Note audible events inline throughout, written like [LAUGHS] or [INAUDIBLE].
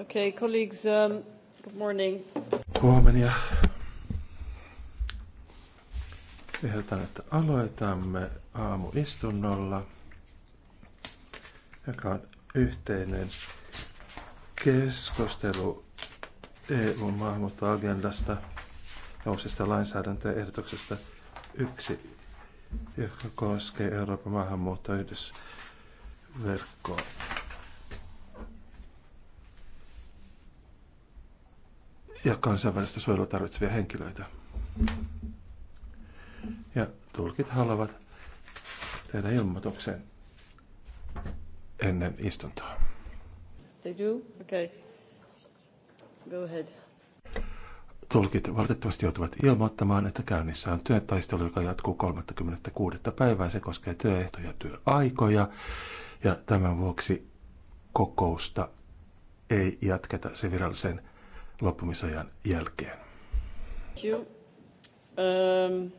Okay, colleagues, um, good morning. Huomenia. Ehdotan, että aloitamme aamuistunnolla, joka on yhteinen keskustelu EUn maahanmuuttoagendasta ja uusista lainsäädäntöehdotuksesta yksi, joka koskee Euroopan maahanmuuttoyhdysverkkoa. ja kansainvälistä suojelua tarvitsevia henkilöitä. Ja tulkit haluavat tehdä ilmoituksen ennen istuntoa. They do? Okay. Go ahead. Tulkit valitettavasti joutuvat ilmoittamaan, että käynnissä on työtaistelu, joka jatkuu 36. päivää. Se koskee työehtoja ja työaikoja. Ja tämän vuoksi kokousta ei jatketa se virallisen loppumisajan jälkeen. Thank um,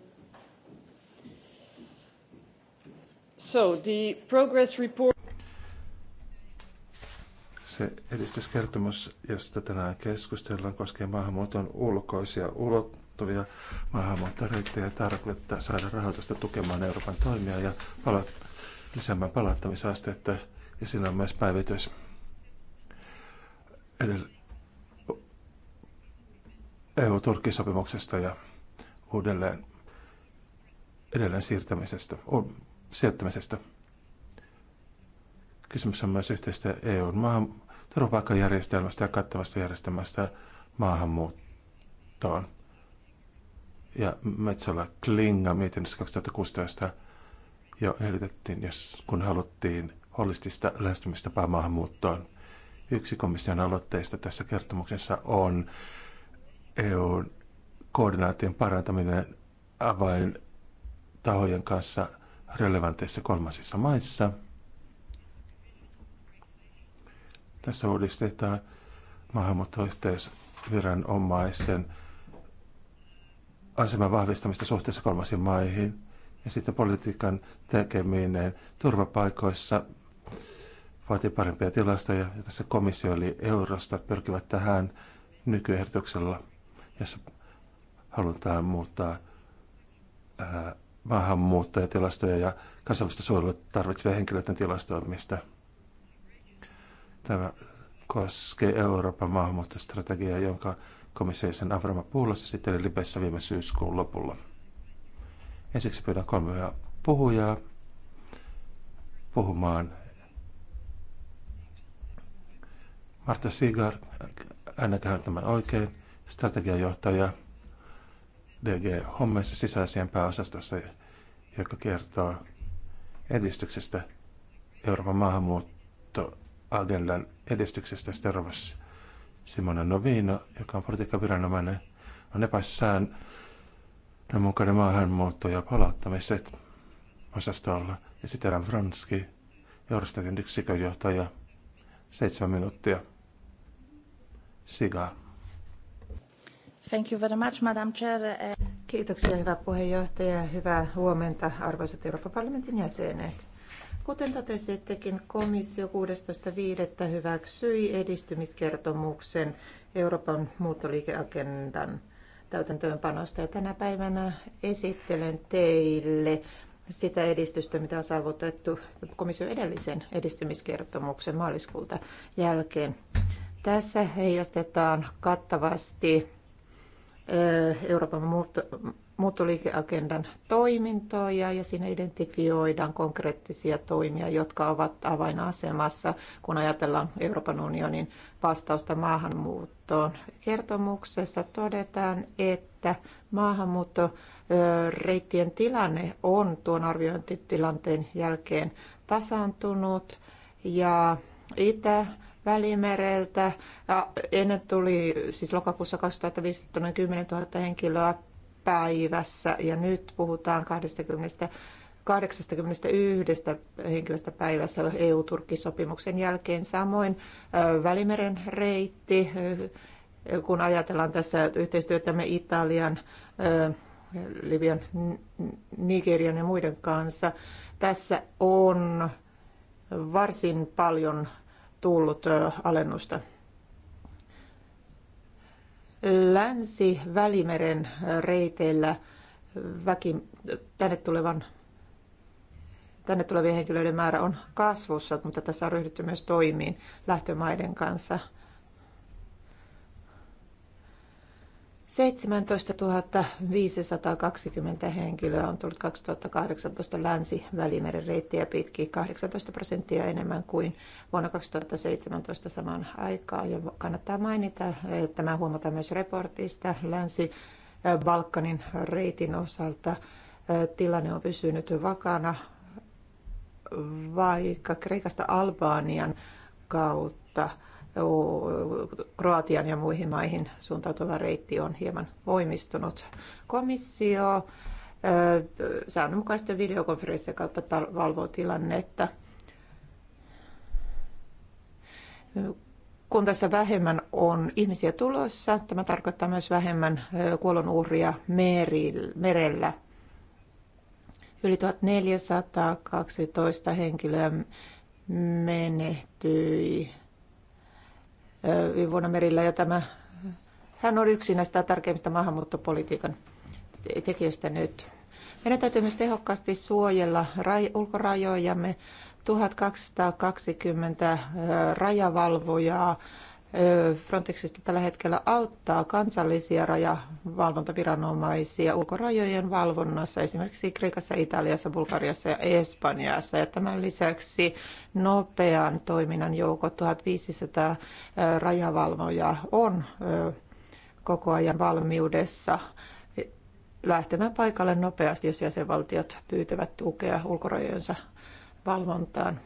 so the progress report... Se edistyskertomus, josta tänään keskustellaan, koskee maahanmuuton ulkoisia ulottuvia maahanmuuttoreittejä ja tarkoittaa saada rahoitusta tukemaan Euroopan toimia ja palaut- lisäämään palauttamisastetta. Ja siinä on myös päivitys edellä EU-Turkki-sopimuksesta ja uudelleen edelleen siirtämisestä, sijoittamisesta. Kysymys on myös yhteistä EUn maahan, turvapaikkajärjestelmästä ja kattavasta järjestelmästä maahanmuuttoon. Ja Metsola Klinga mietinnössä 2016 jo ehdotettiin, jos, kun haluttiin holistista lähestymistapaa maahanmuuttoon. Yksi komission aloitteista tässä kertomuksessa on EUn koordinaation parantaminen avain tahojen kanssa relevanteissa kolmansissa maissa. Tässä uudistetaan maahanmuuttoyhteisviranomaisten aseman vahvistamista suhteessa kolmansiin maihin ja sitten politiikan tekeminen turvapaikoissa vaatii parempia tilastoja. Ja tässä komissio eli Eurosta pyrkivät tähän nykyehdotuksella – jossa halutaan muuttaa maahanmuuttajatilastoja ja kansainvälistä suojelua tarvitsevien henkilöiden tilastoimista. Tämä koskee Euroopan maahanmuuttostrategiaa, jonka komissio sen Avrama Puulos sitten Libessä viime syyskuun lopulla. Ensiksi pyydän kolme puhujaa puhumaan. Marta Sigar, ainakaan tämän oikein strategiajohtaja DG Hommessa sisäisien pääosastossa, joka kertoo edistyksestä Euroopan maahanmuuttoagendan edistyksestä Stervassa. Simona Novino, joka on politiikkaviranomainen, on epäissään mukainen maahanmuutto- ja palauttamiset osastolla. Ja sitten Vronski, Eurostatin yksikön johtaja, seitsemän minuuttia. Siga. Thank you very much, Madam Chair. Kiitoksia, hyvä puheenjohtaja. Hyvää huomenta, arvoisat Euroopan parlamentin jäsenet. Kuten totesittekin, komissio 16.5. hyväksyi edistymiskertomuksen Euroopan muuttoliikeagendan täytäntöönpanosta. Ja tänä päivänä esittelen teille sitä edistystä, mitä on saavutettu komission edellisen edistymiskertomuksen maaliskuulta jälkeen. Tässä heijastetaan kattavasti Euroopan muutto, muuttoliikeagendan toimintoja ja siinä identifioidaan konkreettisia toimia, jotka ovat avainasemassa, kun ajatellaan Euroopan unionin vastausta maahanmuuttoon. Kertomuksessa todetaan, että maahanmuuttoreittien tilanne on tuon arviointitilanteen jälkeen tasaantunut ja Itä- Välimereltä. Ja ennen tuli siis lokakuussa 2015 noin 10 000 henkilöä päivässä ja nyt puhutaan 20 81 henkilöstä päivässä EU-Turkki-sopimuksen jälkeen. Samoin Välimeren reitti, kun ajatellaan tässä yhteistyötämme Italian, Libyan, Nigerian ja muiden kanssa, tässä on varsin paljon tullut alennusta. Länsi-Välimeren reiteillä väki, tänne, tulevan, tänne tulevien henkilöiden määrä on kasvussa, mutta tässä on ryhdytty myös toimiin lähtömaiden kanssa – 17 520 henkilöä on tullut 2018 Länsi-Välimeren reittiä pitkin, 18 prosenttia enemmän kuin vuonna 2017 samaan aikaan. Ja kannattaa mainita, että tämä huomataan myös reportista Länsi-Balkanin reitin osalta. Tilanne on pysynyt vakana, vaikka Kreikasta Albanian kautta – Kroatian ja muihin maihin suuntautuva reitti on hieman voimistunut. Komissio säännönmukaisten videokonferenssien kautta valvoo tilannetta. Kun tässä vähemmän on ihmisiä tulossa, tämä tarkoittaa myös vähemmän kuolonuhria merellä. Yli 1412 henkilöä menehtyi viime vuonna merillä ja tämä, hän on yksi näistä tärkeimmistä maahanmuuttopolitiikan tekijöistä nyt. Meidän täytyy myös tehokkaasti suojella raj- ulkorajojamme. 1220 rajavalvojaa Frontexista tällä hetkellä auttaa kansallisia rajavalvontaviranomaisia ulkorajojen valvonnassa, esimerkiksi Kreikassa, Italiassa, Bulgariassa ja Espanjassa. Ja tämän lisäksi nopean toiminnan joukko 1500 rajavalvoja on koko ajan valmiudessa lähtemään paikalle nopeasti, jos jäsenvaltiot pyytävät tukea ulkorajojensa valvontaan.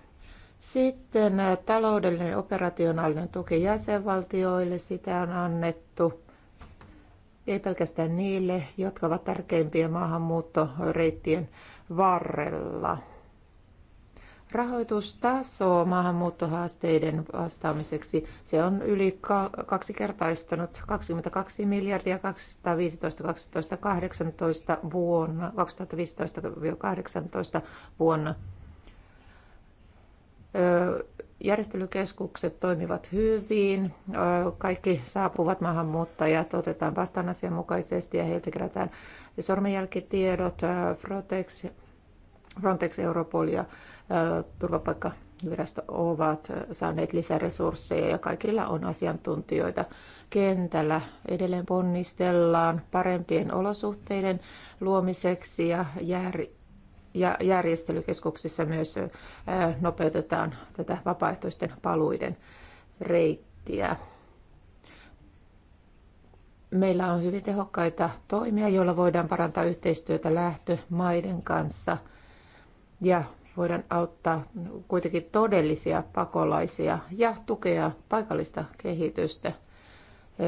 Sitten äh, taloudellinen operationaalinen tuki jäsenvaltioille, sitä on annettu ei pelkästään niille, jotka ovat tärkeimpiä maahanmuuttoreittien varrella. Rahoitustaso maahanmuuttohaasteiden vastaamiseksi se on yli kaksikertaistanut 22 miljardia 2015 2018 vuonna 2015-18 vuonna järjestelykeskukset toimivat hyvin, kaikki saapuvat maahanmuuttajat otetaan vastaan asianmukaisesti ja heiltä kerätään sormenjälkitiedot, Frontex, Frontex Europol ja turvapaikkavirasto ovat saaneet lisäresursseja ja kaikilla on asiantuntijoita kentällä. Edelleen ponnistellaan parempien olosuhteiden luomiseksi ja jär, ja järjestelykeskuksissa myös nopeutetaan tätä vapaaehtoisten paluiden reittiä. Meillä on hyvin tehokkaita toimia, joilla voidaan parantaa yhteistyötä lähtömaiden kanssa ja voidaan auttaa kuitenkin todellisia pakolaisia ja tukea paikallista kehitystä.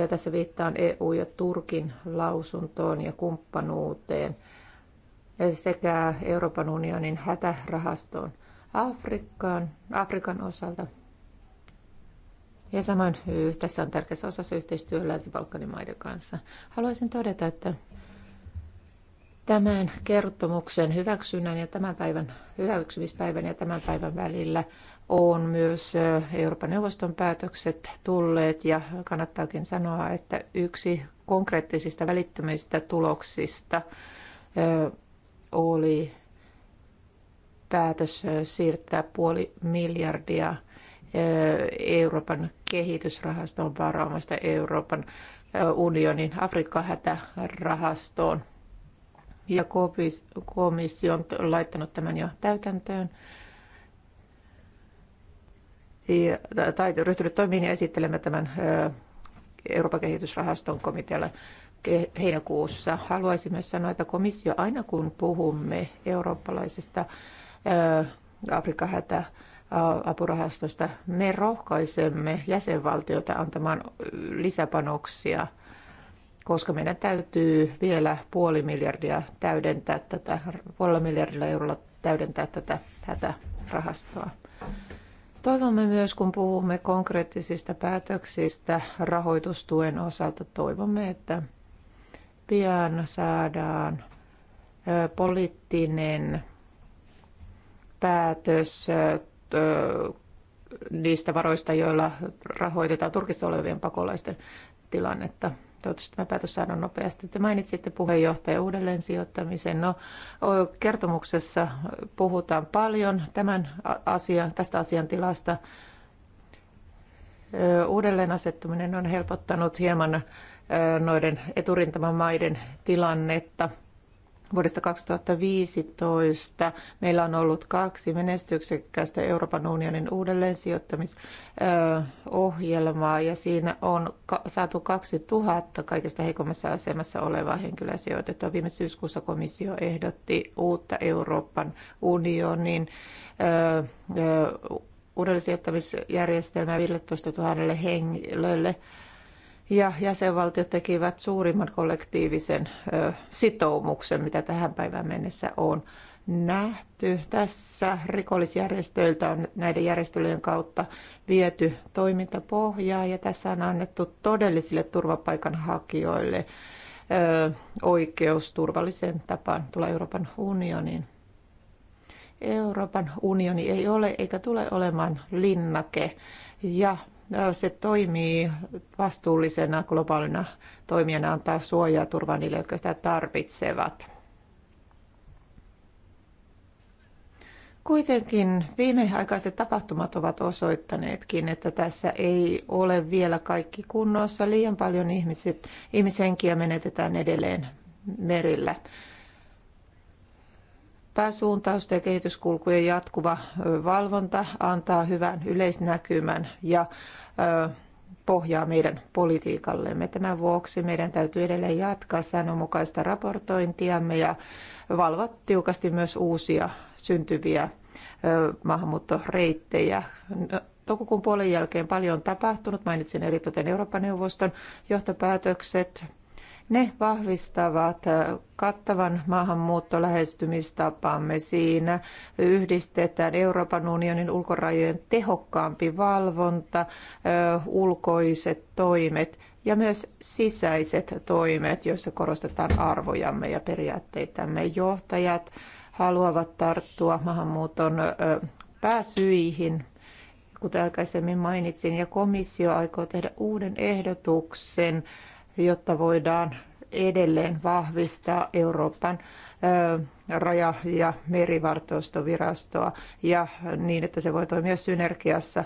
Ja tässä viittaan EU- ja Turkin lausuntoon ja kumppanuuteen – sekä Euroopan unionin hätärahastoon Afrikkaan, Afrikan osalta. Ja samoin tässä on tärkeässä osassa yhteistyö Länsi-Balkanin maiden kanssa. Haluaisin todeta, että tämän kertomuksen hyväksynnän ja tämän päivän hyväksymispäivän ja tämän päivän välillä on myös Euroopan neuvoston päätökset tulleet ja kannattaakin sanoa, että yksi konkreettisista välittömistä tuloksista oli päätös siirtää puoli miljardia Euroopan kehitysrahaston varaamasta Euroopan unionin Afrikka-hätärahastoon. Ja komissio on laittanut tämän jo täytäntöön ja, tai ryhtynyt toimiin ja esittelemään tämän Euroopan kehitysrahaston komitealle heinäkuussa. Haluaisin myös sanoa, että komissio aina kun puhumme eurooppalaisesta Afrikan hätä apurahastosta, me rohkaisemme jäsenvaltioita antamaan lisäpanoksia, koska meidän täytyy vielä puoli miljardia täydentää tätä, puolella miljardilla eurolla täydentää tätä hätärahastoa. Toivomme myös, kun puhumme konkreettisista päätöksistä rahoitustuen osalta, toivomme, että pian saadaan poliittinen päätös niistä varoista, joilla rahoitetaan Turkissa olevien pakolaisten tilannetta. Toivottavasti tämä päätös saadaan nopeasti. Te mainitsitte puheenjohtajan uudelleen sijoittamisen. No, kertomuksessa puhutaan paljon tämän asia, tästä asiantilasta. Uudelleen asettuminen on helpottanut hieman noiden eturintamamaiden tilannetta. Vuodesta 2015 meillä on ollut kaksi menestyksekkäistä Euroopan unionin uudelleensijoittamisohjelmaa ja siinä on saatu 2000 kaikista heikommassa asemassa olevaa henkilöä sijoitettua. Viime syyskuussa komissio ehdotti uutta Euroopan unionin uudelleensijoittamisjärjestelmää 15 000 henkilölle ja jäsenvaltiot tekivät suurimman kollektiivisen sitoumuksen, mitä tähän päivään mennessä on nähty. Tässä rikollisjärjestöiltä on näiden järjestelyjen kautta viety toimintapohjaa ja tässä on annettu todellisille turvapaikanhakijoille oikeus turvalliseen tapaan tulla Euroopan unioniin. Euroopan unioni ei ole eikä tule olemaan linnake ja se toimii vastuullisena globaalina toimijana, antaa suojaa turvaa niille, jotka sitä tarvitsevat. Kuitenkin viimeaikaiset tapahtumat ovat osoittaneetkin, että tässä ei ole vielä kaikki kunnossa. Liian paljon ihmiset, ihmishenkiä menetetään edelleen merillä pääsuuntausta ja kehityskulkujen jatkuva valvonta antaa hyvän yleisnäkymän ja pohjaa meidän politiikallemme. Tämän vuoksi meidän täytyy edelleen jatkaa säännönmukaista raportointiamme ja valvoa tiukasti myös uusia syntyviä maahanmuuttoreittejä. No, toukokuun puolen jälkeen paljon on tapahtunut. Mainitsin eritoten Euroopan neuvoston johtopäätökset ne vahvistavat äh, kattavan maahanmuuttolähestymistapamme siinä. Yhdistetään Euroopan unionin ulkorajojen tehokkaampi valvonta, äh, ulkoiset toimet ja myös sisäiset toimet, joissa korostetaan arvojamme ja periaatteitämme. Johtajat haluavat tarttua maahanmuuton äh, pääsyihin, kuten aikaisemmin mainitsin, ja komissio aikoo tehdä uuden ehdotuksen jotta voidaan edelleen vahvistaa Euroopan raja- ja merivartostovirastoa ja niin, että se voi toimia synergiassa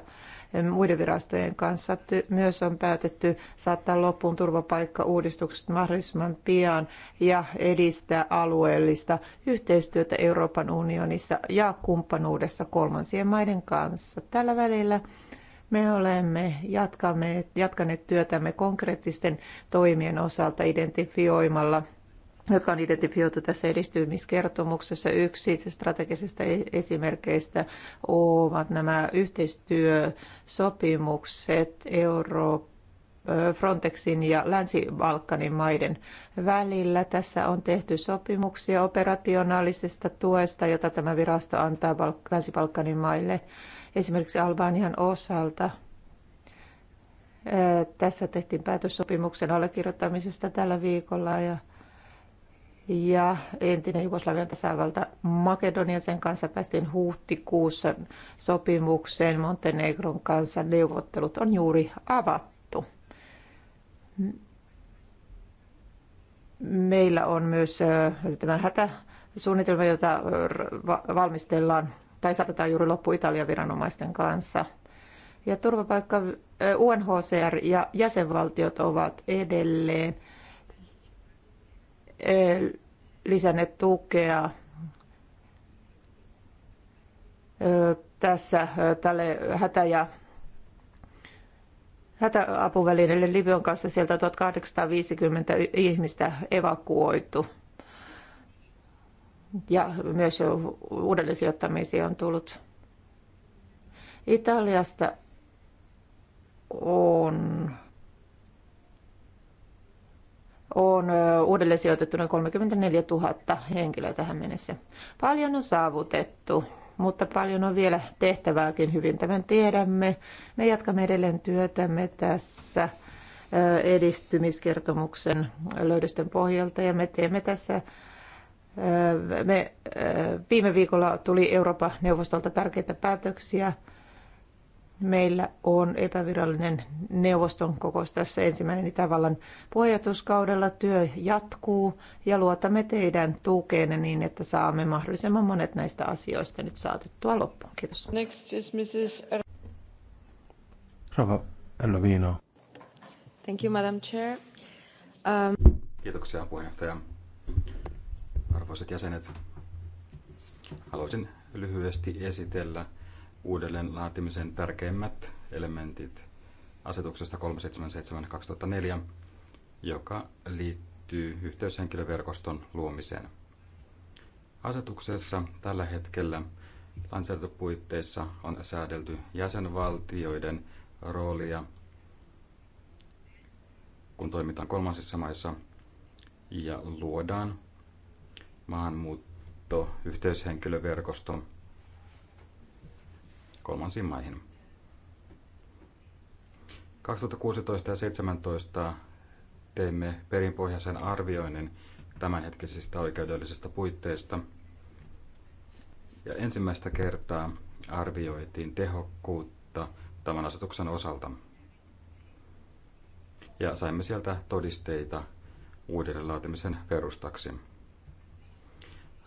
muiden virastojen kanssa. Myös on päätetty saattaa loppuun turvapaikkauudistukset mahdollisimman pian ja edistää alueellista yhteistyötä Euroopan unionissa ja kumppanuudessa kolmansien maiden kanssa. Tällä välillä me olemme jatkamme, jatkaneet työtämme konkreettisten toimien osalta identifioimalla jotka on identifioitu tässä edistymiskertomuksessa. Yksi strategisista e- esimerkkeistä ovat nämä yhteistyösopimukset Euro Frontexin ja Länsi-Balkanin maiden välillä. Tässä on tehty sopimuksia operationaalisesta tuesta, jota tämä virasto antaa Länsi-Balkanin maille esimerkiksi Albanian osalta. Tässä tehtiin päätös sopimuksen allekirjoittamisesta tällä viikolla ja, ja entinen Jugoslavian tasavalta Makedonia sen kanssa päästiin huhtikuussa sopimukseen. Montenegron kanssa neuvottelut on juuri avattu. Meillä on myös tämä hätä suunnitelma, jota valmistellaan tai saatetaan juuri loppu Italian viranomaisten kanssa. Ja turvapaikka UNHCR ja jäsenvaltiot ovat edelleen lisänneet tukea tässä tälle hätä- ja hätäapuvälineelle Libyan kanssa sieltä 1850 ihmistä evakuoitu ja myös uudelleen sijoittamisia on tullut. Italiasta on, on uudelle sijoitettu noin 34 000 henkilöä tähän mennessä. Paljon on saavutettu, mutta paljon on vielä tehtävääkin hyvin. Tämän tiedämme. Me jatkamme edelleen työtämme tässä edistymiskertomuksen löydösten pohjalta ja me teemme tässä Öö, me, öö, viime viikolla tuli Euroopan neuvostolta tärkeitä päätöksiä. Meillä on epävirallinen neuvoston kokous tässä ensimmäinen Itävallan puheenjohtajuuskaudella. Työ jatkuu ja luotamme teidän tukeenne niin, että saamme mahdollisimman monet näistä asioista nyt saatettua loppuun. Kiitos. Next is Mrs. Er- Thank you, Madam Chair. Um... Kiitoksia puheenjohtaja arvoisat jäsenet, haluaisin lyhyesti esitellä uudelleen laatimisen tärkeimmät elementit asetuksesta 377-2004, joka liittyy yhteyshenkilöverkoston luomiseen. Asetuksessa tällä hetkellä lainsäädäntöpuitteissa on säädelty jäsenvaltioiden roolia, kun toimitaan kolmansissa maissa ja luodaan maahanmuutto, yhteyshenkilöverkosto kolmansiin maihin. 2016 ja 2017 teimme perinpohjaisen arvioinnin tämänhetkisistä oikeudellisista puitteista. Ja ensimmäistä kertaa arvioitiin tehokkuutta tämän asetuksen osalta. Ja saimme sieltä todisteita uudelleen laatimisen perustaksi.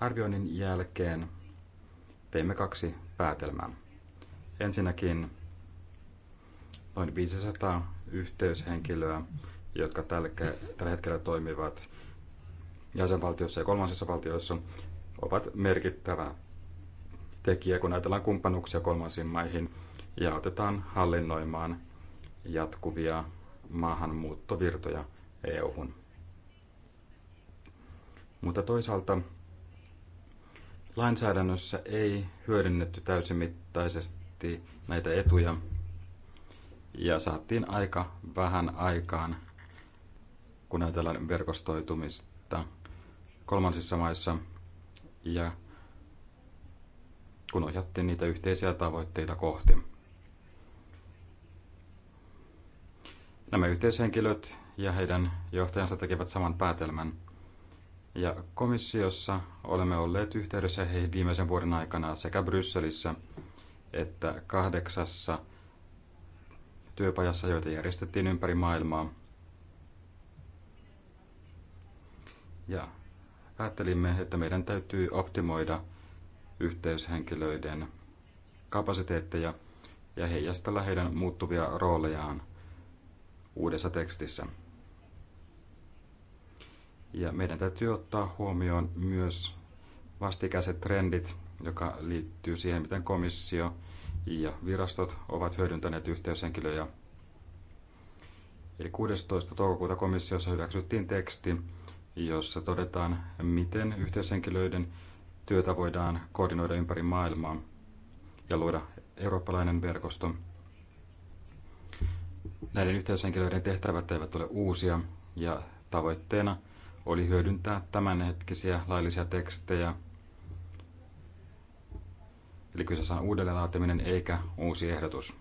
Arvioinnin jälkeen teimme kaksi päätelmää. Ensinnäkin noin 500 yhteyshenkilöä, jotka tällä, hetkellä toimivat jäsenvaltiossa ja kolmansissa valtioissa, ovat merkittävä tekijä, kun ajatellaan kumppanuuksia kolmansiin maihin ja otetaan hallinnoimaan jatkuvia maahanmuuttovirtoja EU-hun. Mutta toisaalta Lainsäädännössä ei hyödynnetty täysimittaisesti näitä etuja ja saatiin aika vähän aikaan, kun ajatellaan verkostoitumista kolmansissa maissa ja kun ohjattiin niitä yhteisiä tavoitteita kohti. Nämä yhteishenkilöt ja heidän johtajansa tekevät saman päätelmän – ja komissiossa olemme olleet yhteydessä heihin viimeisen vuoden aikana sekä Brysselissä että kahdeksassa työpajassa, joita järjestettiin ympäri maailmaa. Ja päättelimme, että meidän täytyy optimoida yhteyshenkilöiden kapasiteetteja ja heijastella heidän muuttuvia roolejaan uudessa tekstissä. Ja meidän täytyy ottaa huomioon myös vastikäiset trendit, joka liittyy siihen, miten komissio ja virastot ovat hyödyntäneet yhteyshenkilöjä. Eli 16. toukokuuta komissiossa hyväksyttiin teksti, jossa todetaan, miten yhteyshenkilöiden työtä voidaan koordinoida ympäri maailmaa ja luoda eurooppalainen verkosto. Näiden yhteyshenkilöiden tehtävät eivät ole uusia ja tavoitteena – oli hyödyntää tämänhetkisiä laillisia tekstejä. Eli kyseessä on uudelleenlaatiminen eikä uusi ehdotus.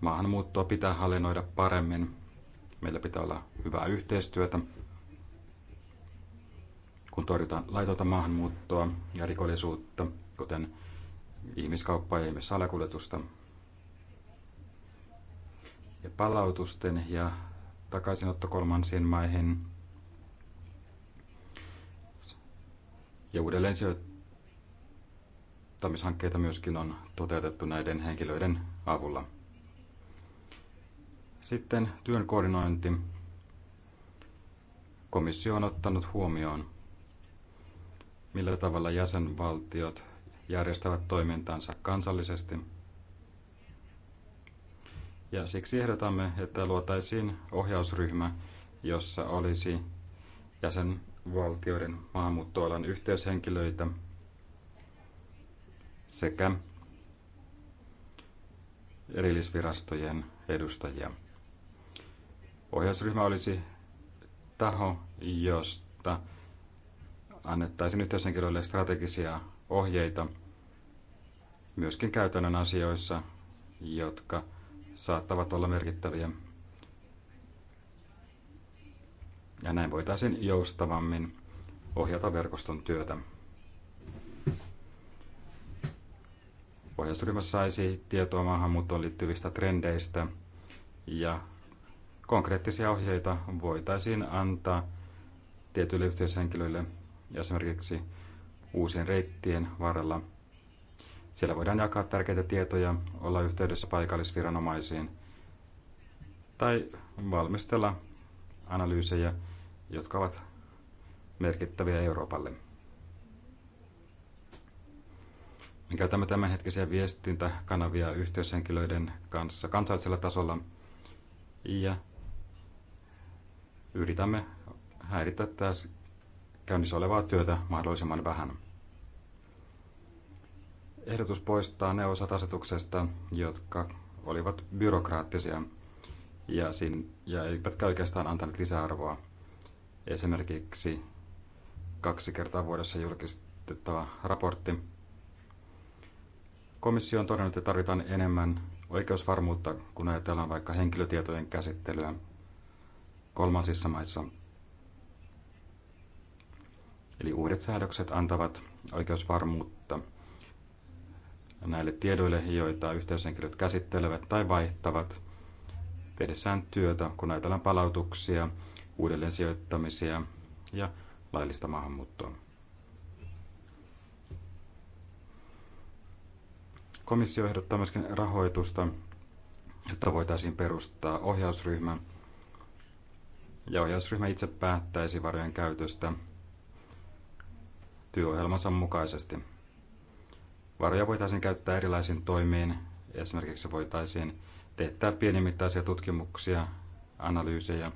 Maahanmuuttoa pitää hallinnoida paremmin. Meillä pitää olla hyvää yhteistyötä, kun torjutaan laitonta maahanmuuttoa ja rikollisuutta, kuten ihmiskauppaa ja ihmissalakuljetusta ja palautusten ja takaisinotto kolmansien maihin ja uudelleen sijoittamishankkeita myöskin on toteutettu näiden henkilöiden avulla. Sitten työn koordinointi. Komissio on ottanut huomioon, millä tavalla jäsenvaltiot järjestävät toimintansa kansallisesti – ja siksi ehdotamme, että luotaisiin ohjausryhmä, jossa olisi jäsenvaltioiden maahanmuuttoalan yhteyshenkilöitä sekä erillisvirastojen edustajia. Ohjausryhmä olisi taho, josta annettaisiin yhteyshenkilöille strategisia ohjeita myöskin käytännön asioissa, jotka – saattavat olla merkittäviä. Ja näin voitaisiin joustavammin ohjata verkoston työtä. Ohjausryhmä saisi tietoa maahanmuuttoon liittyvistä trendeistä ja konkreettisia ohjeita voitaisiin antaa tietyille yhteyshenkilöille esimerkiksi uusien reittien varrella – siellä voidaan jakaa tärkeitä tietoja, olla yhteydessä paikallisviranomaisiin tai valmistella analyysejä, jotka ovat merkittäviä Euroopalle. Me käytämme tämänhetkisiä viestintäkanavia yhteyshenkilöiden kanssa kansallisella tasolla ja yritämme häiritä tässä käynnissä olevaa työtä mahdollisimman vähän. Ehdotus poistaa ne osat asetuksesta, jotka olivat byrokraattisia ja, sin, ja eivätkä oikeastaan antaneet lisäarvoa. Esimerkiksi kaksi kertaa vuodessa julkistettava raportti. Komissio on todennut, että tarvitaan enemmän oikeusvarmuutta, kun ajatellaan vaikka henkilötietojen käsittelyä kolmansissa maissa. Eli uudet säädökset antavat oikeusvarmuutta näille tiedoille, joita yhteyshenkilöt käsittelevät tai vaihtavat tehdessään työtä, kun ajatellaan palautuksia, uudelleen sijoittamisia ja laillista maahanmuuttoa. Komissio ehdottaa myöskin rahoitusta, jotta voitaisiin perustaa ohjausryhmä. Ja ohjausryhmä itse päättäisi varojen käytöstä työohjelmansa mukaisesti. Varoja voitaisiin käyttää erilaisiin toimiin. Esimerkiksi voitaisiin teettää pienimittaisia tutkimuksia, analyysejä,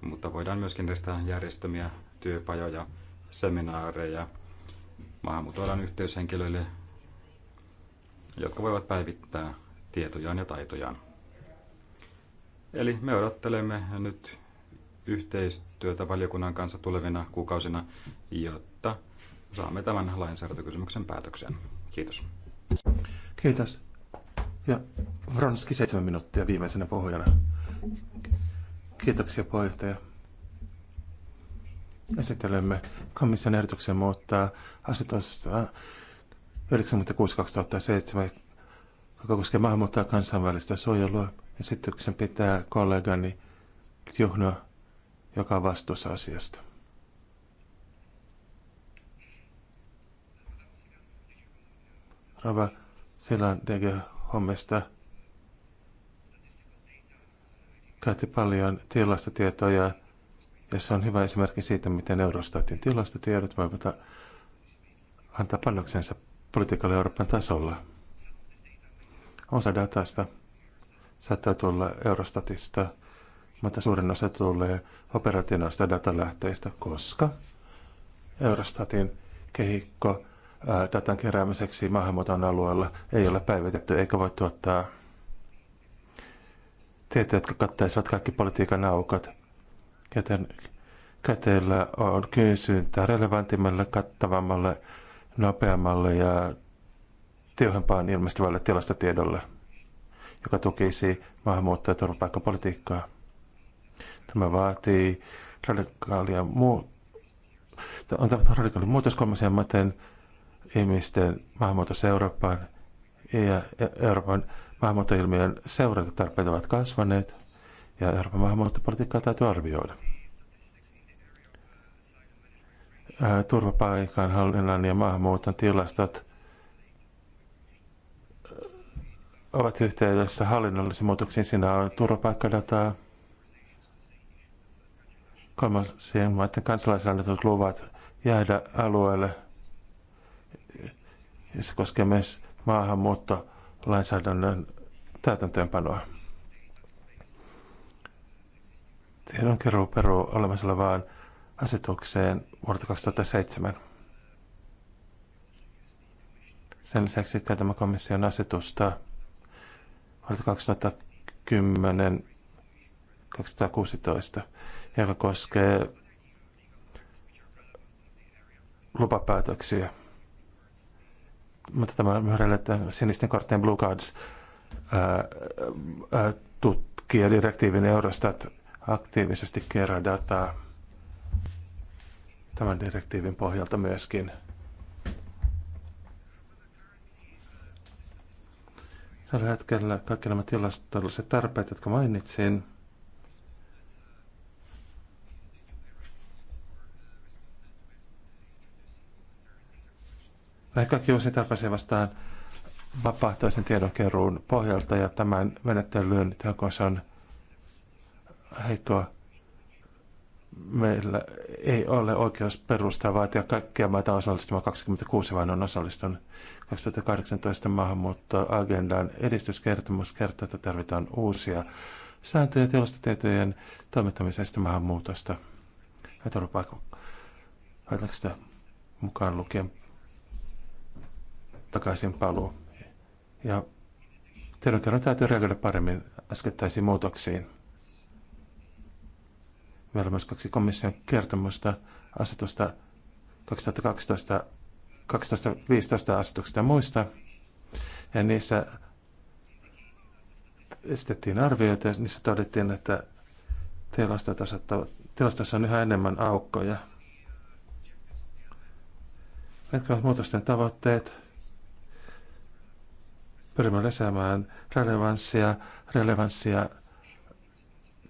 mutta voidaan myöskin järjestää järjestämiä työpajoja, seminaareja, maahanmuuttoalan yhteyshenkilöille, jotka voivat päivittää tietojaan ja taitojaan. Eli me odottelemme nyt yhteistyötä valiokunnan kanssa tulevina kuukausina, jotta saamme tämän lainsäädäntökysymyksen päätökseen. Kiitos. Kiitos. Ja Vronski seitsemän minuuttia viimeisenä pohjana. Kiitoksia puheenjohtaja. Esittelemme komission ehdotuksen muuttaa asetusta 96-2007, joka koskee maahanmuuttaa kansainvälistä suojelua. Esityksen pitää kollegani Juhno, joka on vastuussa asiasta. Rova Silan dg hommesta käytti paljon tilastotietoja, ja se on hyvä esimerkki siitä, miten Eurostatin tilastotiedot voivat antaa panoksensa politiikalle Euroopan tasolla. Osa datasta saattaa tulla Eurostatista, mutta suurin osa tulee operatiivisista datalähteistä, koska Eurostatin kehikko datan keräämiseksi maahanmuuton alueella ei ole päivitetty eikä voi tuottaa tietoja, jotka kattaisivat kaikki politiikan aukot. Joten käteillä on kysyntää relevantimmalle, kattavammalle, nopeammalle ja tiuhempaan ilmestyvälle tilastotiedolle, joka tukisi maahanmuutto- ja turvapaikkapolitiikkaa. Tämä vaatii radikaalia muu- on tapahtunut radikaali muutos kolmaseen mateen ihmisten maahanmuutossa seurapaan ja Euroopan maahanmuuttoilmiön seurantatarpeet ovat kasvaneet ja Euroopan maahanmuuttopolitiikkaa täytyy arvioida. Turvapaikan hallinnan ja maahanmuuton tilastot ovat yhteydessä hallinnollisiin muutoksiin. Siinä on turvapaikkadataa, kolmansien maiden kansalaisille annetut luvat jäädä alueelle – ja se koskee myös maahanmuuttolainsäädännön täytäntöönpanoa. Tiedonkeruu peruu olemassa olevaan asetukseen vuodelta 2007. Sen lisäksi käytämme komission asetusta vuodelta 2010 2016, joka koskee lupapäätöksiä mutta tämä on vihreille, että sinisten korttien Blue Cards tutkii direktiivin Eurostat aktiivisesti kerää dataa tämän direktiivin pohjalta myöskin. Tällä hetkellä kaikki nämä tilastolliset tarpeet, jotka mainitsin, Näin kaikki osin takaisin vastaan vapaaehtoisen tiedonkeruun pohjalta ja tämän menettelyyn tehokkuus on heikkoa. Meillä ei ole oikeus perustaa vaatia kaikkia maita osallistumaan 26 vaan on osallistunut. 2018 maahanmuuttoagendan edistyskertomus kertoo, että tarvitaan uusia sääntöjä tilastotietojen toimittamisesta maahanmuutosta ja sitä mukaan lukien takaisin paluu. Ja kerran täytyy reagoida paremmin äskettäisiin muutoksiin. Meillä on myös kaksi komission kertomusta asetusta 2012 2015 asetuksista ja muista. Ja niissä esitettiin arvioita ja niissä todettiin, että tilastossa on yhä enemmän aukkoja. Mitkä ovat muutosten tavoitteet? pyrimme lisäämään relevanssia, relevanssia,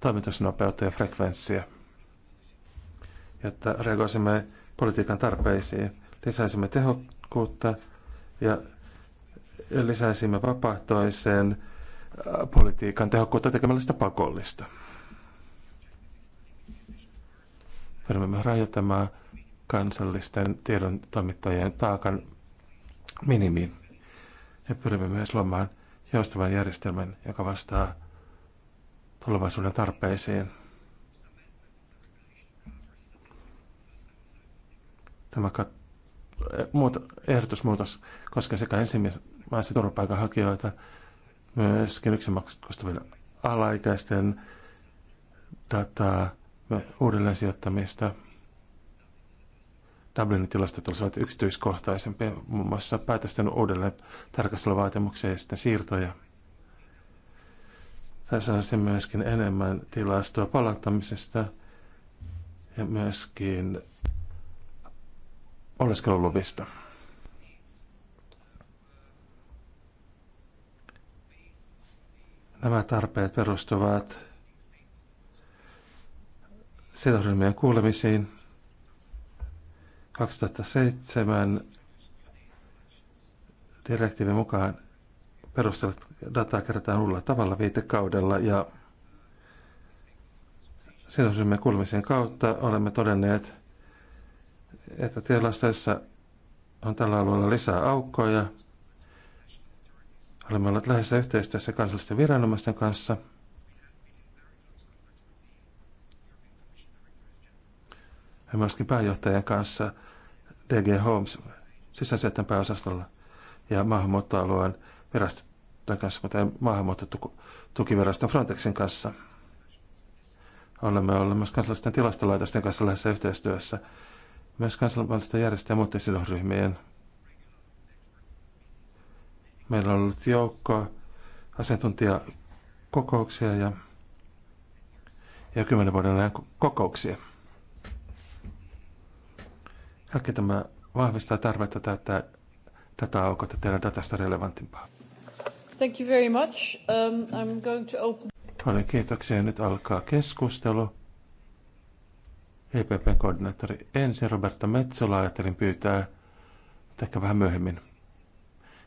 toimitusnopeutta ja frekvenssia, jotta reagoisimme politiikan tarpeisiin, lisäisimme tehokkuutta ja lisäisimme vapaaehtoisen politiikan tehokkuutta tekemällä sitä pakollista. Pyrimme rajoittamaan kansallisten tiedon toimittajien taakan minimiin. Ja pyrimme myös luomaan joustavan järjestelmän, joka vastaa tulevaisuuden tarpeisiin. Tämä kat- ehdotusmuutos koskee sekä ensimmäisiä turvapaikanhakijoita, myöskin yksin maksustuvien alaikäisten dataa, uudelleen sijoittamista – Dublinin tilastot olisivat yksityiskohtaisempia, muun muassa päätösten uudelleen tarkasteluvaatimuksia ja sitten siirtoja. Tässä olisi myöskin enemmän tilastoa palauttamisesta ja myöskin oleskeluluvista. Nämä tarpeet perustuvat sidosryhmien kuulemisiin – 2007 direktiivin mukaan perustelut dataa kerätään uudella tavalla viitekaudella ja sidosryhmien kuulemisen kautta olemme todenneet, että tilastoissa on tällä alueella lisää aukkoja. Olemme olleet läheisessä yhteistyössä kansallisten viranomaisten kanssa – ja myöskin pääjohtajan kanssa DG Homes sisäisen pääosastolla ja maahanmuuttoalueen viraston kanssa, tai maahanmuuttotukiviraston Frontexin kanssa. Olemme olleet myös kansallisten tilastolaitosten kanssa lähes yhteistyössä, myös kansainvälisten järjestöjen ja muiden sidosryhmien. Meillä on ollut joukko asiantuntijakokouksia ja, ja kymmenen vuoden ajan kokouksia. Kaikki tämä vahvistaa tarvetta täyttää data-aukot ja tehdä datasta relevantimpaa. Thank you very much. Um, I'm going to open... Paljon kiitoksia. Nyt alkaa keskustelu. EPP-koordinaattori ensin Roberta Metsola ajattelin pyytää, ehkä vähän myöhemmin.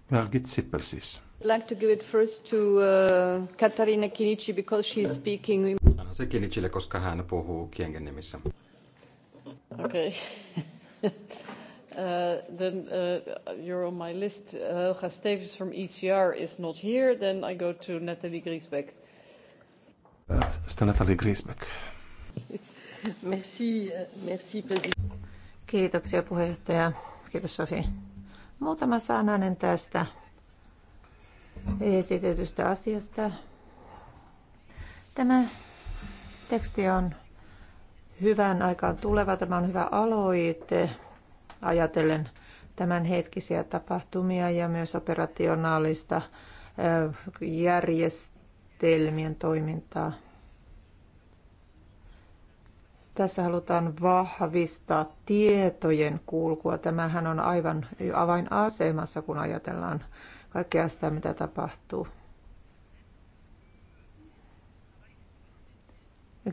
Margit Sippel siis. I'd like to give it first to uh, Katarina Kinichi because she's speaking. Anna se Kinichille, koska hän puhuu Kiengen nimissä. Okei. Okay. [LAUGHS] Uh, then uh, you're on my list. Uh, Helga Stevens from ECR is not here. Then I go to Nathalie Griesbeck. Uh, Sitten Nathalie Griesbeck. [LAUGHS] merci, uh, merci, president. Kiitoksia puheenjohtaja. Kiitos Sofi. Muutama sananen tästä esitetystä asiasta. Tämä teksti on hyvään aikaan tuleva. Tämä on hyvä aloite ajatellen tämänhetkisiä tapahtumia ja myös operationaalista järjestelmien toimintaa. Tässä halutaan vahvistaa tietojen kulkua. Tämähän on aivan avainasemassa, kun ajatellaan kaikkea sitä, mitä tapahtuu.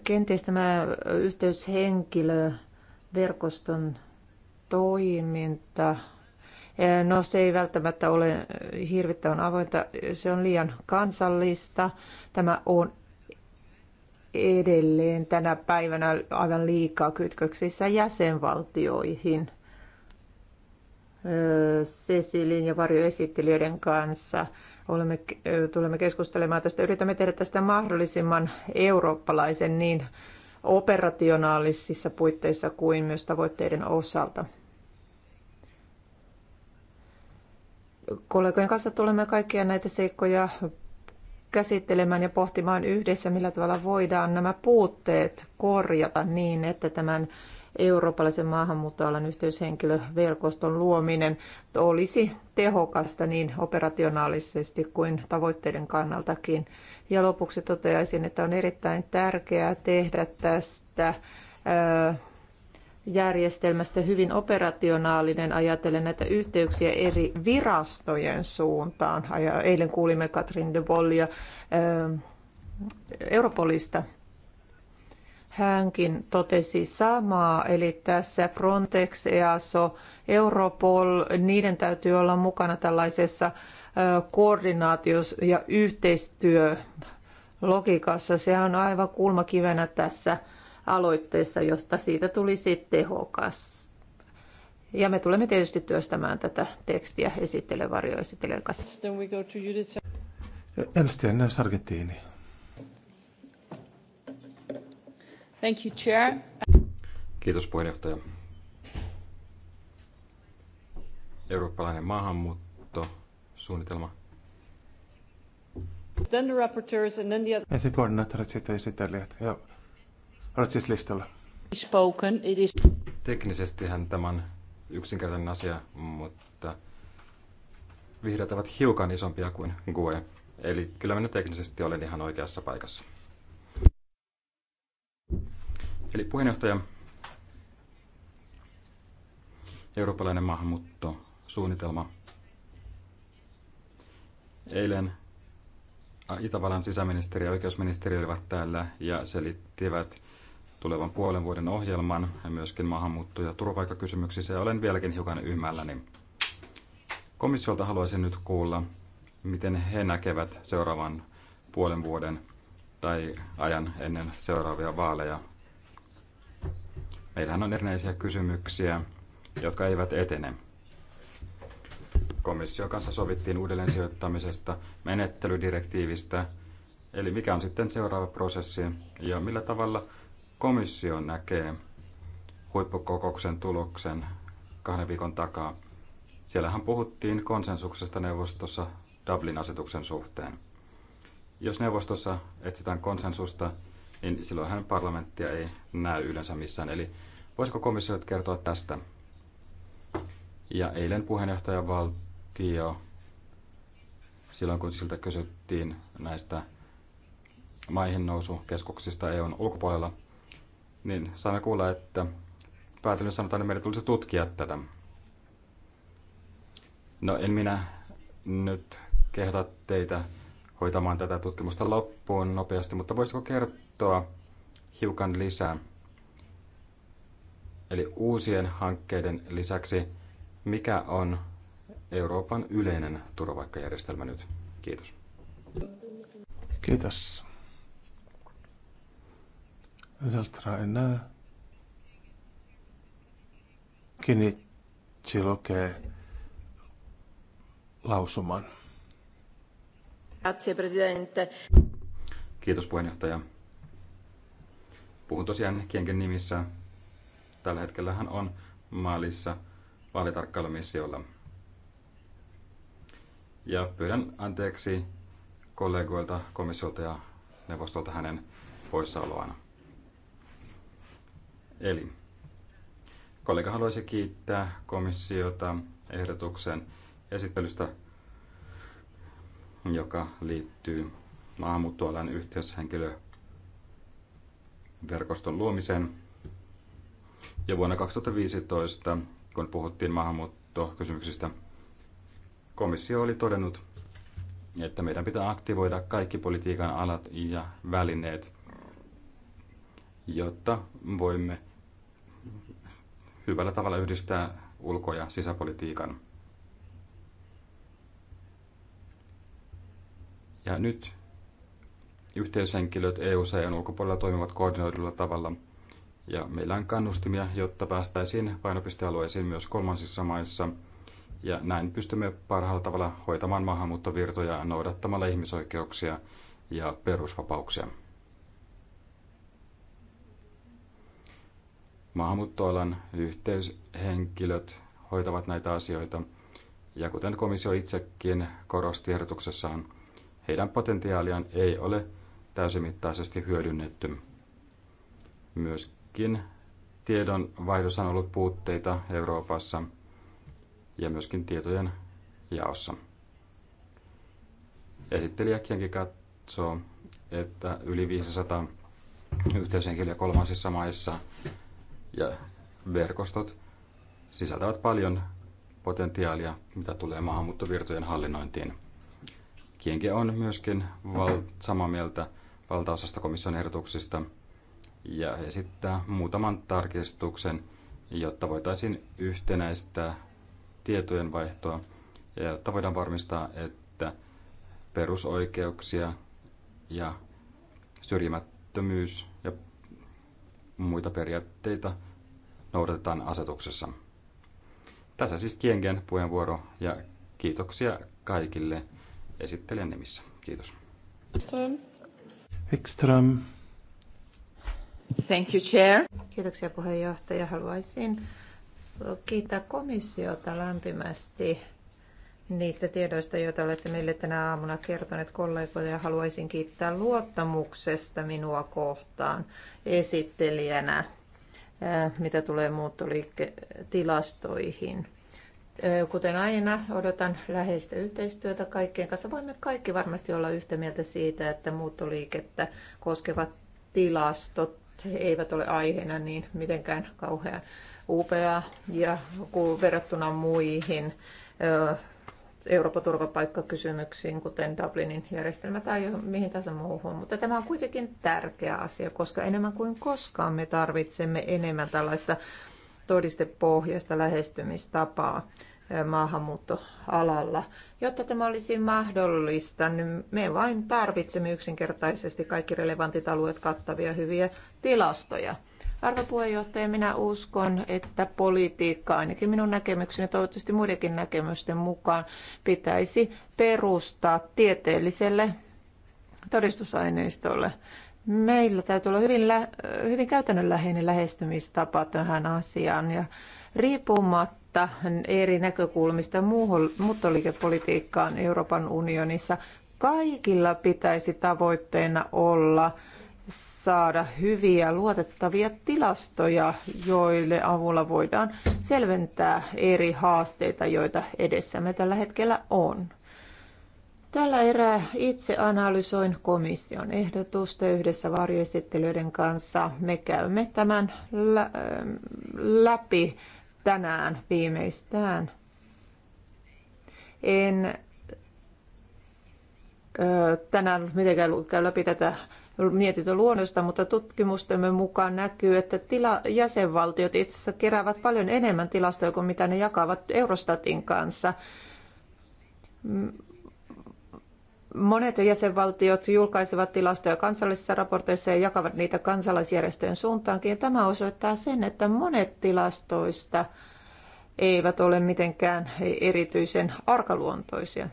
Kenties tämä yhteyshenkilöverkoston toiminta, eh, no se ei välttämättä ole hirvittävän avointa, se on liian kansallista. Tämä on edelleen tänä päivänä aivan liikaa kytköksissä jäsenvaltioihin. Eh, Cecilin ja varjoesittelijöiden kanssa – olemme, tulemme keskustelemaan tästä. Yritämme tehdä tästä mahdollisimman eurooppalaisen niin operationaalisissa puitteissa kuin myös tavoitteiden osalta. Kollegojen kanssa tulemme kaikkia näitä seikkoja käsittelemään ja pohtimaan yhdessä, millä tavalla voidaan nämä puutteet korjata niin, että tämän eurooppalaisen maahanmuuttoalan yhteyshenkilöverkoston luominen olisi tehokasta niin operationaalisesti kuin tavoitteiden kannaltakin. Ja lopuksi toteaisin, että on erittäin tärkeää tehdä tästä järjestelmästä hyvin operationaalinen ajatellen näitä yhteyksiä eri virastojen suuntaan. Eilen kuulimme Katrin de Bollia Europolista hänkin totesi samaa, eli tässä Frontex, EASO, Europol, niiden täytyy olla mukana tällaisessa koordinaatios- ja yhteistyölogikassa. Se on aivan kulmakivenä tässä aloitteessa, josta siitä tulisi tehokas. Ja me tulemme tietysti työstämään tätä tekstiä esittelevarjoesittelijän kanssa. Ernst Sargentini. Thank you, Chair. Kiitos puheenjohtaja. Eurooppalainen maahanmuutto, suunnitelma. Then the rapporteurs and then the other... Ensin koordinaattorit, sitten esittelijät. Ja olet siis listalla. Spoken, it is... Teknisestihän tämän yksinkertainen asia, mutta vihreät ovat hiukan isompia kuin GUE. Eli kyllä minä teknisesti olen ihan oikeassa paikassa. Eli puheenjohtaja, eurooppalainen maahanmuuttosuunnitelma. Eilen Itävallan sisäministeri ja oikeusministeri olivat täällä ja selittivät tulevan puolen vuoden ohjelman ja myöskin maahanmuutto- ja turvapaikkakysymyksissä ja olen vieläkin hiukan ymmälläni. Komissiolta haluaisin nyt kuulla, miten he näkevät seuraavan puolen vuoden tai ajan ennen seuraavia vaaleja Meillähän on erinäisiä kysymyksiä, jotka eivät etene. Komission kanssa sovittiin uudelleen sijoittamisesta, menettelydirektiivistä, eli mikä on sitten seuraava prosessi ja millä tavalla komissio näkee huippukokouksen tuloksen kahden viikon takaa. Siellähän puhuttiin konsensuksesta neuvostossa Dublin-asetuksen suhteen. Jos neuvostossa etsitään konsensusta, niin silloinhan parlamenttia ei näy yleensä missään. Eli voisiko komissio kertoa tästä? Ja eilen puheenjohtaja valtio silloin kun siltä kysyttiin näistä maihin nousukeskuksista EUn ulkopuolella, niin saimme kuulla, että päätelmissä sanotaan, että meidän tulisi tutkia tätä. No en minä nyt kehota teitä hoitamaan tätä tutkimusta loppuun nopeasti, mutta voisiko kertoa, joustoa hiukan lisää. Eli uusien hankkeiden lisäksi, mikä on Euroopan yleinen turvapaikkajärjestelmä nyt? Kiitos. Kiitos. Zastra enää. Kinitsi lukee lausuman. Kiitos puheenjohtaja. Puhun tosiaan Kienken nimissä. Tällä hetkellä hän on Maalissa vaalitarkkailumissiolla. Ja pyydän anteeksi kollegoilta, komissiolta ja neuvostolta hänen poissaoloaan. Eli kollega haluaisi kiittää komissiota ehdotuksen esittelystä, joka liittyy maahanmuuttoalan yhteyshenkilö verkoston luomiseen. Ja vuonna 2015, kun puhuttiin maahanmuuttokysymyksistä, komissio oli todennut, että meidän pitää aktivoida kaikki politiikan alat ja välineet, jotta voimme hyvällä tavalla yhdistää ulko- ja sisäpolitiikan. Ja nyt yhteyshenkilöt eu ja ulkopuolella toimivat koordinoidulla tavalla. Ja meillä on kannustimia, jotta päästäisiin painopistealueisiin myös kolmansissa maissa. Ja näin pystymme parhaalla tavalla hoitamaan maahanmuuttovirtoja noudattamalla ihmisoikeuksia ja perusvapauksia. Maahanmuuttoalan yhteyshenkilöt hoitavat näitä asioita. Ja kuten komissio itsekin korosti ehdotuksessaan, heidän potentiaaliaan ei ole täysimittaisesti hyödynnetty. Myöskin tiedonvaihdossa on ollut puutteita Euroopassa ja myöskin tietojen jaossa. Esittelijäkin katsoo, että yli 500 yhteyshenkilöä kolmansissa maissa ja verkostot sisältävät paljon potentiaalia, mitä tulee maahanmuuttovirtojen hallinnointiin. Kienke on myöskin val- samaa mieltä valtaosasta komission ehdotuksista ja esittää muutaman tarkistuksen, jotta voitaisiin yhtenäistää tietojenvaihtoa ja jotta voidaan varmistaa, että perusoikeuksia ja syrjimättömyys ja muita periaatteita noudatetaan asetuksessa. Tässä siis Kiengen puheenvuoro ja kiitoksia kaikille esittelijän nimissä. Kiitos. Stone. Thank you, Chair. Kiitoksia puheenjohtaja. Haluaisin kiittää komissiota lämpimästi niistä tiedoista, joita olette meille tänä aamuna kertoneet ja Haluaisin kiittää luottamuksesta minua kohtaan esittelijänä, eh, mitä tulee muuttoliiketilastoihin. tilastoihin Kuten aina, odotan läheistä yhteistyötä kaikkien kanssa. Voimme kaikki varmasti olla yhtä mieltä siitä, että muuttoliikettä koskevat tilastot eivät ole aiheena niin mitenkään kauhean upeaa ja verrattuna muihin Euroopan turvapaikkakysymyksiin, kuten Dublinin järjestelmä tai mihin tahansa muuhun. Mutta tämä on kuitenkin tärkeä asia, koska enemmän kuin koskaan me tarvitsemme enemmän tällaista todistepohjaista lähestymistapaa maahanmuuttoalalla. Jotta tämä olisi mahdollista, niin me vain tarvitsemme yksinkertaisesti kaikki relevantit alueet kattavia hyviä tilastoja. Arvo puheenjohtaja, minä uskon, että politiikka, ainakin minun näkemykseni ja toivottavasti muidenkin näkemysten mukaan, pitäisi perustaa tieteelliselle todistusaineistolle. Meillä täytyy olla hyvin, lä- hyvin käytännönläheinen lähestymistapa tähän asiaan ja riippumatta kautta eri näkökulmista muuhun muuttoliikepolitiikkaan Euroopan unionissa. Kaikilla pitäisi tavoitteena olla saada hyviä luotettavia tilastoja, joille avulla voidaan selventää eri haasteita, joita edessämme tällä hetkellä on. Tällä erää itse analysoin komission ehdotusta yhdessä varjoesittelyiden kanssa. Me käymme tämän läpi tänään viimeistään. En tänään mitenkään käy läpi tätä mietintö luonnosta, mutta tutkimustemme mukaan näkyy, että tila- jäsenvaltiot itse asiassa keräävät paljon enemmän tilastoja kuin mitä ne jakavat Eurostatin kanssa. Monet jäsenvaltiot julkaisevat tilastoja kansallisissa raporteissa ja jakavat niitä kansalaisjärjestöjen suuntaankin. Ja tämä osoittaa sen, että monet tilastoista eivät ole mitenkään erityisen arkaluontoisia.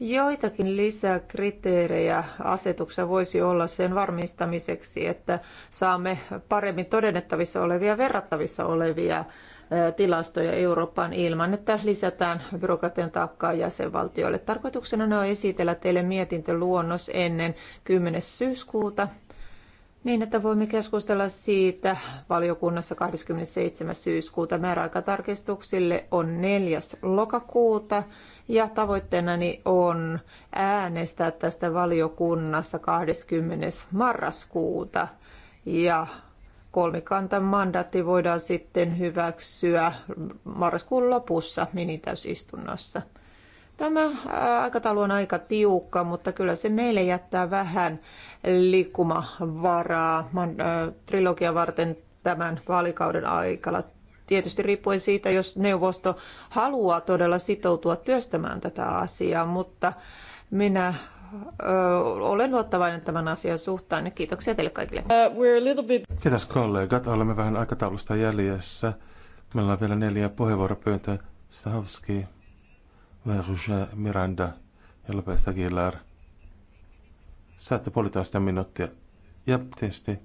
Joitakin lisäkriteerejä asetuksessa voisi olla sen varmistamiseksi, että saamme paremmin todennettavissa olevia verrattavissa olevia tilastoja Eurooppaan ilman, että lisätään byrokratian taakkaa jäsenvaltioille. Tarkoituksena ne on esitellä teille mietintöluonnos ennen 10. syyskuuta niin, että voimme keskustella siitä valiokunnassa 27. syyskuuta. Määräaikatarkistuksille on 4. lokakuuta ja tavoitteenani on äänestää tästä valiokunnassa 20. marraskuuta. Ja kolmikantan mandaatti voidaan sitten hyväksyä marraskuun lopussa minitäysistunnossa. Tämä äh, aikataulu on aika tiukka, mutta kyllä se meille jättää vähän liikkumavaraa äh, trilogia varten tämän vaalikauden aikana. Tietysti riippuen siitä, jos neuvosto haluaa todella sitoutua työstämään tätä asiaa, mutta minä olen luottavainen tämän asian suhtaan Nyt kiitoksia teille kaikille. Uh, bit... Ketäs kollegat, olemme vähän aikataulusta jäljessä. Meillä on vielä neljä puheenvuoropyyntöä. Stahovski, Verge, Miranda ja Lopez Aguilar. Saatte puolitoista minuuttia japtisti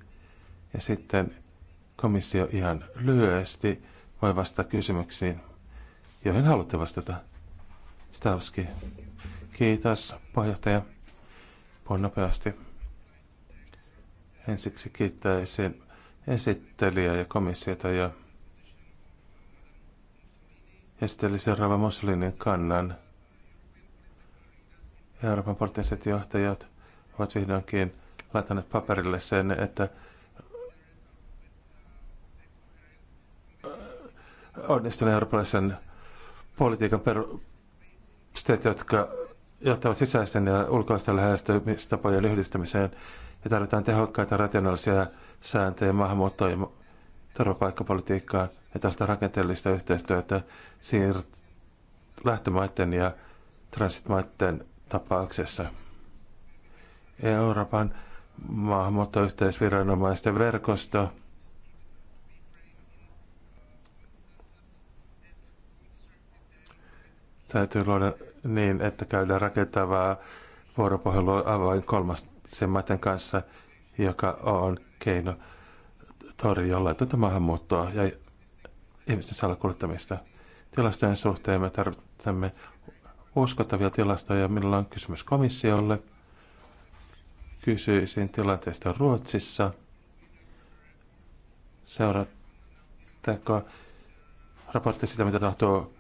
ja sitten komissio ihan lyhyesti voi vastata kysymyksiin, joihin haluatte vastata. Stavski. Kiitos, puheenjohtaja. Puhun nopeasti. Ensiksi kiittäisin esittelijä ja komissiota ja esitteli seuraava Mussolinin kannan. Euroopan poliittiset johtajat ovat vihdoinkin laittaneet paperille sen, että onnistuneen eurooppalaisen politiikan perusteet, jotka johtavat sisäisten ja ulkoisten lähestymistapojen yhdistämiseen ja tarvitaan tehokkaita rationaalisia sääntöjä maahanmuuttoon ja turvapaikkapolitiikkaan ja tällaista rakenteellista yhteistyötä siirt- lähtömaiden ja transitmaiden tapauksessa. Euroopan maahanmuuttoyhteisviranomaisten verkosto täytyy luoda niin, että käydään rakentavaa vuoropuhelua avoin kolmasen maiden kanssa, joka on keino torjua laitonta maahanmuuttoa ja ihmisten salakuljettamista. Tilastojen suhteen me tarvitsemme uskottavia tilastoja, millä on kysymys komissiolle. Kysyisin tilanteesta Ruotsissa. Seuratteko raportti sitä, mitä tahtoo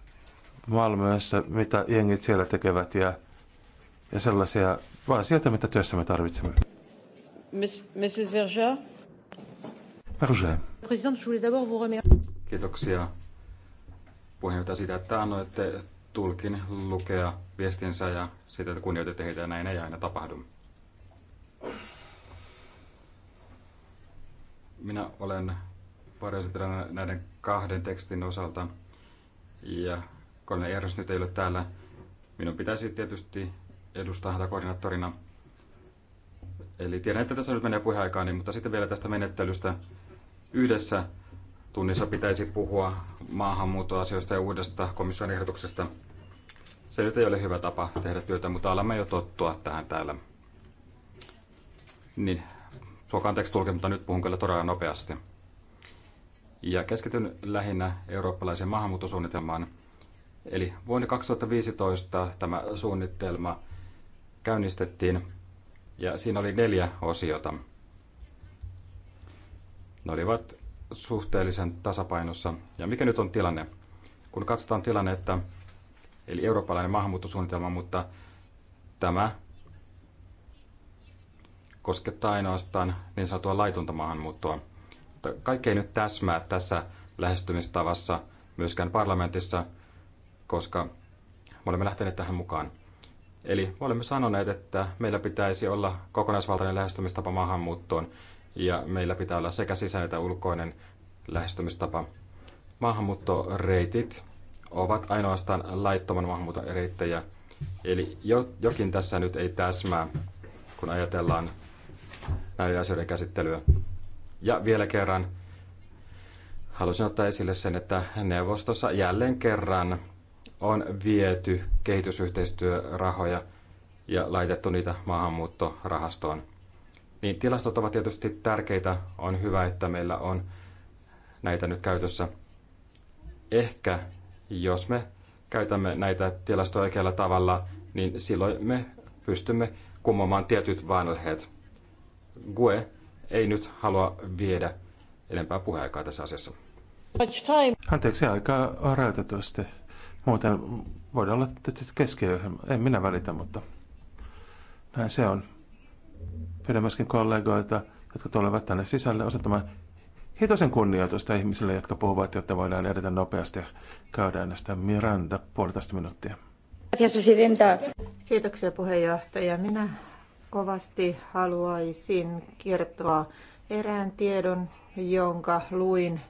Malmössä, mitä jengit siellä tekevät ja, ja sellaisia, vaan sieltä, mitä työssä me tarvitsemme. Miss, Mrs. Verger? Verger. President, je voulais d'abord vous remercier. Kiitoksia puheenjohtaja siitä, että annoitte tulkin lukea viestinsä ja siitä, että kunnioitatte heitä ja näin ei aina tapahdu. Minä olen varjoisettelänä näiden kahden tekstin osalta ja Kolin Eros nyt ei ole täällä. Minun pitäisi tietysti edustaa häntä koordinaattorina. Eli tiedän, että tässä nyt menee puheaikaani, niin, mutta sitten vielä tästä menettelystä. Yhdessä tunnissa pitäisi puhua maahanmuuttoasioista ja uudesta komission ehdotuksesta. Se nyt ei ole hyvä tapa tehdä työtä, mutta alamme jo tottua tähän täällä. Niin, suokaa anteeksi tulke, mutta nyt puhun kyllä todella nopeasti. Ja keskityn lähinnä eurooppalaisen maahanmuuttosuunnitelmaan – Eli vuonna 2015 tämä suunnitelma käynnistettiin ja siinä oli neljä osiota. Ne olivat suhteellisen tasapainossa. Ja mikä nyt on tilanne? Kun katsotaan tilannetta, eli eurooppalainen maahanmuuttosuunnitelma, mutta tämä koskettaa ainoastaan niin sanotua laitonta maahanmuuttoa. kaikki ei nyt täsmää tässä lähestymistavassa, myöskään parlamentissa – koska me olemme lähteneet tähän mukaan. Eli me olemme sanoneet, että meillä pitäisi olla kokonaisvaltainen lähestymistapa maahanmuuttoon ja meillä pitää olla sekä sisäinen että ulkoinen lähestymistapa. Maahanmuuttoreitit ovat ainoastaan laittoman maahanmuuton reittejä. Eli jo, jokin tässä nyt ei täsmää, kun ajatellaan näiden asioiden käsittelyä. Ja vielä kerran haluaisin ottaa esille sen, että neuvostossa jälleen kerran on viety kehitysyhteistyörahoja ja laitettu niitä maahanmuuttorahastoon. Niin tilastot ovat tietysti tärkeitä. On hyvä, että meillä on näitä nyt käytössä. Ehkä jos me käytämme näitä tilastoja oikealla tavalla, niin silloin me pystymme kummomaan tietyt vanheet. GUE ei nyt halua viedä enempää puheaikaa tässä asiassa. Anteeksi, aikaa on rajoitetusti. Muuten voidaan olla tietysti keskiöön, en minä välitä, mutta näin se on. Pyydän myöskin kollegoita, jotka tulevat tänne sisälle osoittamaan hitosen kunnioitusta ihmisille, jotka puhuvat, jotta voidaan edetä nopeasti ja käydä näistä Miranda puolitoista minuuttia. Kiitoksia puheenjohtaja. Minä kovasti haluaisin kertoa erään tiedon, jonka luin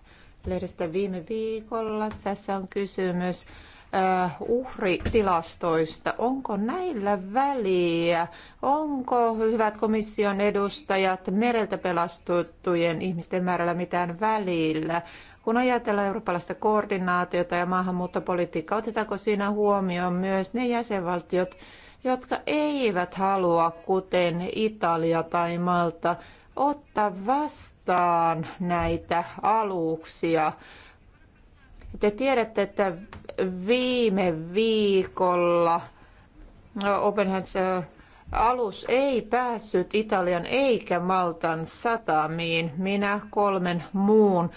lehdestä viime viikolla. Tässä on kysymys uhritilastoista. Onko näillä väliä? Onko, hyvät komission edustajat, mereltä pelastettujen ihmisten määrällä mitään välillä? Kun ajatellaan eurooppalaista koordinaatiota ja maahanmuuttopolitiikkaa, otetaanko siinä huomioon myös ne jäsenvaltiot, jotka eivät halua, kuten Italia tai Malta, ottaa vastaan näitä aluksia te tiedätte, että viime viikolla Hands alus ei päässyt Italian eikä Maltan satamiin. Minä kolmen muun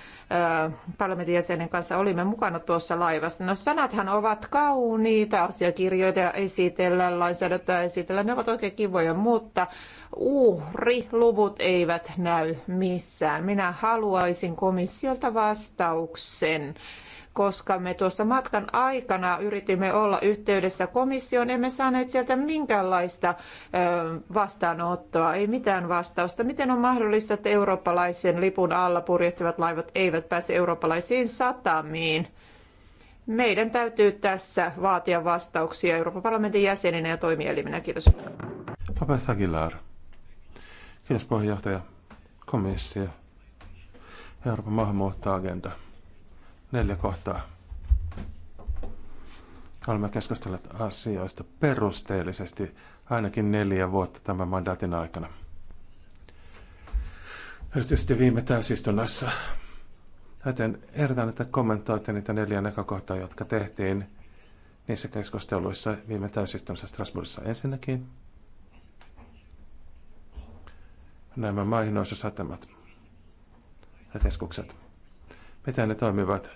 parlamentin jäsenen kanssa olimme mukana tuossa laivassa. No sanathan ovat kauniita, asiakirjoja esitellään, lainsäädäntöä esitellään, ne ovat oikein kivoja, mutta uhriluvut eivät näy missään. Minä haluaisin komissiolta vastauksen koska me tuossa matkan aikana yritimme olla yhteydessä komissioon, emme saaneet sieltä minkäänlaista vastaanottoa, ei mitään vastausta. Miten on mahdollista, että eurooppalaisen lipun alla purjehtivat laivat eivät pääse eurooppalaisiin satamiin? Meidän täytyy tässä vaatia vastauksia Euroopan parlamentin jäseninä ja toimielimenä. Kiitos. Lopes Aguilar. Kiitos puheenjohtaja. Komissio. Euroopan maahanmuuttoagenda. agenda neljä kohtaa. Olemme keskustelleet asioista perusteellisesti ainakin neljä vuotta tämän mandaatin aikana. Erityisesti viime täysistunnassa. Joten ehdotan, että kommentoitte niitä neljä näkökohtaa, jotka tehtiin niissä keskusteluissa viime täysistunnassa Strasbourgissa ensinnäkin. Nämä maihin osasatamat ja keskukset miten ne toimivat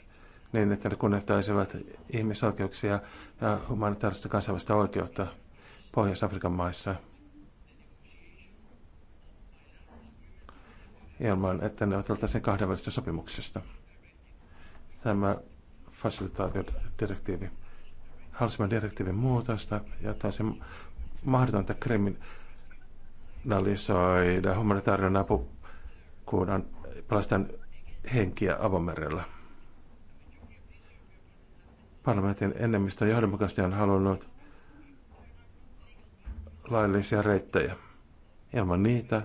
niin, että ne kunnettaisivat ihmisoikeuksia ja humanitaarista kansainvälistä oikeutta Pohjois-Afrikan maissa ilman, että ne oteltaisiin kahdenvälisestä sopimuksesta. Tämä fasilitaatiodirektiivi. Halsiman direktiivin muutosta, jotta se mahdotonta kriminalisoida humanitaarinen apu, kun on henkiä avomerellä. Parlamentin enemmistö johdonmukaisesti on halunnut laillisia reittejä. Ilman niitä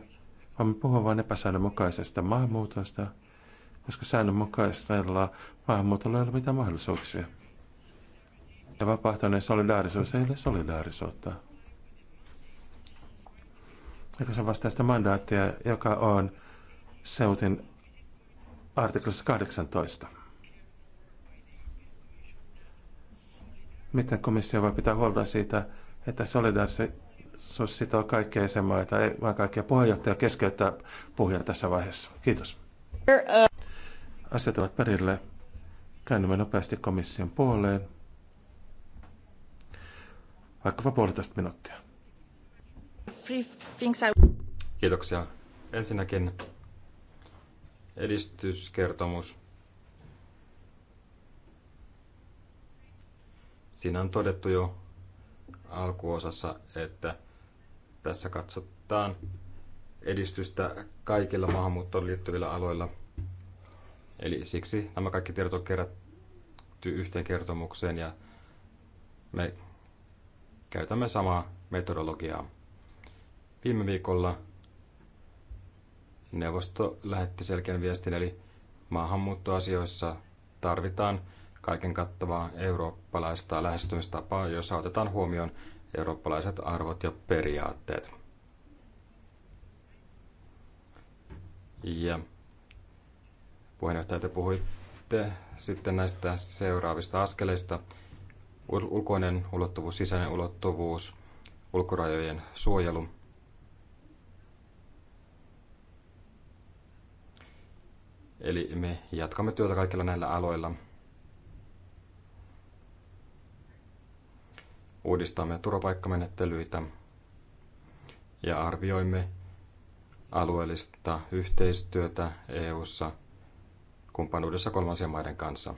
voimme puhua vain epäsäännönmukaisesta maahanmuutosta, koska säännönmukaisella maahanmuutolla ei ole mitään mahdollisuuksia. Ja vapaaehtoinen solidaarisuus ei ole solidaarisuutta. Eikä se vastaa sitä mandaattia, joka on Seutin artiklassa 18. Miten komissio voi pitää huolta siitä, että solidaarisuus sitoo kaikkia jäsenmaita, ei vain kaikkia puheenjohtajia keskeyttää puhujan tässä vaiheessa. Kiitos. Asiat ovat perille. Käännymme nopeasti komission puoleen. Vaikkapa puolitoista minuuttia. Kiitoksia. Ensinnäkin edistyskertomus. Siinä on todettu jo alkuosassa, että tässä katsotaan edistystä kaikilla maahanmuuttoon liittyvillä aloilla. Eli siksi nämä kaikki tiedot on kerätty yhteen kertomukseen ja me käytämme samaa metodologiaa. Viime viikolla neuvosto lähetti selkeän viestin, eli maahanmuuttoasioissa tarvitaan kaiken kattavaa eurooppalaista lähestymistapaa, jossa otetaan huomioon eurooppalaiset arvot ja periaatteet. Ja puheenjohtaja, te puhuitte sitten näistä seuraavista askeleista. Ulkoinen ulottuvuus, sisäinen ulottuvuus, ulkorajojen suojelu – Eli me jatkamme työtä kaikilla näillä aloilla. Uudistamme turvapaikkamenettelyitä ja arvioimme alueellista yhteistyötä EU:ssa kumppanuudessa kolmansien maiden kanssa.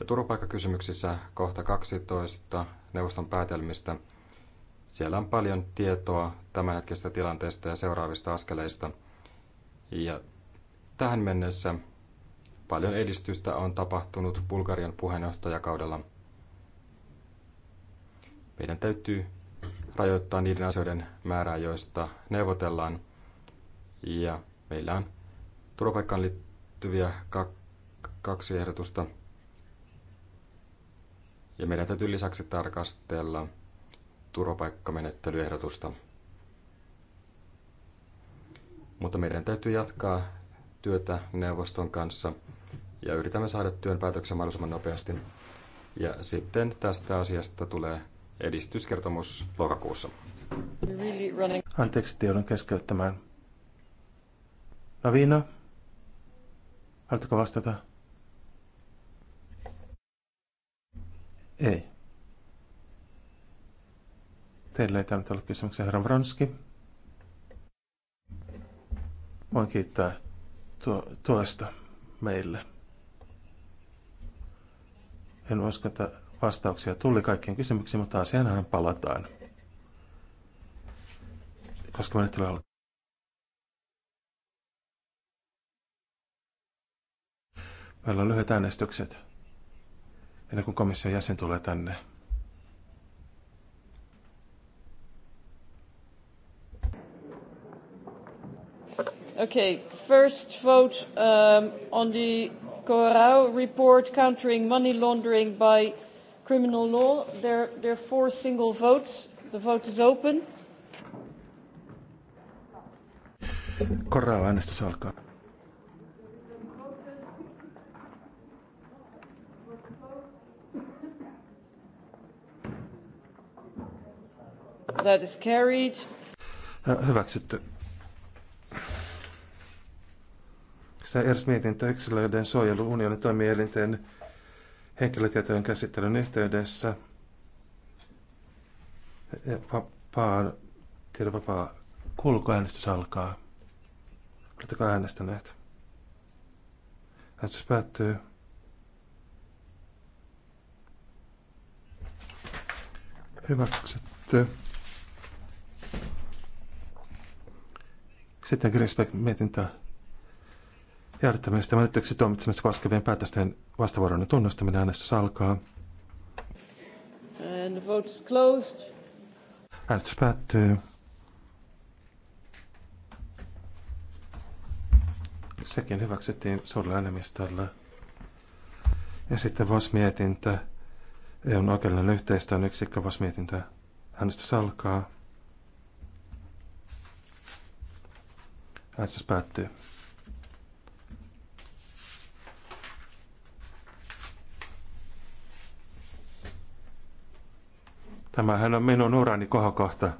Ja turvapaikkakysymyksissä kohta 12 neuvoston päätelmistä. Siellä on paljon tietoa tämänhetkisestä tilanteesta ja seuraavista askeleista. Ja Tähän mennessä paljon edistystä on tapahtunut Bulgarian puheenjohtajakaudella. Meidän täytyy rajoittaa niiden asioiden määrää, joista neuvotellaan. Ja meillä on turvapaikkaan liittyviä kaksi ehdotusta. Ja meidän täytyy lisäksi tarkastella turvapaikkamenettelyehdotusta. Mutta meidän täytyy jatkaa työtä neuvoston kanssa ja yritämme saada työn päätöksen mahdollisimman nopeasti. Ja sitten tästä asiasta tulee edistyskertomus lokakuussa. Anteeksi, joudun keskeyttämään. Lavina, haluatko vastata? Ei. Teille ei tainnut olla kysymyksiä, herra Vronski. Voin kiittää tuosta meille. En usko, että vastauksia tuli kaikkiin kysymyksiin, mutta asiaan palataan. Koska menettely alkaa. Meillä on lyhyet äänestykset ennen kuin komission jäsen tulee tänne. Okay, first vote um, on the Corau report countering money laundering by criminal law. There, there are four single votes. The vote is open. Corau, äänestys alkaa. That is carried. Hyväksytty. sitä eräs mietintö yksilöiden suojelu unionin toimielinten henkilötietojen käsittelyn yhteydessä. Vapaa, e, vapaa äänestys alkaa. Oletteko äänestäneet? Äänestys päättyy. Hyväksytty. Sitten Grisbeck mietintää jäädyttämistä menettäväksi tuomitsemista koskevien päätösten vastavuoroinen tunnustaminen äänestys alkaa. And the vote is closed. Äänestys päättyy. Sekin hyväksyttiin suurella enemmistöllä. Ja sitten vos mietintä EUn oikeudellinen yhteistyön yksikkö vos mietintä Äänestys alkaa. Äänestys päättyy. Tämähän on minun urani kohokohta.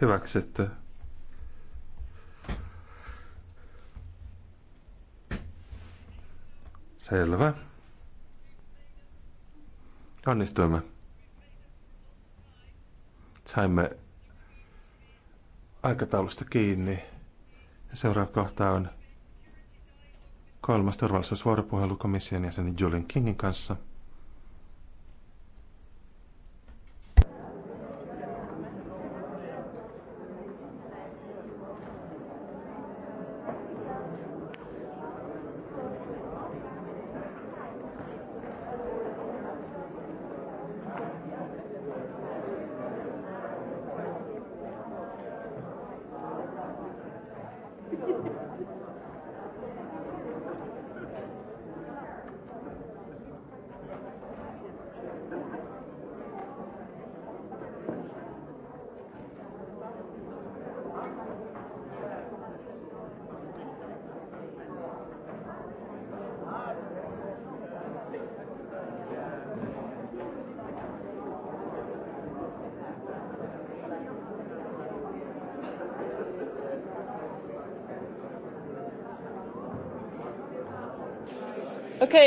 Hyväksytty. Selvä. Onnistuimme. Saimme aikataulusta kiinni. Ja seuraava kohta on kolmas turvallisuusvuoropuhelu komission jäsenen Julian Kingin kanssa –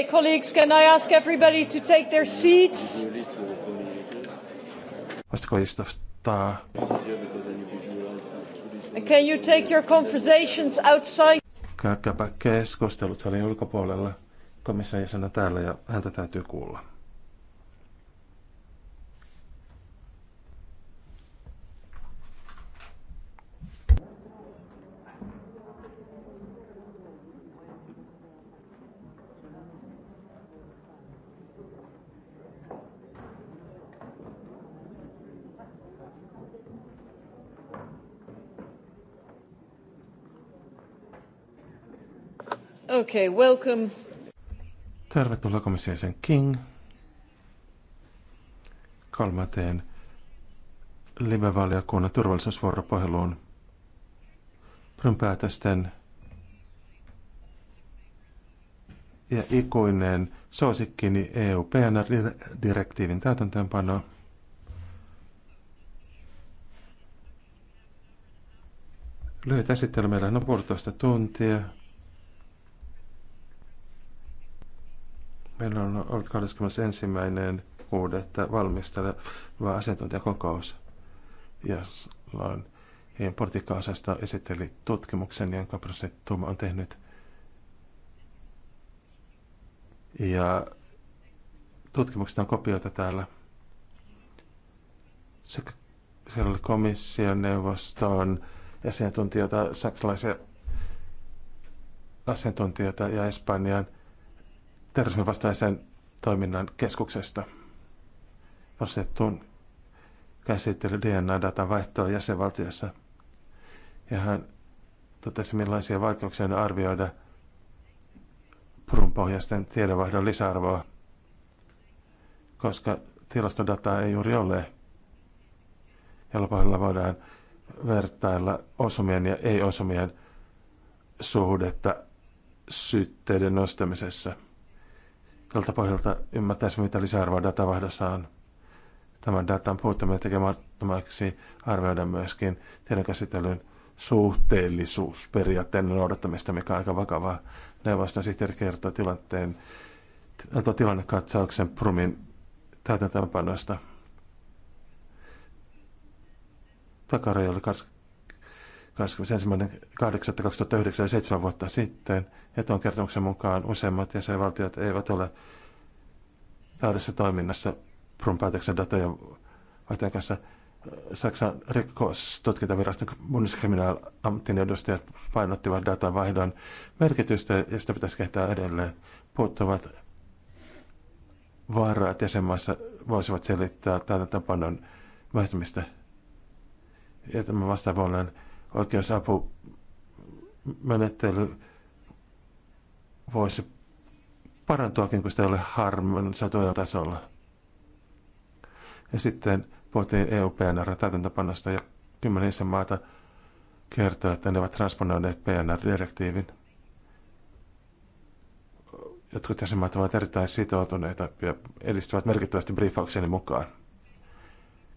colleagues, can I ask everybody to take their seats? And can you take your conversations outside? Käykääpä keskustelut salin ulkopuolella. Komissaari sanoi täällä ja häntä täytyy kuulla. Okay, welcome. Tervetuloa komissiaisen King kolmanteen live-valiokunnan turvallisuusvuoropuheluun prynpäätösten ja ikuinen suosikkini EU-PNR-direktiivin täytäntöönpano. Lyhyt esittely meillä on puolitoista tuntia. Meillä on ollut 21. kuudetta valmisteleva asiantuntijakokous, jolloin heidän politiikka esitteli tutkimuksen, jonka prosenttuma on tehnyt. Ja tutkimuksesta on kopioita täällä. Sekä siellä oli komission neuvoston asiantuntijoita, saksalaisia asiantuntijoita ja Espanjan terrorismin vastaisen toiminnan keskuksesta nostettuun käsittely DNA-datan vaihtoa jäsenvaltiossa. Ja hän totesi, millaisia vaikeuksia on arvioida purunpohjaisten tiedonvaihdon lisäarvoa, koska tilastodataa ei juuri ole, jolla pohjalla voidaan vertailla osumien ja ei-osumien suhdetta syytteiden nostamisessa – tältä pohjalta ymmärtäisi, mitä lisäarvoa datavahdassa on. Tämän datan puuttuminen tekemättömäksi arvioida myöskin tiedonkäsittelyn suhteellisuusperiaatteen noudattamista, mikä on aika vakavaa. Neuvoston sihteeri kertoo tilanteen, tilannekatsauksen Prumin täytäntöönpanosta. Takaraja oli 21.8.2009 vuotta sitten. Ja tuon kertomuksen mukaan useimmat jäsenvaltiot eivät ole täydessä toiminnassa Prun päätöksen datojen vaihtajan kanssa. Saksan rikostutkintaviraston bundeskriminaalamtin edustajat painottivat datan merkitystä ja sitä pitäisi kehittää edelleen. Puuttuvat vaarat jäsenmaissa voisivat selittää täytäntöpanon vaihtumista. Ja tämä vastaavuolinen oikeusapumenettely voisi parantuakin, kun sitä ei ole satoja tasolla. Ja sitten puhuttiin EU-PNR-täytäntöpanosta ja kymmenen maata kertoi, että ne ovat transponoineet PNR-direktiivin. Jotkut jäsenmaat ovat erittäin sitoutuneita ja edistävät merkittävästi briefaukseni mukaan.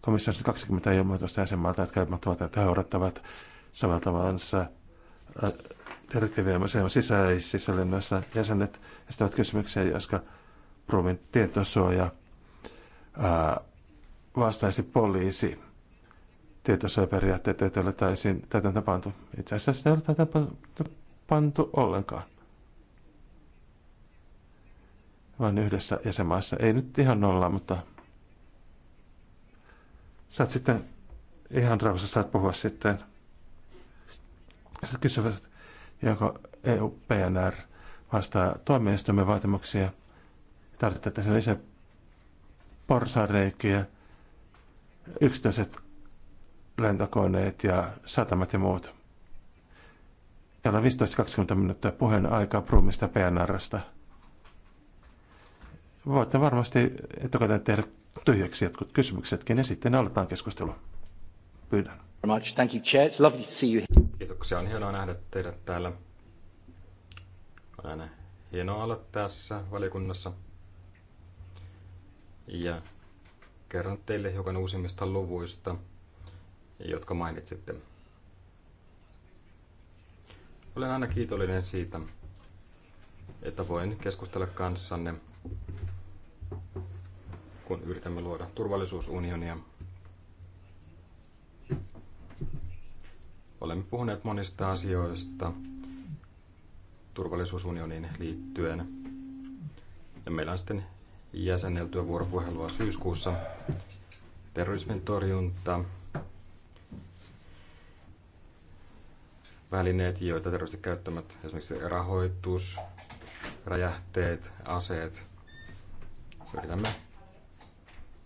Komissiossa 20 ilmoitusta jäsenmaalta, jotka ilmoittavat, että he odottavat samalta maansa äh, direktiivien sisäisissä jäsenet esittävät kysymyksiä, jotka Prumin tietosuoja ää, äh, vastaisi poliisi tietosuojaperiaatteet, joita ole täysin täytäntä pantu. Itse asiassa sitä ei ole pantu ollenkaan. Vain yhdessä jäsenmaassa. Ei nyt ihan nolla, mutta saat sitten ihan rauhassa saat puhua sitten sitten kysyvät, joko EU-PNR vastaa tuomioistuimen vaatimuksia. Tarvitaan tässä lisää porsareikiä, yksityiset lentokoneet ja satamat ja muut. Täällä on 15-20 minuuttia puheen aikaa Brumista PNRstä. Voitte varmasti etukäteen tehdä tyhjäksi jotkut kysymyksetkin ja sitten aletaan keskustelu. Pyydän. Thank you, Chair. It's lovely to see you. here. Kiitoksia, on hienoa nähdä teidät täällä. On aina hienoa olla tässä valikunnassa Ja kerron teille hiukan uusimmista luvuista, jotka mainitsitte. Olen aina kiitollinen siitä, että voin keskustella kanssanne, kun yritämme luoda turvallisuusunionia Olemme puhuneet monista asioista turvallisuusunioniin liittyen. Ja meillä on sitten jäsenneltyä vuoropuhelua syyskuussa. Terrorismin torjunta, välineet, joita terroristit käyttävät, esimerkiksi rahoitus, räjähteet, aseet. Yritämme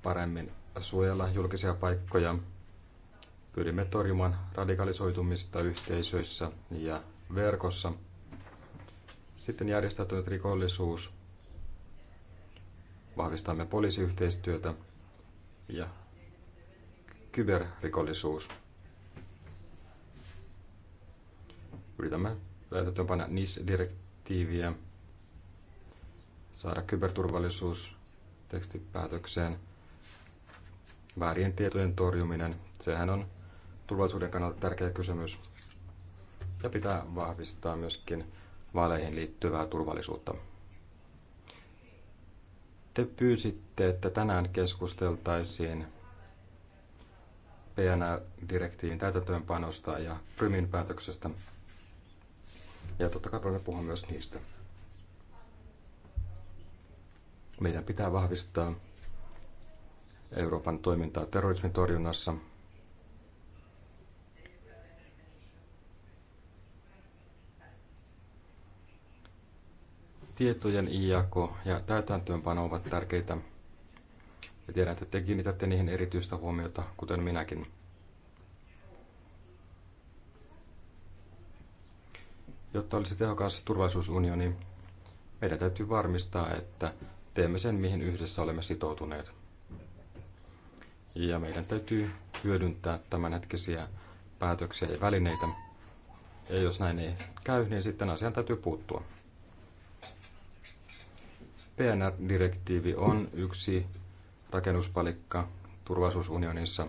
paremmin suojella julkisia paikkoja Pyrimme torjumaan radikalisoitumista yhteisöissä ja verkossa. Sitten järjestäytynyt rikollisuus. Vahvistamme poliisiyhteistyötä ja kyberrikollisuus. Yritämme täytäntöönpana NIS-direktiiviä, saada kyberturvallisuus tekstipäätökseen. Väärien tietojen torjuminen, sehän on turvallisuuden kannalta tärkeä kysymys. Ja pitää vahvistaa myöskin vaaleihin liittyvää turvallisuutta. Te pyysitte, että tänään keskusteltaisiin PNR-direktiivin täytäntöönpanosta ja Prymin päätöksestä. Ja totta kai voimme puhua myös niistä. Meidän pitää vahvistaa Euroopan toimintaa terrorismin torjunnassa – tietojen iako ja täytäntöönpano ovat tärkeitä. Ja tiedän, että te kiinnitätte niihin erityistä huomiota, kuten minäkin. Jotta olisi tehokas turvallisuusunioni, meidän täytyy varmistaa, että teemme sen, mihin yhdessä olemme sitoutuneet. Ja meidän täytyy hyödyntää tämänhetkisiä päätöksiä ja välineitä. Ja jos näin ei käy, niin sitten asian täytyy puuttua. PNR-direktiivi on yksi rakennuspalikka turvallisuusunionissa.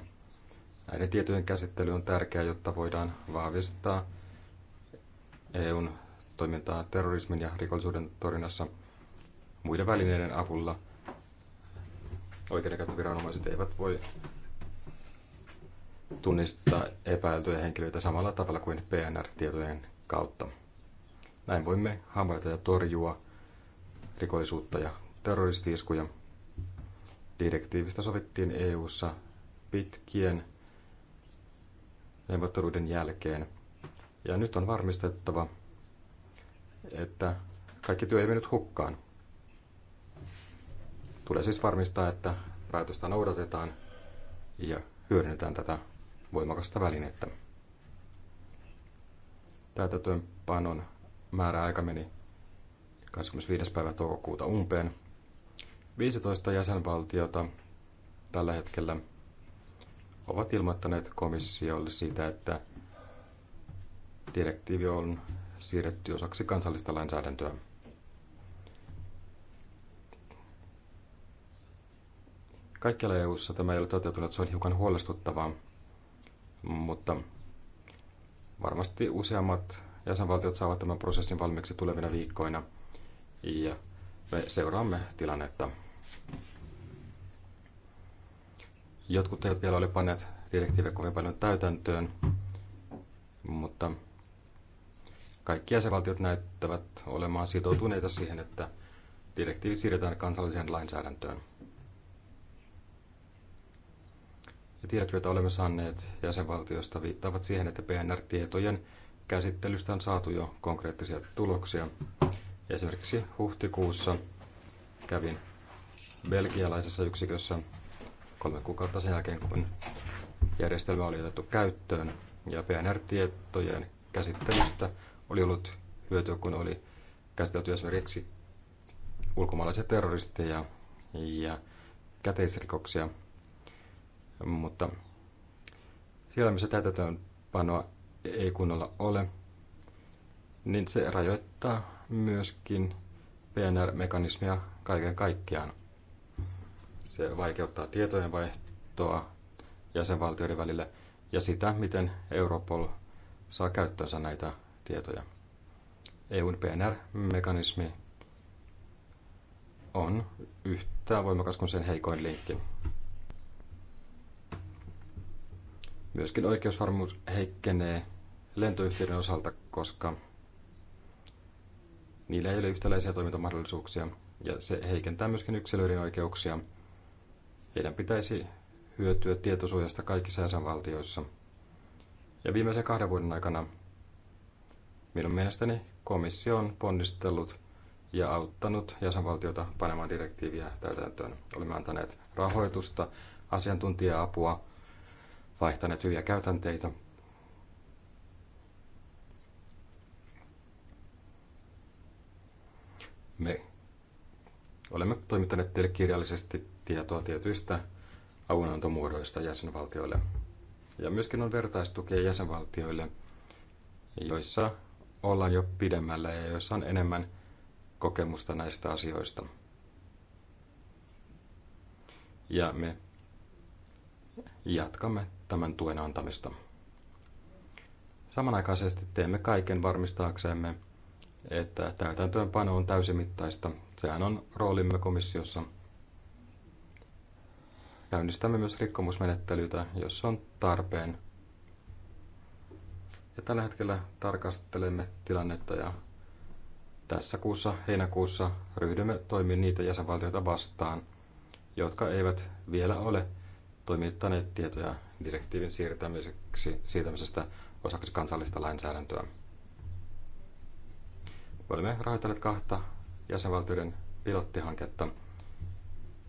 Näiden tietojen käsittely on tärkeää, jotta voidaan vahvistaa EUn toimintaa terrorismin ja rikollisuuden torjunnassa muiden välineiden avulla. Oikeudenkäyttöviranomaiset eivät voi tunnistaa epäiltyjä henkilöitä samalla tavalla kuin PNR-tietojen kautta. Näin voimme havaita ja torjua rikollisuutta ja terroristiiskuja. Direktiivistä sovittiin EU:ssa pitkien neuvotteluiden jälkeen. Ja nyt on varmistettava, että kaikki työ ei mennyt hukkaan. Tulee siis varmistaa, että päätöstä noudatetaan ja hyödynnetään tätä voimakasta välinettä. Täytäntöönpanon määräaika meni 25. päivä toukokuuta umpeen. 15 jäsenvaltiota tällä hetkellä ovat ilmoittaneet komissiolle siitä, että direktiivi on siirretty osaksi kansallista lainsäädäntöä. Kaikkialla EU-ssa tämä ei ole toteutunut, se on hiukan huolestuttavaa, mutta varmasti useammat jäsenvaltiot saavat tämän prosessin valmiiksi tulevina viikkoina – ja me seuraamme tilannetta. Jotkut eivät vielä ole panneet direktiivejä kovin paljon täytäntöön, mutta kaikki jäsenvaltiot näyttävät olemaan sitoutuneita siihen, että direktiivi siirretään kansalliseen lainsäädäntöön. Ja tiedot, joita olemme saaneet jäsenvaltiosta, viittaavat siihen, että PNR-tietojen käsittelystä on saatu jo konkreettisia tuloksia. Esimerkiksi huhtikuussa kävin belgialaisessa yksikössä kolme kuukautta sen jälkeen, kun järjestelmä oli otettu käyttöön. Ja PNR-tietojen käsittelystä oli ollut hyötyä, kun oli käsitelty esimerkiksi ulkomaalaisia terroristeja ja käteisrikoksia. Mutta siellä, missä panoa ei kunnolla ole, niin se rajoittaa myöskin PNR-mekanismia kaiken kaikkiaan. Se vaikeuttaa tietojen vaihtoa jäsenvaltioiden välillä ja sitä, miten Europol saa käyttöönsä näitä tietoja. EUn PNR-mekanismi on yhtä voimakas kuin sen heikoin linkki. Myöskin oikeusvarmuus heikkenee lentoyhtiöiden osalta, koska Niillä ei ole yhtäläisiä toimintamahdollisuuksia ja se heikentää myöskin yksilöiden oikeuksia. Heidän pitäisi hyötyä tietosuojasta kaikissa jäsenvaltioissa. Ja viimeisen kahden vuoden aikana minun mielestäni komissio on ponnistellut ja auttanut jäsenvaltiota panemaan direktiiviä täytäntöön. Olemme antaneet rahoitusta, asiantuntija-apua, vaihtaneet hyviä käytänteitä Me olemme toimittaneet teille kirjallisesti tietoa tietyistä avunantomuodoista jäsenvaltioille. Ja myöskin on vertaistukea jäsenvaltioille, joissa ollaan jo pidemmällä ja joissa on enemmän kokemusta näistä asioista. Ja me jatkamme tämän tuen antamista. Samanaikaisesti teemme kaiken varmistaaksemme, että täytäntöönpano on täysimittaista. Sehän on roolimme komissiossa. Käynnistämme myös rikkomusmenettelyitä, jos on tarpeen. Ja tällä hetkellä tarkastelemme tilannetta ja tässä kuussa, heinäkuussa, ryhdymme toimiin niitä jäsenvaltioita vastaan, jotka eivät vielä ole toimittaneet tietoja direktiivin siirtämiseksi, siirtämisestä osaksi kansallista lainsäädäntöä olemme rahoittaneet kahta jäsenvaltioiden pilottihanketta,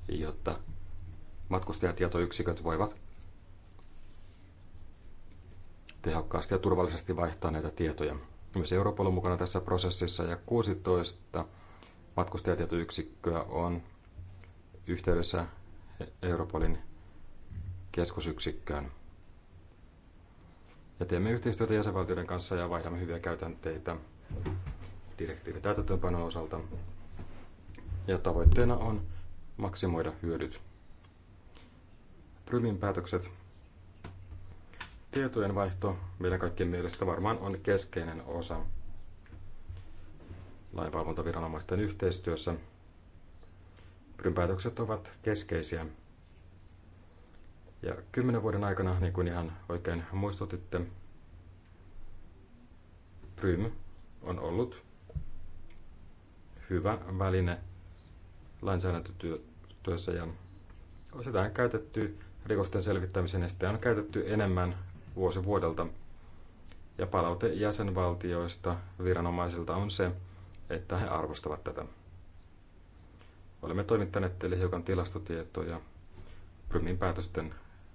jotta matkustajatietoyksiköt voivat tehokkaasti ja turvallisesti vaihtaa näitä tietoja. Myös Euroopan on mukana tässä prosessissa ja 16 matkustajatietoyksikköä on yhteydessä Europolin keskusyksikköön. Ja teemme yhteistyötä jäsenvaltioiden kanssa ja vaihdamme hyviä käytänteitä direktiivin täytäntöönpanon osalta. Ja tavoitteena on maksimoida hyödyt. Prymin päätökset. Tietojen vaihto meidän kaikkien mielestä varmaan on keskeinen osa lainvalvontaviranomaisten yhteistyössä. Prym päätökset ovat keskeisiä. Ja kymmenen vuoden aikana, niin kuin ihan oikein muistutitte, Prym on ollut hyvä väline lainsäädäntötyössä ja sitä on käytetty rikosten selvittämisen ja sitä on käytetty enemmän vuosi vuodelta. Ja palaute jäsenvaltioista viranomaisilta on se, että he arvostavat tätä. Olemme toimittaneet teille hiukan tilastotietoja Prymin päätösten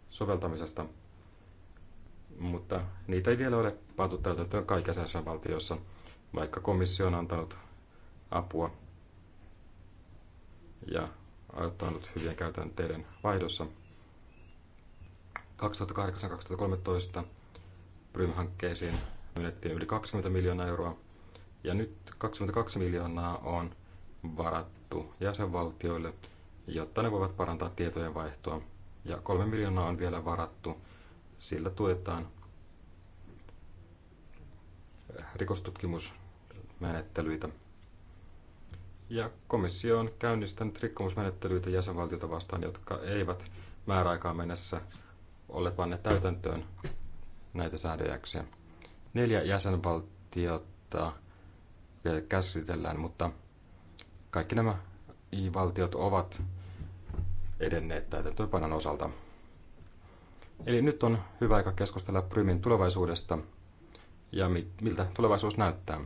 soveltamisesta, mutta niitä ei vielä ole pantu täytäntöön kaikessa jäsenvaltiossa, vaikka komissio on antanut apua ja auttanut hyvien käytänteiden vaihdossa. 2008-2013 Prym-hankkeisiin myönnettiin yli 20 miljoonaa euroa ja nyt 22 miljoonaa on varattu jäsenvaltioille, jotta ne voivat parantaa tietojen vaihtoa ja 3 miljoonaa on vielä varattu. Sillä tuetaan eh, rikostutkimusmenettelyitä. Ja komissio on käynnistänyt rikkomusmenettelyitä jäsenvaltiota vastaan, jotka eivät määräaikaan mennessä ole panneet täytäntöön näitä säädöjäksiä. Neljä jäsenvaltiota vielä käsitellään, mutta kaikki nämä valtiot ovat edenneet täytäntöönpanon osalta. Eli nyt on hyvä aika keskustella Prymin tulevaisuudesta ja miltä tulevaisuus näyttää.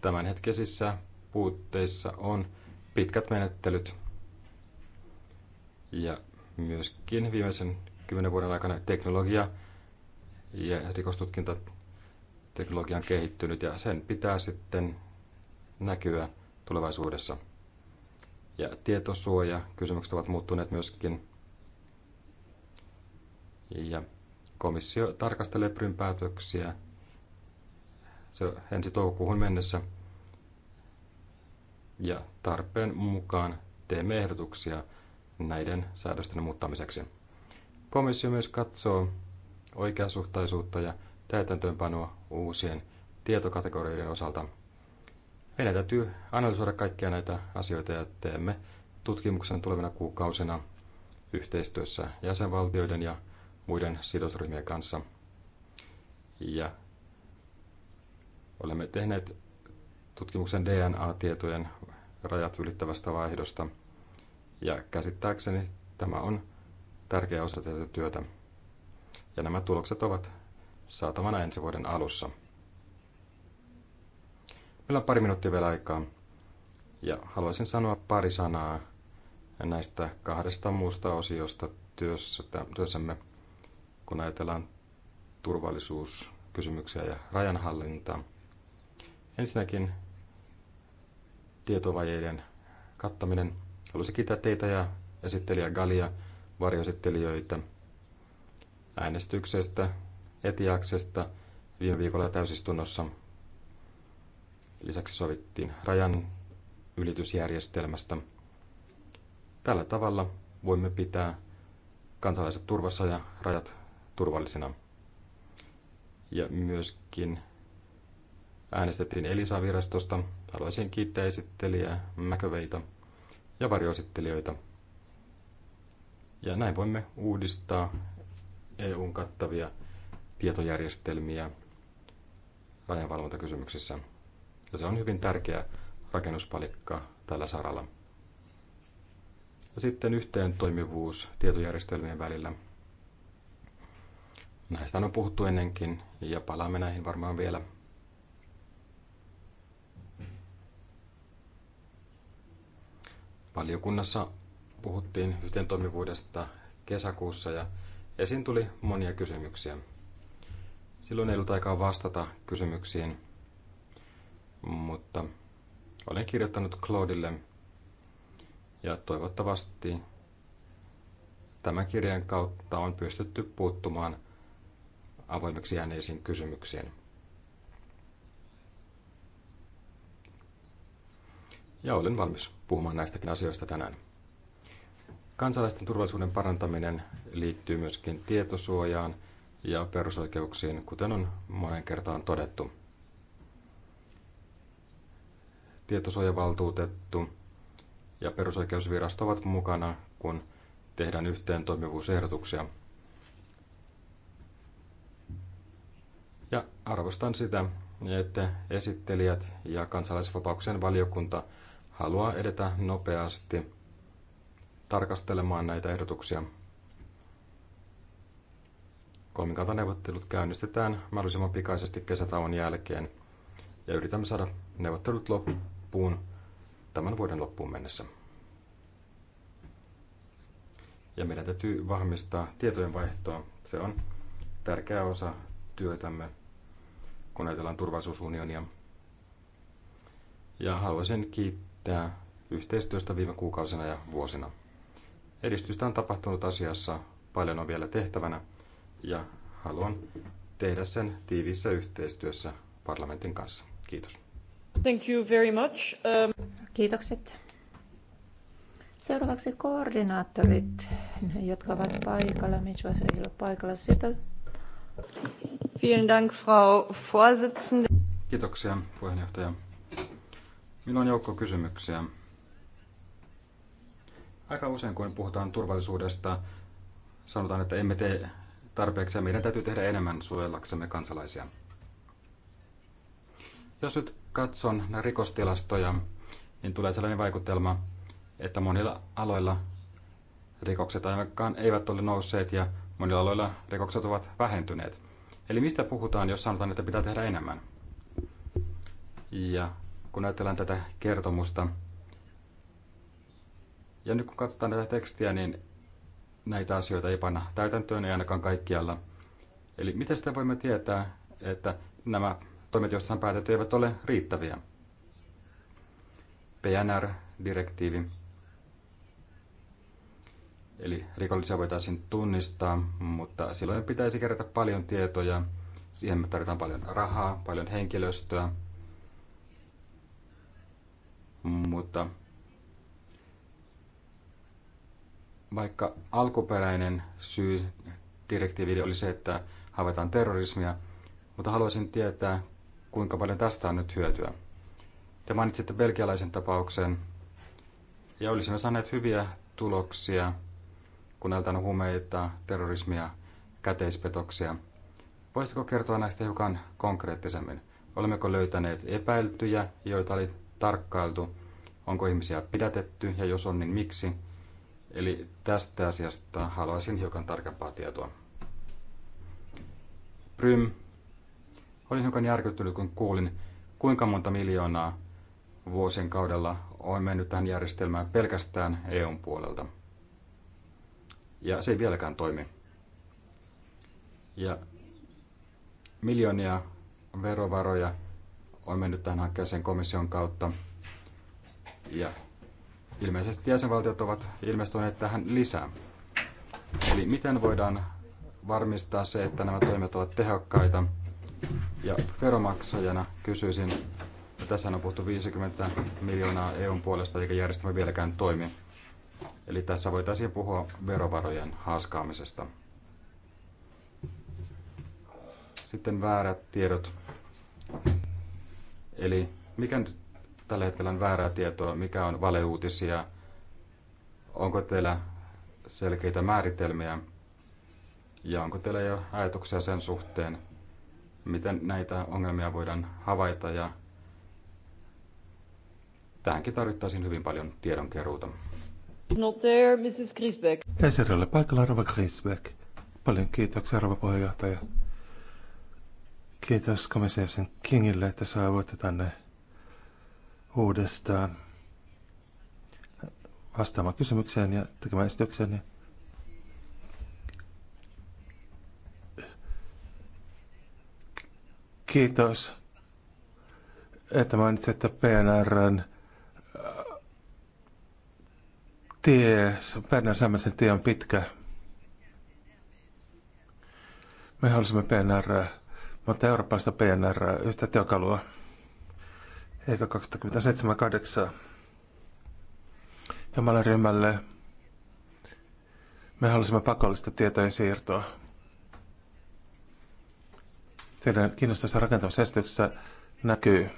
Tämänhetkisissä puutteissa on pitkät menettelyt ja myöskin viimeisen kymmenen vuoden aikana teknologia ja rikostutkinta teknologian on kehittynyt ja sen pitää sitten näkyä tulevaisuudessa. Ja tietosuoja kysymykset ovat muuttuneet myöskin. Ja komissio tarkastelee Prym päätöksiä se ensi toukokuuhun mennessä – ja tarpeen mukaan teemme ehdotuksia näiden säädösten muuttamiseksi. Komissio myös katsoo oikeasuhtaisuutta ja täytäntöönpanoa uusien tietokategorioiden osalta. Meidän täytyy analysoida kaikkia näitä asioita ja teemme tutkimuksen tulevina kuukausina yhteistyössä jäsenvaltioiden ja muiden sidosryhmien kanssa. Ja olemme tehneet tutkimuksen DNA-tietojen rajat ylittävästä vaihdosta. Ja käsittääkseni tämä on tärkeä osa tätä työtä. Ja nämä tulokset ovat saatavana ensi vuoden alussa. Meillä on pari minuuttia vielä aikaa. Ja haluaisin sanoa pari sanaa näistä kahdesta muusta osiosta työssä, työssämme, kun ajatellaan turvallisuuskysymyksiä ja rajanhallintaa. Ensinnäkin tietovajeiden kattaminen. Haluaisin kiittää teitä ja esittelijä Galia, varjoesittelijöitä äänestyksestä, etiaksesta viime viikolla täysistunnossa. Lisäksi sovittiin rajan ylitysjärjestelmästä. Tällä tavalla voimme pitää kansalaiset turvassa ja rajat turvallisina. Ja myöskin äänestettiin Elisa-virastosta. Haluaisin kiittää esittelijää Mäköveitä ja varjoesittelijöitä. Ja näin voimme uudistaa EUn kattavia tietojärjestelmiä rajanvalvontakysymyksissä. Ja se on hyvin tärkeä rakennuspalikka tällä saralla. Ja sitten yhteen toimivuus tietojärjestelmien välillä. Näistä on puhuttu ennenkin ja palaamme näihin varmaan vielä Valiokunnassa puhuttiin yhteen toimivuudesta kesäkuussa ja esiin tuli monia kysymyksiä. Silloin ei ollut aikaa vastata kysymyksiin, mutta olen kirjoittanut Claudille ja toivottavasti tämän kirjan kautta on pystytty puuttumaan avoimeksi jääneisiin kysymyksiin. Ja olen valmis puhumaan näistäkin asioista tänään. Kansalaisten turvallisuuden parantaminen liittyy myöskin tietosuojaan ja perusoikeuksiin, kuten on monen kertaan todettu. Tietosuojavaltuutettu ja perusoikeusvirasto ovat mukana, kun tehdään yhteen toimivuusehdotuksia. Ja arvostan sitä, että esittelijät ja kansalaisvapauksien valiokunta – haluaa edetä nopeasti tarkastelemaan näitä ehdotuksia. Kolmikantaneuvottelut käynnistetään mahdollisimman pikaisesti kesätauon jälkeen ja yritämme saada neuvottelut loppuun tämän vuoden loppuun mennessä. Ja meidän täytyy vahvistaa tietojenvaihtoa. Se on tärkeä osa työtämme, kun ajatellaan turvallisuusunionia. Ja haluaisin kiittää kiittää yhteistyöstä viime kuukausina ja vuosina. Edistystä on tapahtunut asiassa, paljon on vielä tehtävänä ja haluan tehdä sen tiiviissä yhteistyössä parlamentin kanssa. Kiitos. Thank you very much. Um... Kiitokset. Seuraavaksi koordinaattorit, jotka ovat paikalla. Mitchell ei ole paikalla. Sipel. Vielen Dank, Frau Vorsitzende. Kiitoksia, puheenjohtaja. Minulla on joukko kysymyksiä. Aika usein, kun puhutaan turvallisuudesta, sanotaan, että emme tee tarpeeksi ja meidän täytyy tehdä enemmän suojellaksemme kansalaisia. Jos nyt katson rikostilastoja, niin tulee sellainen vaikutelma, että monilla aloilla rikokset ainakaan eivät ole nousseet ja monilla aloilla rikokset ovat vähentyneet. Eli mistä puhutaan, jos sanotaan, että pitää tehdä enemmän? Ja kun ajatellaan tätä kertomusta. Ja nyt kun katsotaan tätä tekstiä, niin näitä asioita ei panna täytäntöön, ei ainakaan kaikkialla. Eli miten sitä voimme tietää, että nämä toimet, joissa on päätetty, eivät ole riittäviä? PNR-direktiivi. Eli rikollisia voitaisiin tunnistaa, mutta silloin pitäisi kerätä paljon tietoja. Siihen me tarvitaan paljon rahaa, paljon henkilöstöä, mutta vaikka alkuperäinen syy direktiiville oli se, että havaitaan terrorismia, mutta haluaisin tietää, kuinka paljon tästä on nyt hyötyä. Te mainitsitte belgialaisen tapauksen, ja olisimme saaneet hyviä tuloksia, kun näytetään huumeita, terrorismia, käteispetoksia. Voisitko kertoa näistä hiukan konkreettisemmin? Olemmeko löytäneet epäiltyjä, joita oli tarkkailtu, onko ihmisiä pidätetty ja jos on, niin miksi. Eli tästä asiasta haluaisin hiukan tarkempaa tietoa. Prym, olin hiukan järkyttynyt, kun kuulin, kuinka monta miljoonaa vuosien kaudella on mennyt tähän järjestelmään pelkästään EUn puolelta. Ja se ei vieläkään toimi. Ja miljoonia verovaroja on mennyt tähän hankkeeseen komission kautta. Ja ilmeisesti jäsenvaltiot ovat ilmestyneet tähän lisää. Eli miten voidaan varmistaa se, että nämä toimet ovat tehokkaita? Ja veromaksajana kysyisin, että tässä on puhuttu 50 miljoonaa EUn puolesta, eikä järjestelmä vieläkään toimi. Eli tässä voitaisiin puhua verovarojen haaskaamisesta. Sitten väärät tiedot. Eli mikä nyt tällä hetkellä on väärää tietoa, mikä on valeuutisia, onko teillä selkeitä määritelmiä ja onko teillä jo ajatuksia sen suhteen, miten näitä ongelmia voidaan havaita ja tähänkin tarvittaisiin hyvin paljon tiedonkeruuta. Not Mrs. Grisbeck. paikalla, Rova Grisbeck. Paljon kiitoksia, Rova puheenjohtaja. Kiitos komisiasen Kingille, että saavuitte tänne uudestaan vastaamaan kysymykseen ja tekemään esityksen. Kiitos, että että PNRn äh, tie, PNR Sämmäisen tie on pitkä. Me halusimme PNRää mutta eurooppalaista PNR yhtä työkalua. Eikä 278 malle ryhmälle. Me halusimme pakollista tietojen siirtoa. Teidän kiinnostavassa rakentamisestyksessä näkyy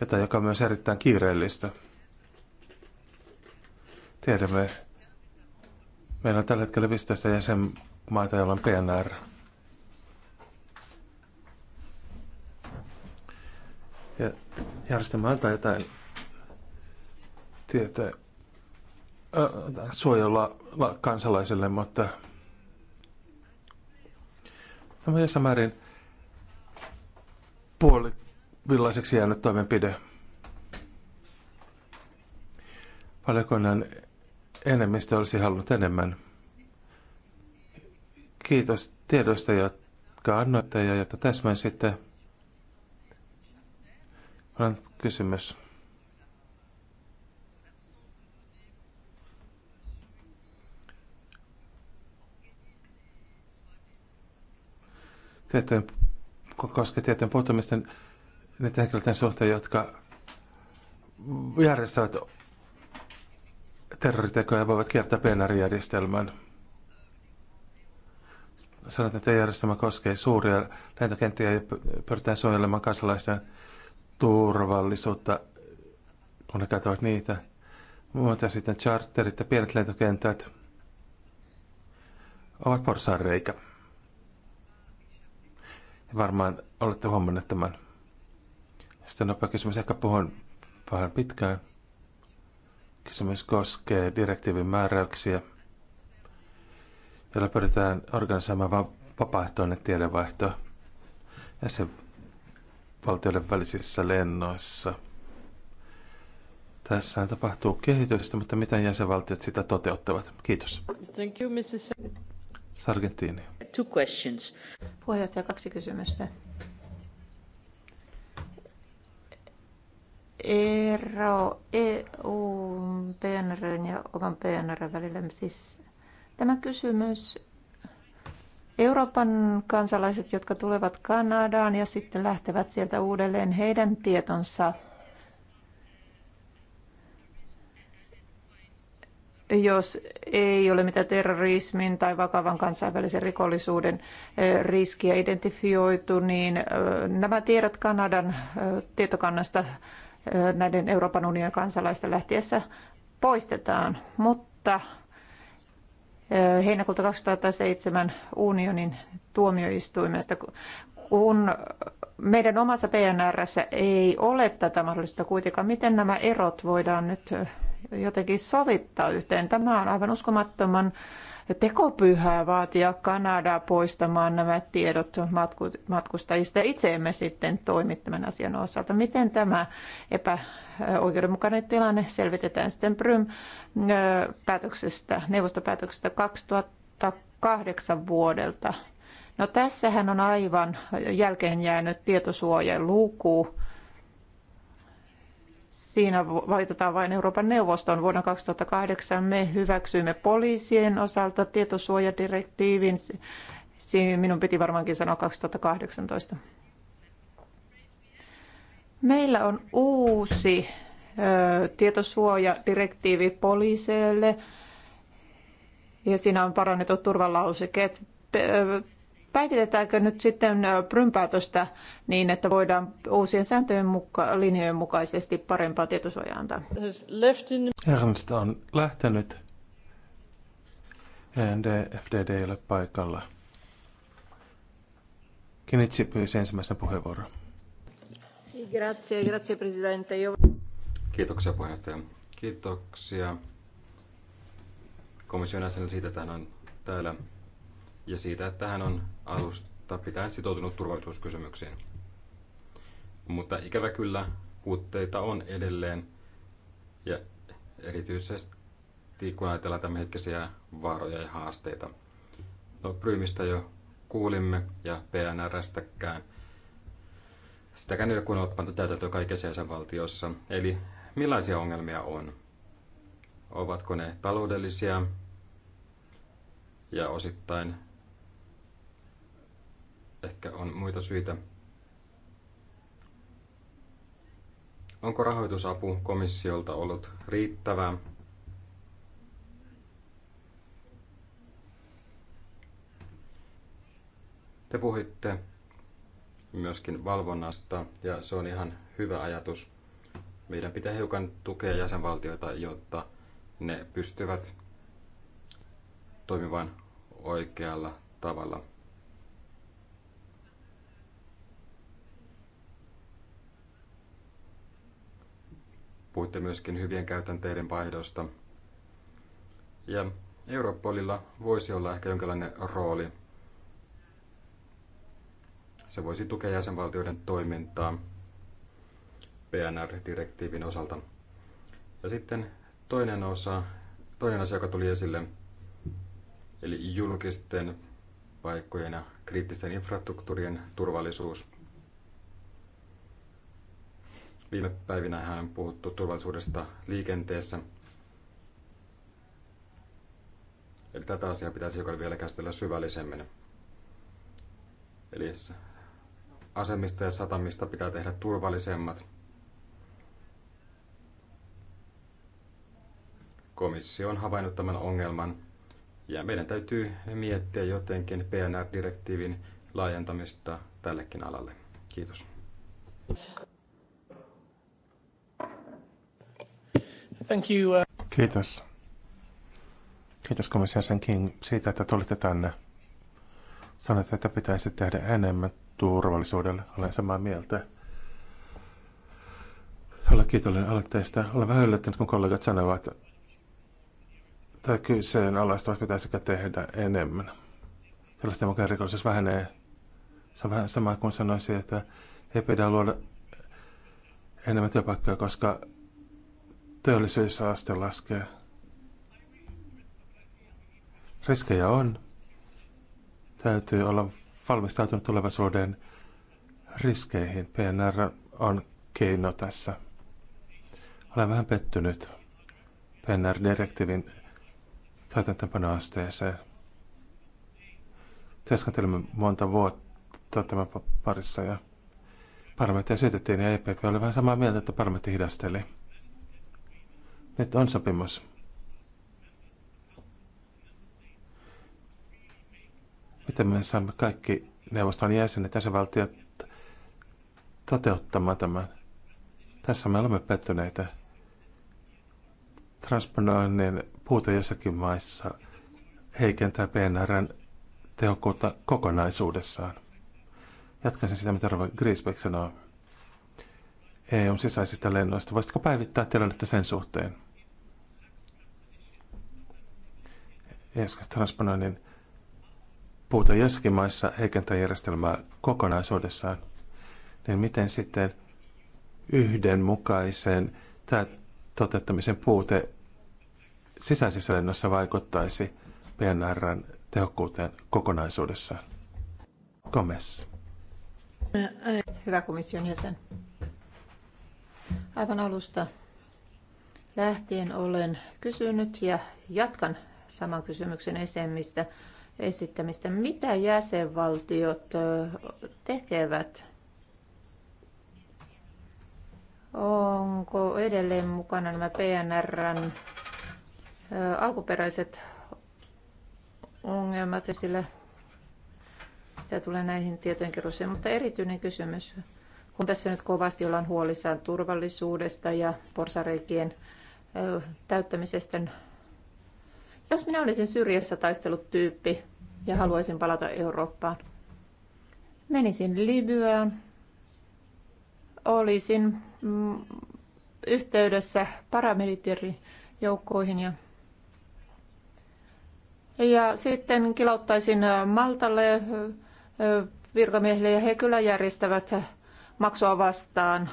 jotain, joka on myös erittäin kiireellistä. Tiedämme, meillä on tällä hetkellä 15 jäsen maita, joilla on PNR. Ja järjestelmä antaa jotain tietoa äh, suojella kansalaiselle, mutta tämä on jossain määrin puolivillaiseksi jäänyt toimenpide. Valiokunnan enemmistö olisi halunnut enemmän. Kiitos tiedoista, jotka annoitte ja jotta täsmäisitte. On kysymys. tietojen, koska tietojen puuttumisten niiden henkilöiden suhteen, jotka järjestävät terroritekoja ja voivat kiertää PNR-järjestelmän sanoit, että järjestelmä koskee suuria lentokenttiä ja pyritään suojelemaan kansalaisten turvallisuutta, kun ne käyttävät niitä. Mutta sitten charterit ja pienet lentokentät ovat porsaanreikä. Ja varmaan olette huomanneet tämän. Sitten nopea kysymys, ehkä puhun vähän pitkään. Kysymys koskee direktiivin määräyksiä – jolla pyritään organisoimaan vapaaehtoinen tiedevaihto jäsenvaltioiden välisissä lennoissa. Tässä tapahtuu kehitystä, mutta miten jäsenvaltiot sitä toteuttavat? Kiitos. Thank you, Mrs. Sargentini. Two questions. Puheenjohtaja, kaksi kysymystä. Ero EU, PNR ja oman PNR välillä, siis Tämä kysymys Euroopan kansalaiset, jotka tulevat Kanadaan ja sitten lähtevät sieltä uudelleen, heidän tietonsa, jos ei ole mitään terrorismin tai vakavan kansainvälisen rikollisuuden eh, riskiä identifioitu, niin eh, nämä tiedot Kanadan eh, tietokannasta näiden Euroopan unionin kansalaisten lähtiessä poistetaan, mutta heinäkuuta 2007 unionin tuomioistuimesta, kun meidän omassa PNRssä ei ole tätä mahdollisuutta kuitenkaan. Miten nämä erot voidaan nyt jotenkin sovittaa yhteen? Tämä on aivan uskomattoman tekopyhää vaatia Kanadaa poistamaan nämä tiedot matkustajista. Itse emme sitten toimi tämän asian osalta. Miten tämä epäoikeudenmukainen tilanne selvitetään sitten Prym päätöksestä, neuvostopäätöksestä 2008 vuodelta? No tässähän on aivan jälkeen jäänyt tietosuojan luku siinä valitetaan vain Euroopan neuvoston. Vuonna 2008 me hyväksyimme poliisien osalta tietosuojadirektiivin. Siinä minun piti varmaankin sanoa 2018. Meillä on uusi ö, tietosuojadirektiivi poliiseille ja siinä on parannetut turvalausekkeet Päivitetäänkö nyt sitten prympäätöstä niin, että voidaan uusien sääntöjen muka- linjojen mukaisesti parempaa tietosuojaa antaa? Ernst on lähtenyt. NDFDD ei ole paikalla. Kinitsi pyysi ensimmäisen puheenvuoron. Grazie, grazie presidente. Kiitoksia puheenjohtaja. Kiitoksia komission siitä, että hän on täällä ja siitä, että hän on alusta pitäen sitoutunut turvallisuuskysymyksiin. Mutta ikävä kyllä puutteita on edelleen ja erityisesti kun ajatellaan tämänhetkisiä vaaroja ja haasteita. No Prymistä jo kuulimme ja PNRstäkään. Sitäkään ei ole kun pantu täytäntöön kaikissa jäsenvaltiossa. Eli millaisia ongelmia on? Ovatko ne taloudellisia ja osittain ehkä on muita syitä. Onko rahoitusapu komissiolta ollut riittävää? Te puhuitte myöskin valvonnasta ja se on ihan hyvä ajatus. Meidän pitää hiukan tukea jäsenvaltioita, jotta ne pystyvät toimimaan oikealla tavalla. Puhuitte myöskin hyvien käytänteiden vaihdosta. Ja Europolilla voisi olla ehkä jonkinlainen rooli. Se voisi tukea jäsenvaltioiden toimintaa PNR-direktiivin osalta. Ja sitten toinen, osa, toinen asia, joka tuli esille, eli julkisten paikkojen ja kriittisten infrastruktuurien turvallisuus – Viime päivinä on puhuttu turvallisuudesta liikenteessä. Eli tätä asiaa pitäisi joka vielä käsitellä syvällisemmin. Eli asemista ja satamista pitää tehdä turvallisemmat. Komissio on havainnut tämän ongelman ja meidän täytyy miettiä jotenkin PNR-direktiivin laajentamista tällekin alalle. Kiitos. Thank you. Uh, Kiitos. Kiitos komissiasen King siitä, että tulitte tänne. Sanoit, että pitäisi tehdä enemmän turvallisuudelle. Olen samaa mieltä. Olen kiitollinen aloitteesta. Olen vähän yllättynyt, kun kollegat sanovat, että tai kyseenalaistavat pitäisikö tehdä enemmän. Sellaista mukaan rikollisuus vähenee. Se on vähän sama kuin sanoisin, että ei pidä luoda enemmän työpaikkoja, koska teollisuusaste laskee. Riskejä on. Täytyy olla valmistautunut tulevaisuuden riskeihin. PNR on keino tässä. Olen vähän pettynyt PNR-direktiivin täytäntöpanoasteeseen. Teskentelimme monta vuotta tämän parissa ja parlamenttia syytettiin ja EPP oli vähän samaa mieltä, että parlamentti hidasteli. Nyt on sopimus. Miten me saamme kaikki neuvoston jäsenet ja valtiot toteuttamaan tämän? Tässä me olemme pettyneitä. Transponoinnin puute jossakin maissa heikentää PNRn tehokkuutta kokonaisuudessaan. Jatkaisin sitä, mitä Rova Griesbeck sanoo. EUn sisäisistä lennoista. Voisitko päivittää tilannetta sen suhteen? E Transponoinnin puute jossakin maissa heikentää järjestelmää kokonaisuudessaan, niin miten sitten yhdenmukaisen tämä toteuttamisen puute sisäisissä lennossa vaikuttaisi PNRn tehokkuuteen kokonaisuudessaan? Komes. Hyvä komission jäsen. Aivan alusta lähtien olen kysynyt ja jatkan saman kysymyksen esimistä, esittämistä. Mitä jäsenvaltiot tekevät? Onko edelleen mukana nämä PNRn alkuperäiset ongelmat esillä, mitä tulee näihin tietojenkeruuseen, mutta erityinen kysymys kun tässä nyt kovasti ollaan huolissaan turvallisuudesta ja porsareikien täyttämisestä, niin jos minä olisin syrjässä taistellut tyyppi ja haluaisin palata Eurooppaan, menisin Libyaan, olisin mm, yhteydessä paramilitaarijoukkoihin ja ja sitten kilauttaisin Maltalle virkamiehille ja he kyllä järjestävät maksua vastaan,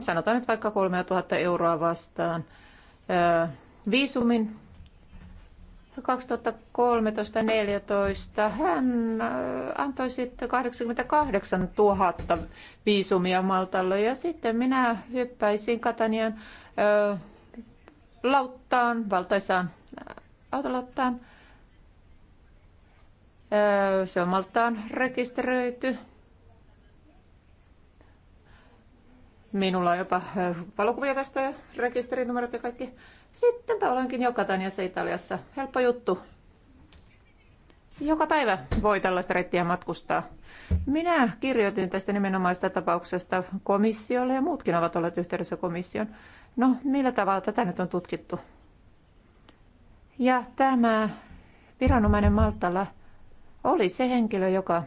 sanotaan nyt vaikka 3000 euroa vastaan, viisumin 2013-2014 hän antoi sitten 88 000 viisumia Maltalle ja sitten minä hyppäisin Katanian lauttaan, valtaisaan autolauttaan. se on Maltaan rekisteröity. Minulla on jopa valokuvia tästä, rekisterinumerot ja kaikki. Sittenpä olenkin Jokataniassa Italiassa. Helppo juttu. Joka päivä voi tällaista reittiä matkustaa. Minä kirjoitin tästä nimenomaista tapauksesta komissiolle ja muutkin ovat olleet yhteydessä komission. No, millä tavalla tätä nyt on tutkittu? Ja tämä viranomainen Maltalla oli se henkilö, joka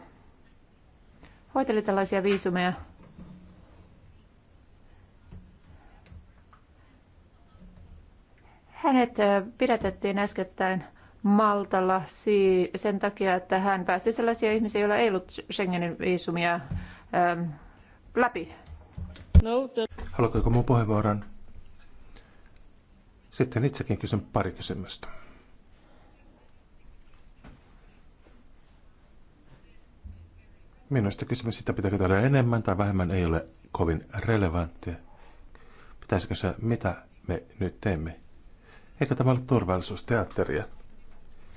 hoiteli tällaisia viisumeja Hänet pidätettiin äskettäin Maltalla sen takia, että hän päästi sellaisia ihmisiä, joilla ei ollut Schengenin viisumia äm, läpi. No, Haluatko minun puheenvuoron? Sitten itsekin kysyn pari kysymystä. Minusta kysymys sitä, pitääkö tehdä enemmän tai vähemmän, ei ole kovin relevanttia. Pitäisikö se, mitä me nyt teemme, Eikö tämä ole turvallisuusteatteria?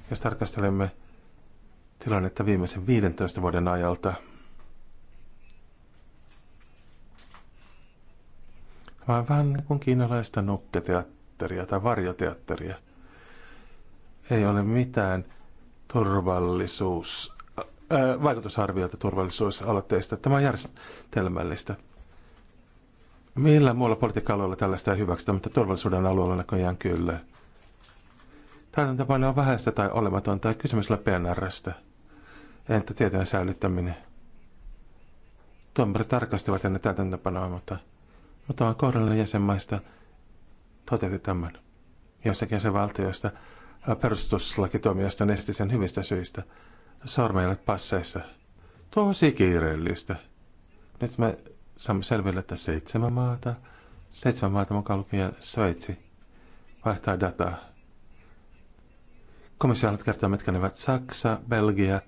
Jos tarkastelemme tilannetta viimeisen 15 vuoden ajalta, Tämä on vähän niin kuin kiinalaista nukketeatteria tai varjoteatteria. Ei ole mitään turvallisuus, ää, vaikutusarviota turvallisuusaloitteista. Tämä on järjestelmällistä. Millä muulla politiikka-alueella tällaista ei hyväksytä, mutta turvallisuuden alueella näköjään kyllä. Täytäntöpaino on vähäistä tai olematonta ja kysymys on PNRstä. Entä tietojen säilyttäminen? Tuomarit tarkastivat ennen täytäntöpanoa, mutta on kohdallinen jäsenmaista toteutti tämän. Jossakin jäsenvaltioista perustuslakituomioistuin esti sen hyvistä syistä. Sormeilet passeissa. Tosi kiireellistä. Nyt me saamme selville, että seitsemän maata, seitsemän maata mukaan lukien Sveitsi, vaihtaa dataa. Komissio kertoo, mitkä ne ovat Saksa, Belgia,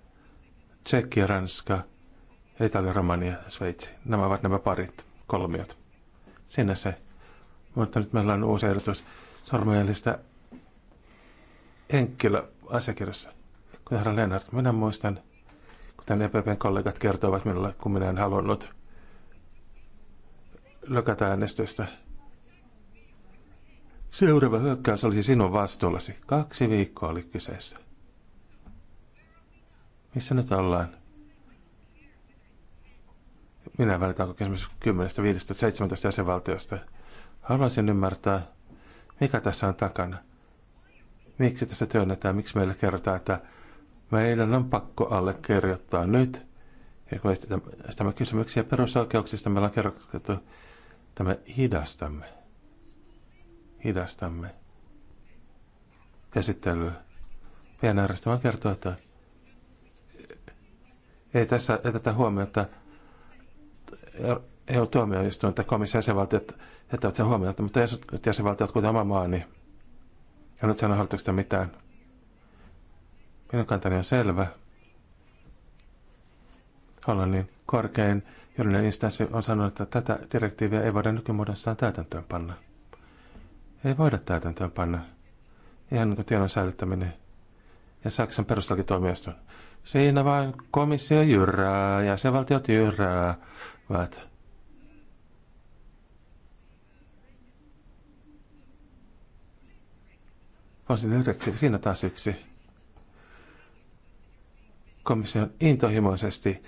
Tsekki, Ranska, Italia, Romania ja Sveitsi. Nämä ovat nämä parit, kolmiot. Sinne se. Mutta nyt meillä on uusi ehdotus sormenjäljistä henkilöasiakirjassa. Kuten herra Lennart, minä muistan, kuten EPPn kollegat kertovat minulle, kun minä en halunnut – lökätä äänestöstä. Seuraava hyökkäys olisi sinun vastuullasi. Kaksi viikkoa oli kyseessä. Missä nyt ollaan? Minä välitän kysymys 10, 15, 17 jäsenvaltiosta. Haluaisin ymmärtää, mikä tässä on takana. Miksi tässä työnnetään, miksi meille kerrotaan, että meidän on pakko allekirjoittaa nyt. Ja kun esitämme kysymyksiä perusoikeuksista, meillä on kerrottu että me hidastamme, hidastamme käsittelyä. PNRstä vaan kertoa, että ei tässä tätä huomiota ole tuomioistuin että komission jäsenvaltiot jättävät sen huomiota, mutta e jäsenvaltiot, kuten oma maani, ja en nyt sanoo hallituksesta mitään. Minun kantani on selvä. Hollannin korkein Juridinen instanssi on sanonut, että tätä direktiiviä ei voida nykymuodossaan täytäntöön panna. Ei voida täytäntöön panna. Ihan niin kuin tiedon säilyttäminen ja Saksan perustuslakituomioistuin. Siinä vain komissio jyrää, jäsenvaltiot jyräävät. Voisin direktiivi, siinä taas yksi. Komission intohimoisesti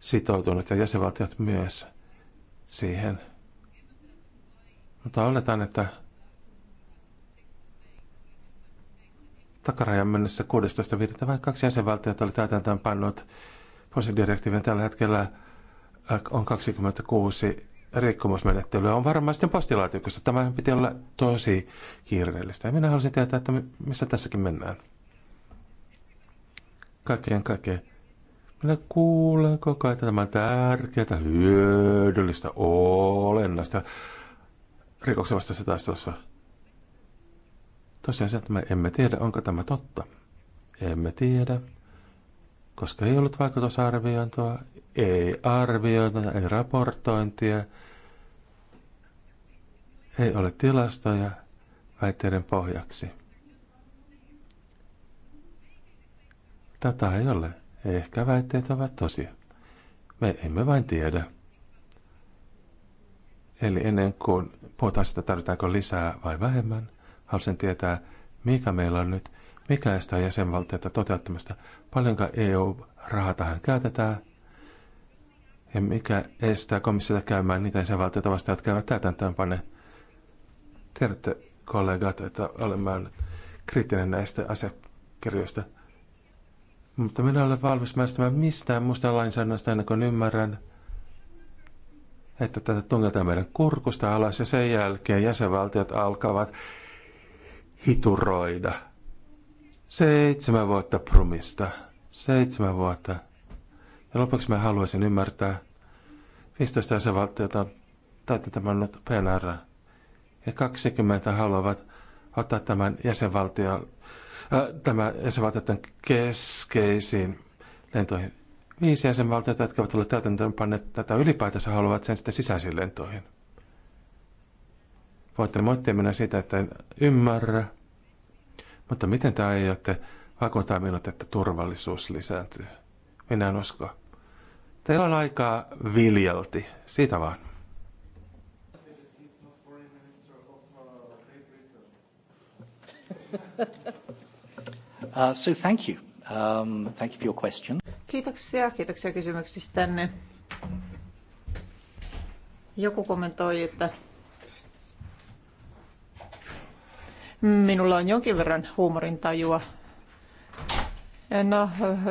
sitoutunut ja jäsenvaltiot myös siihen. Mutta oletan, että takarajan mennessä 16.5. vai kaksi jäsenvaltiota oli täytäntöön pannut posidirektiivin tällä hetkellä äh, on 26 rikkomusmenettelyä on varmaan sitten postilaatikossa. Tämä piti olla tosi kiireellistä. Ja minä haluaisin tietää, että missä tässäkin mennään. Kaikkien kaikkien minä kuulen koko ajan, että tämä on tärkeää, hyödyllistä, olennaista rikoksen se taistelussa. Tosiaan se, että me emme tiedä, onko tämä totta. Emme tiedä, koska ei ollut vaikutusarviointoa, ei arvioita, ei raportointia, ei ole tilastoja väitteiden pohjaksi. Tätä ei ole. Ehkä väitteet ovat tosia. Me emme vain tiedä. Eli ennen kuin puhutaan sitä, tarvitaanko lisää vai vähemmän, haluaisin tietää, mikä meillä on nyt, mikä estää jäsenvaltiota toteuttamasta, paljonko EU-rahaa tähän käytetään, ja mikä estää komissiota käymään niitä jäsenvaltioita vastaan, jotka eivät täytäntöönpane. Tiedätte, kollegat, että olemme kriittinen näistä asiakirjoista – mutta minä olen valmis määrästämään mistään muusta lainsäädännöstä ennen kuin ymmärrän, että tätä tungetaan meidän kurkusta alas ja sen jälkeen jäsenvaltiot alkavat hituroida. Seitsemän vuotta prumista. Seitsemän vuotta. Ja lopuksi mä haluaisin ymmärtää, 15 jäsenvaltiota täyttää tämän nyt PNR. Ja 20 haluavat ottaa tämän jäsenvaltion tämä jäsenvaltioiden keskeisiin lentoihin. Viisi jäsenvaltiota, jotka ovat olleet täytäntöönpanneet tätä ylipäätänsä, haluavat sen sitten sisäisiin lentoihin. Voitte moittia minä siitä, että en ymmärrä, mutta miten tämä ei ole vakuuttaa minut, että turvallisuus lisääntyy. Minä en usko. Teillä on aikaa viljelti siitä vaan. [LAUGHS] Uh, so thank you. Um, thank you for your question. Kiitoksia, kiitoksia kysymyksistänne. Joku kommentoi, että minulla on jonkin verran huumorintajua. No,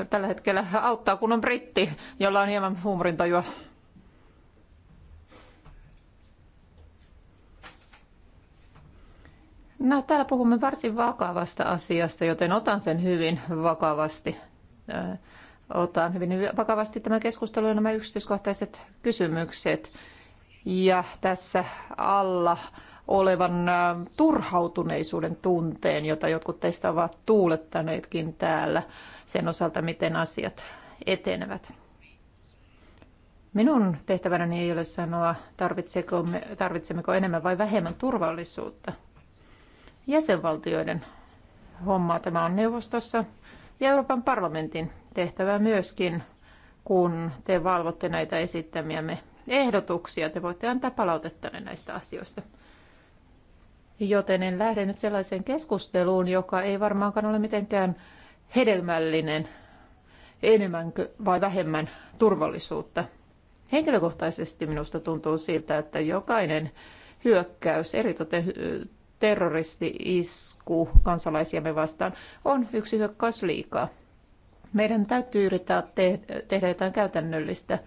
tällä hetkellä auttaa, kun on britti, jolla on hieman huumorintajua. No, täällä puhumme varsin vakavasta asiasta, joten otan sen hyvin vakavasti. Otan hyvin vakavasti tämä keskustelun ja nämä yksityiskohtaiset kysymykset. Ja tässä alla olevan turhautuneisuuden tunteen, jota jotkut teistä ovat tuulettaneetkin täällä sen osalta, miten asiat etenevät. Minun tehtävänäni ei ole sanoa, tarvitsemmeko enemmän vai vähemmän turvallisuutta – jäsenvaltioiden hommaa. Tämä on neuvostossa ja Euroopan parlamentin tehtävä myöskin, kun te valvotte näitä esittämiämme ehdotuksia. Te voitte antaa palautetta näistä asioista. Joten en lähde nyt sellaiseen keskusteluun, joka ei varmaankaan ole mitenkään hedelmällinen, enemmän vai vähemmän turvallisuutta. Henkilökohtaisesti minusta tuntuu siltä, että jokainen hyökkäys, eritoten terroristi-isku kansalaisiamme vastaan on yksi hyökkäys liikaa. Meidän täytyy yrittää te- tehdä jotain käytännöllistä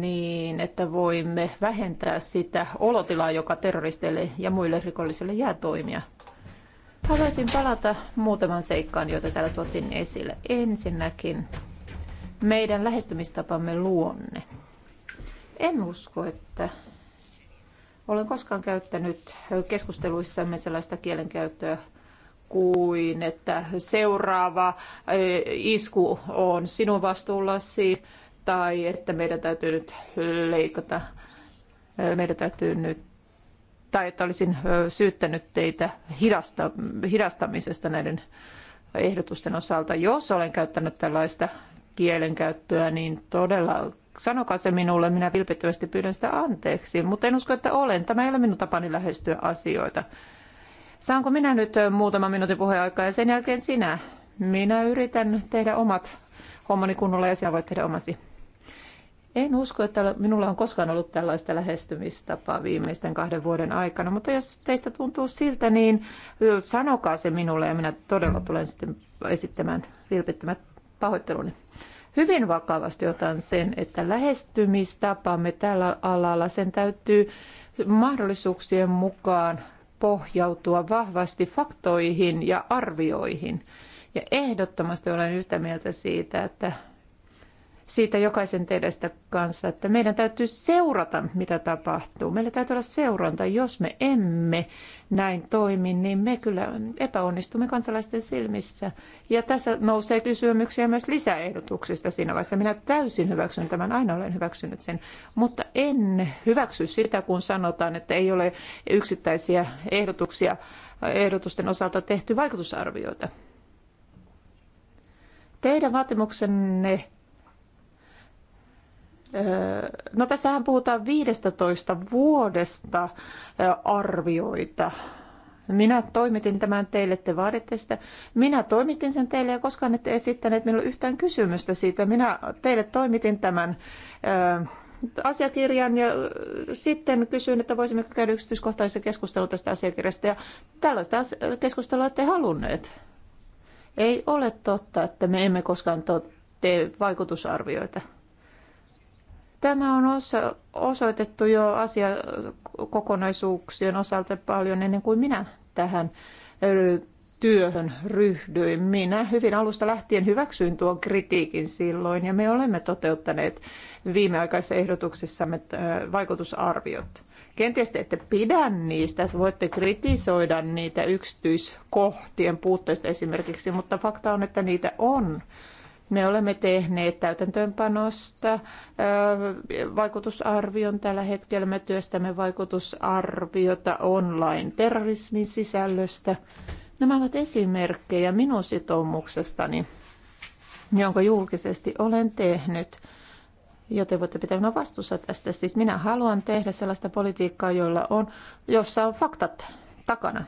niin, että voimme vähentää sitä olotilaa, joka terroristeille ja muille rikollisille jää toimia. Haluaisin palata muutaman seikkaan, joita täällä tuotiin esille. Ensinnäkin meidän lähestymistapamme luonne. En usko, että olen koskaan käyttänyt keskusteluissamme sellaista kielenkäyttöä kuin, että seuraava e, isku on sinun vastuullasi tai että meidän täytyy nyt leikata, e, meidän täytyy nyt tai että olisin e, syyttänyt teitä hidasta, hidastamisesta näiden ehdotusten osalta. Jos olen käyttänyt tällaista kielenkäyttöä, niin todella sanokaa se minulle, minä vilpittömästi pyydän sitä anteeksi, mutta en usko, että olen. Tämä ei ole minun tapani lähestyä asioita. Saanko minä nyt muutama minuutin puheaikaa ja sen jälkeen sinä? Minä yritän tehdä omat hommani kunnolla ja sinä voit tehdä omasi. En usko, että minulla on koskaan ollut tällaista lähestymistapaa viimeisten kahden vuoden aikana, mutta jos teistä tuntuu siltä, niin sanokaa se minulle ja minä todella tulen sitten esittämään vilpittömät pahoitteluni. Hyvin vakavasti otan sen, että lähestymistapamme tällä alalla, sen täytyy mahdollisuuksien mukaan pohjautua vahvasti faktoihin ja arvioihin. Ja ehdottomasti olen yhtä mieltä siitä, että siitä jokaisen teidästä kanssa, että meidän täytyy seurata, mitä tapahtuu. Meillä täytyy olla seuranta. Jos me emme näin toimi, niin me kyllä epäonnistumme kansalaisten silmissä. Ja tässä nousee kysymyksiä myös lisäehdotuksista siinä vaiheessa. Minä täysin hyväksyn tämän, aina olen hyväksynyt sen. Mutta en hyväksy sitä, kun sanotaan, että ei ole yksittäisiä ehdotuksia ehdotusten osalta tehty vaikutusarvioita. Teidän vaatimuksenne Öö, no tässähän puhutaan 15 vuodesta arvioita. Minä toimitin tämän teille, te vaaditte sitä. Minä toimitin sen teille ja koskaan ette esittäneet minulle yhtään kysymystä siitä. Minä teille toimitin tämän asiakirjan ja sitten kysyin, että voisimmeko käydä yksityiskohtaisen keskustelun tästä asiakirjasta. Ja tällaista keskustelua ette halunneet. Ei ole totta, että me emme koskaan tee vaikutusarvioita. Tämä on osa, osoitettu jo asiakokonaisuuksien osalta paljon ennen kuin minä tähän työhön ryhdyin. Minä hyvin alusta lähtien hyväksyin tuon kritiikin silloin ja me olemme toteuttaneet viimeaikaisessa ehdotuksessamme äh, vaikutusarviot. Kenties te ette pidä niistä, voitte kritisoida niitä yksityiskohtien puutteista esimerkiksi, mutta fakta on, että niitä on me olemme tehneet täytäntöönpanosta vaikutusarvion. Tällä hetkellä me työstämme vaikutusarviota online terrorismin sisällöstä. Nämä ovat esimerkkejä minun sitoumuksestani, jonka julkisesti olen tehnyt joten voitte pitää minua vastuussa tästä. Siis minä haluan tehdä sellaista politiikkaa, jolla on, jossa on faktat takana.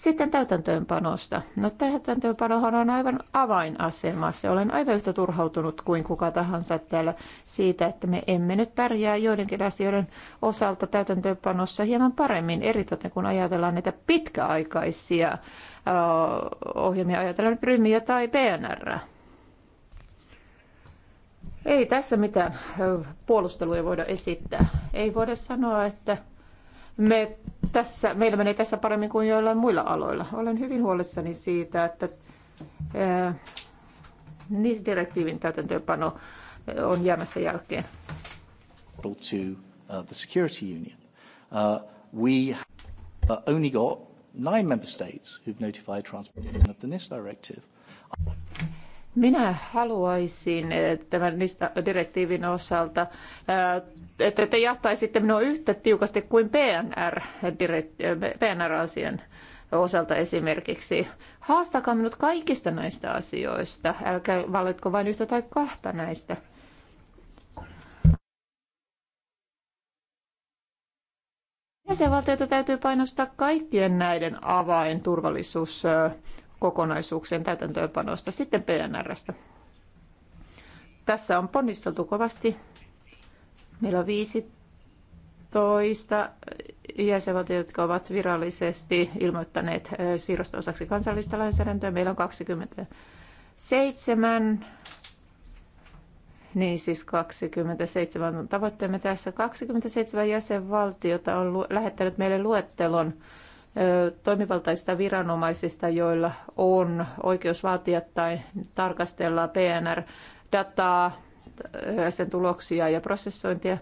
Sitten täytäntöönpanosta. No täytäntöönpanohan on aivan avainasemassa. Olen aivan yhtä turhautunut kuin kuka tahansa täällä siitä, että me emme nyt pärjää joidenkin asioiden osalta täytäntöönpanossa hieman paremmin, eritoten kun ajatellaan näitä pitkäaikaisia ohjelmia, ajatellaan nyt ryhmiä tai PNR. Ei tässä mitään puolusteluja voida esittää. Ei voida sanoa, että me tässä, meillä menee tässä paremmin kuin joillain muilla aloilla. Olen hyvin huolissani siitä, että ää, eh, niin direktiivin täytäntöönpano eh, on jäämässä jälkeen. To, uh, the security union. Uh, we uh, only got nine member states who've notified transposition of the NIS directive. Minä haluaisin eh, tämän direktiivin osalta että te jahtaisitte minua yhtä tiukasti kuin PNR, PNR-asian osalta esimerkiksi. Haastakaa minut kaikista näistä asioista, älkää valitko vain yhtä tai kahta näistä. Jäsenvaltioita täytyy painostaa kaikkien näiden avain turvallisuuskokonaisuuksien täytäntöönpanosta, sitten PNRstä. Tässä on ponnisteltu kovasti Meillä on 15 jäsenvaltioita, jotka ovat virallisesti ilmoittaneet siirrosta osaksi kansallista lainsäädäntöä. Meillä on 27, niin siis 27 on tavoitteemme tässä. 27 jäsenvaltiota on lähettänyt meille luettelon toimivaltaisista viranomaisista, joilla on oikeus vaatia tai tarkastella PNR-dataa Äh, sen tuloksia ja prosessointia.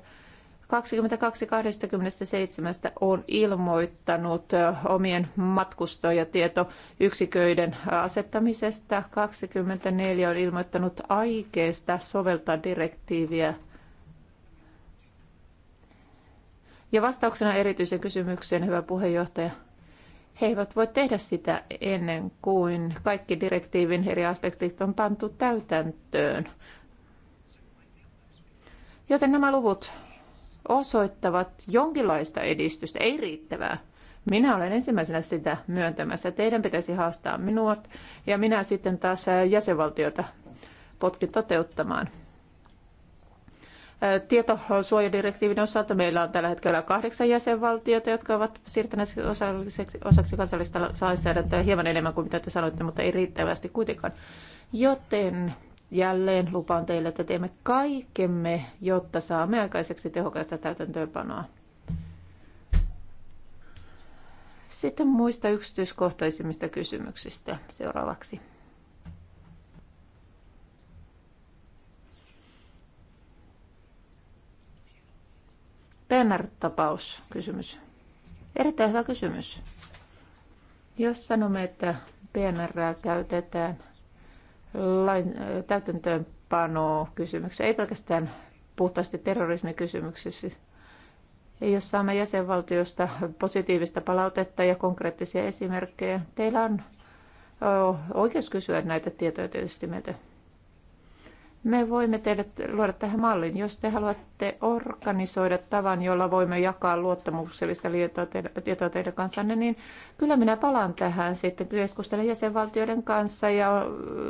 22 27 on ilmoittanut äh, omien matkustajatietoyksiköiden asettamisesta. 24 on ilmoittanut aikeesta soveltaa direktiiviä. Ja vastauksena erityisen kysymykseen, hyvä puheenjohtaja, he eivät voi tehdä sitä ennen kuin kaikki direktiivin eri aspektit on pantu täytäntöön. Joten nämä luvut osoittavat jonkinlaista edistystä, ei riittävää. Minä olen ensimmäisenä sitä myöntämässä. Teidän pitäisi haastaa minua ja minä sitten taas jäsenvaltiota potkin toteuttamaan. Tietosuojadirektiivin osalta meillä on tällä hetkellä kahdeksan jäsenvaltiota, jotka ovat siirtäneet osaksi, kansallista lainsäädäntöä hieman enemmän kuin mitä te sanoitte, mutta ei riittävästi kuitenkaan. Joten Jälleen lupaan teille, että teemme kaikkemme, jotta saamme aikaiseksi tehokasta täytäntöönpanoa. Sitten muista yksityiskohtaisimmista kysymyksistä seuraavaksi. Bernard-tapaus kysymys. Erittäin hyvä kysymys. Jos sanomme, että PNR käytetään lain täytäntöönpano kysymyksessä, ei pelkästään puhtaasti terrorismikysymyksissä. Jos saamme jäsenvaltiosta positiivista palautetta ja konkreettisia esimerkkejä, teillä on oikeus kysyä näitä tietoja tietysti meiltä me voimme teille luoda tähän mallin. Jos te haluatte organisoida tavan, jolla voimme jakaa luottamuksellista tietoa teidän kanssanne, niin kyllä minä palaan tähän sitten. Keskustelen jäsenvaltioiden kanssa ja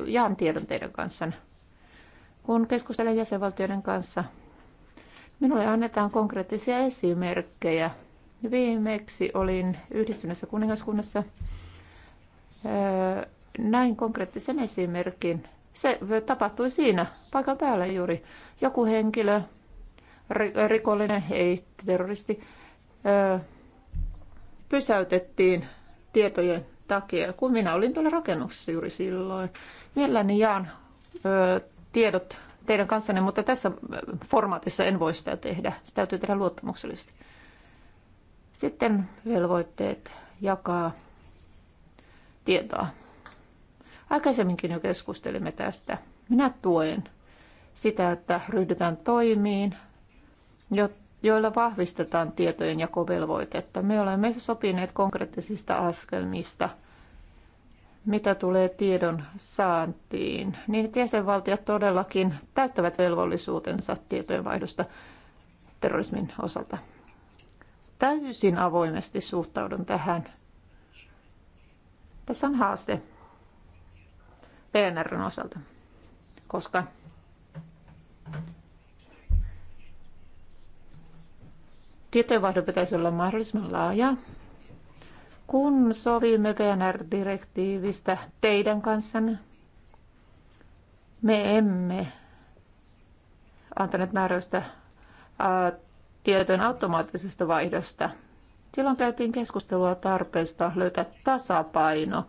jaan tiedon teidän kanssanne. Kun keskustelen jäsenvaltioiden kanssa, minulle annetaan konkreettisia esimerkkejä. Viimeksi olin yhdistyneessä kuningaskunnassa. Öö, näin konkreettisen esimerkin se tapahtui siinä paikan päällä juuri. Joku henkilö, rikollinen, ei terroristi, pysäytettiin tietojen takia, kun minä olin tuolla rakennuksessa juuri silloin. Mielelläni jaan tiedot teidän kanssanne, mutta tässä formaatissa en voi sitä tehdä. Se täytyy tehdä luottamuksellisesti. Sitten velvoitteet jakaa tietoa. Aikaisemminkin jo keskustelimme tästä. Minä tuen sitä, että ryhdytään toimiin, joilla vahvistetaan tietojen jakovelvoitetta. Me olemme sopineet konkreettisista askelmista, mitä tulee tiedon saantiin, niin että jäsenvaltiot todellakin täyttävät velvollisuutensa tietojen vaihdosta terrorismin osalta. Täysin avoimesti suhtaudun tähän. Tässä on haaste. PNRn osalta, koska tietojenvaihdon pitäisi olla mahdollisimman laaja. Kun sovimme PNR-direktiivistä teidän kanssanne, me emme antaneet määräystä tietojen automaattisesta vaihdosta. Silloin käytiin keskustelua tarpeesta löytää tasapaino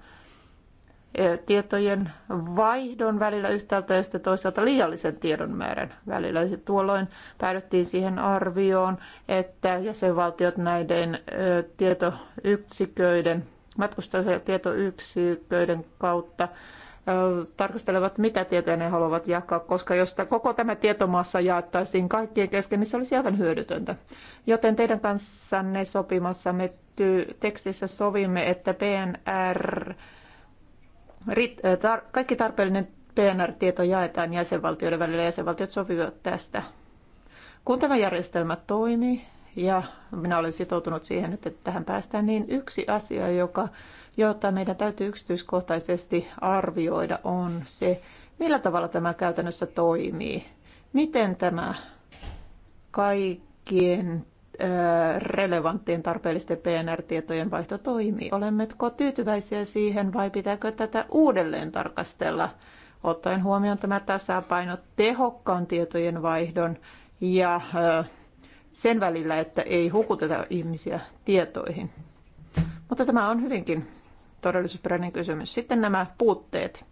tietojen vaihdon välillä yhtäältä ja sitten toisaalta liiallisen tiedon määrän välillä. Tuolloin päädyttiin siihen arvioon, että jäsenvaltiot näiden tietoyksiköiden, matkustajatietoyksiköiden kautta tarkastelevat, mitä tietoja ne haluavat jakaa, koska jos koko tämä tietomassa jaettaisiin kaikkien kesken, niin se olisi aivan hyödytöntä. Joten teidän kanssanne sopimassa me tekstissä sovimme, että PNR Äh, kaikki tarpeellinen PNR-tieto jaetaan jäsenvaltioiden välillä ja jäsenvaltiot sopivat tästä. Kun tämä järjestelmä toimii, ja minä olen sitoutunut siihen, että tähän päästään, niin yksi asia, joka, jota meidän täytyy yksityiskohtaisesti arvioida, on se, millä tavalla tämä käytännössä toimii. Miten tämä kaikkien relevanttien tarpeellisten PNR-tietojen vaihto toimii. Olemmeko tyytyväisiä siihen vai pitääkö tätä uudelleen tarkastella, ottaen huomioon tämä tasapaino tehokkaan tietojen vaihdon ja sen välillä, että ei hukuteta ihmisiä tietoihin. Mutta tämä on hyvinkin todellisuusperäinen kysymys. Sitten nämä puutteet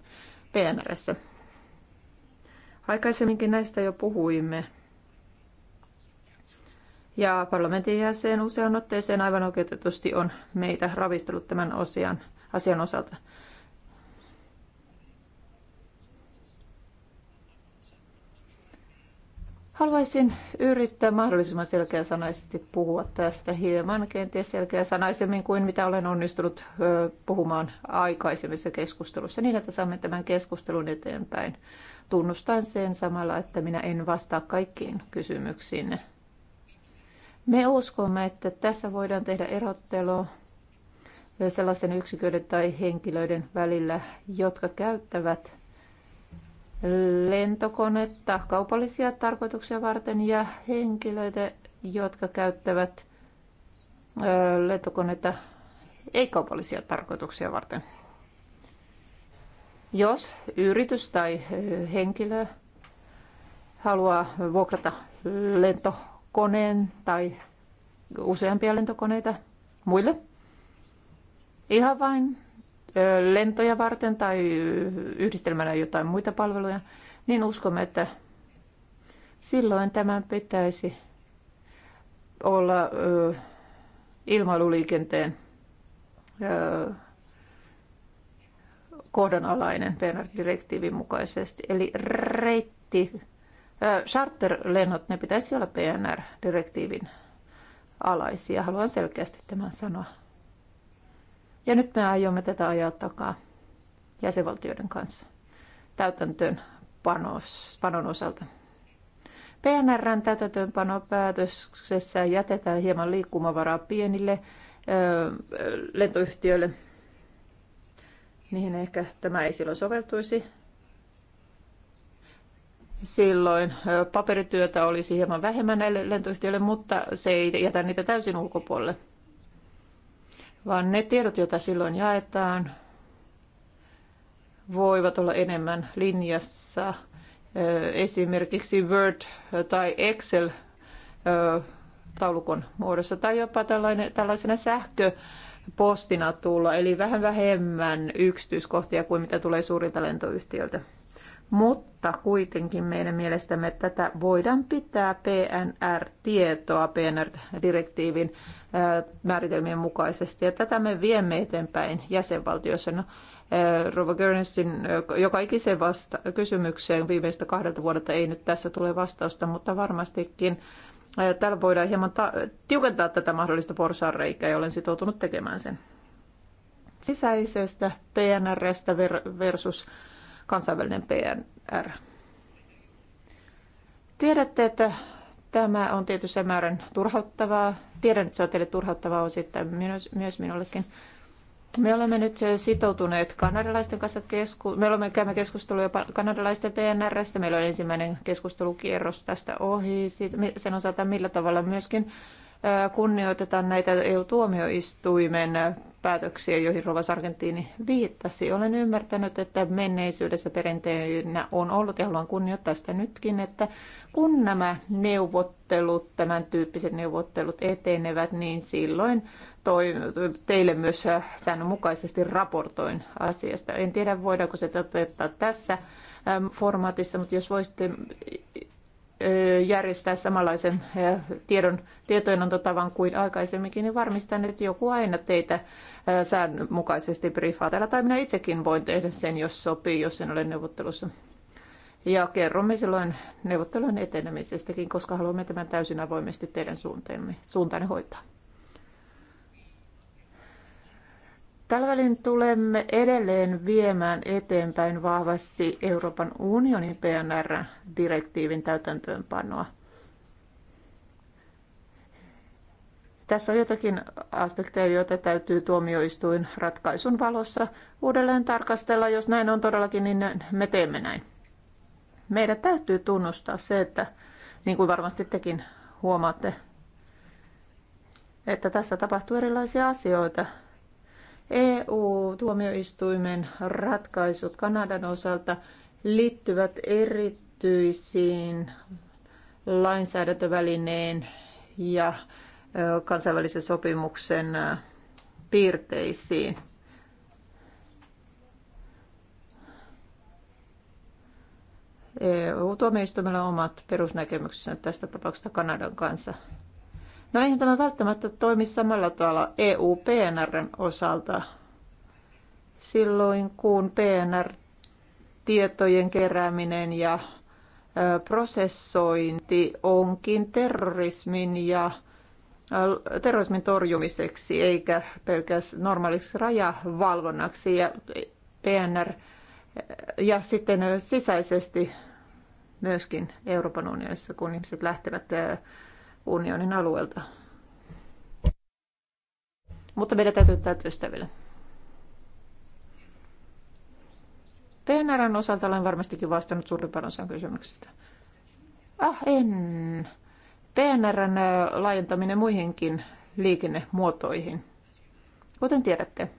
PNRssä. Aikaisemminkin näistä jo puhuimme. Ja parlamentin jäsen usean otteeseen aivan oikeutetusti on meitä ravistellut tämän osian, asian osalta. Haluaisin yrittää mahdollisimman selkeäsanaisesti puhua tästä hieman, kenties selkeäsanaisemmin kuin mitä olen onnistunut puhumaan aikaisemmissa keskustelussa, niin että saamme tämän keskustelun eteenpäin. Tunnustan sen samalla, että minä en vastaa kaikkiin kysymyksiin me uskomme, että tässä voidaan tehdä erottelu sellaisen yksiköiden tai henkilöiden välillä, jotka käyttävät lentokonetta kaupallisia tarkoituksia varten ja henkilöitä, jotka käyttävät lentokonetta ei-kaupallisia tarkoituksia varten. Jos yritys tai henkilö haluaa vuokrata lentokonetta, lentokoneen tai useampia lentokoneita muille. Ihan vain lentoja varten tai yhdistelmänä jotain muita palveluja, niin uskomme, että silloin tämän pitäisi olla ilmailuliikenteen kohdanalainen PNR-direktiivin mukaisesti. Eli reitti charterlennot, ne pitäisi olla PNR-direktiivin alaisia. Haluan selkeästi tämän sanoa. Ja nyt me aiomme tätä ajaa takaa jäsenvaltioiden kanssa täytäntöön panos, panon osalta. PNRn täytäntöönpanopäätöksessä jätetään hieman liikkumavaraa pienille ö, lentoyhtiöille. Niihin ehkä tämä ei silloin soveltuisi, silloin paperityötä olisi hieman vähemmän näille lentoyhtiöille, mutta se ei jätä niitä täysin ulkopuolelle, vaan ne tiedot, joita silloin jaetaan, voivat olla enemmän linjassa esimerkiksi Word- tai Excel-taulukon muodossa tai jopa tällainen, tällaisena sähköpostina tulla, eli vähän vähemmän yksityiskohtia kuin mitä tulee suurilta lentoyhtiöiltä. Mutta mutta kuitenkin meidän mielestämme tätä voidaan pitää PNR-tietoa PNR-direktiivin määritelmien mukaisesti. Ja tätä me viemme eteenpäin jäsenvaltiossa. No, Rova Gernessin joka ikiseen vasta- kysymykseen viimeistä kahdelta vuodelta ei nyt tässä tule vastausta, mutta varmastikin Täällä voidaan hieman tiukentaa tätä mahdollista porsaanreikää ja olen sitoutunut tekemään sen. Sisäisestä PNRstä versus kansainvälinen PNR. Tiedätte, että tämä on tietyssä määrän turhauttavaa. Tiedän, että se on teille turhauttavaa osittain myös, myös minullekin. Me olemme nyt sitoutuneet kanadalaisten kanssa kesku- Me olemme käymme keskusteluja kanadalaisten PNRstä. Meillä on ensimmäinen keskustelukierros tästä ohi. Sen osalta millä tavalla myöskin kunnioitetaan näitä EU-tuomioistuimen päätöksiä, joihin Rova Sargentini viittasi. Olen ymmärtänyt, että menneisyydessä perinteinä on ollut, ja haluan kunnioittaa sitä nytkin, että kun nämä neuvottelut, tämän tyyppiset neuvottelut etenevät, niin silloin toi, teille myös säännönmukaisesti raportoin asiasta. En tiedä, voidaanko se toteuttaa tässä ähm, formaatissa, mutta jos voisitte järjestää samanlaisen tiedon, tietojenantotavan kuin aikaisemminkin, niin varmistan, että joku aina teitä säännönmukaisesti briefaa täällä, tai minä itsekin voin tehdä sen, jos sopii, jos en ole neuvottelussa. Ja kerromme silloin neuvottelujen etenemisestäkin, koska haluamme tämän täysin avoimesti teidän suuntaanne hoitaa. Talvelin tulemme edelleen viemään eteenpäin vahvasti Euroopan unionin PNR-direktiivin täytäntöönpanoa. Tässä on jotakin aspekteja, joita täytyy tuomioistuin ratkaisun valossa uudelleen tarkastella. Jos näin on todellakin, niin me teemme näin. Meidän täytyy tunnustaa se, että niin kuin varmasti tekin huomaatte, että tässä tapahtuu erilaisia asioita EU-tuomioistuimen ratkaisut Kanadan osalta liittyvät erityisiin lainsäädäntövälineen ja kansainvälisen sopimuksen piirteisiin. EU-tuomioistuimella on omat perusnäkemyksensä tästä tapauksesta Kanadan kanssa. No eihän tämä välttämättä toimi samalla tavalla EU-PNRn osalta silloin, kun PNR-tietojen kerääminen ja prosessointi onkin terrorismin ja terrorismin torjumiseksi eikä pelkästään normaaliksi rajavalvonnaksi ja PNR ja sitten sisäisesti myöskin Euroopan unionissa, kun ihmiset lähtevät unionin alueelta. Mutta meidän täytyy täytyä sitä PNRn osalta olen varmastikin vastannut suurin osaan kysymyksistä. Ah, en. PNRn laajentaminen muihinkin liikennemuotoihin. Kuten tiedätte,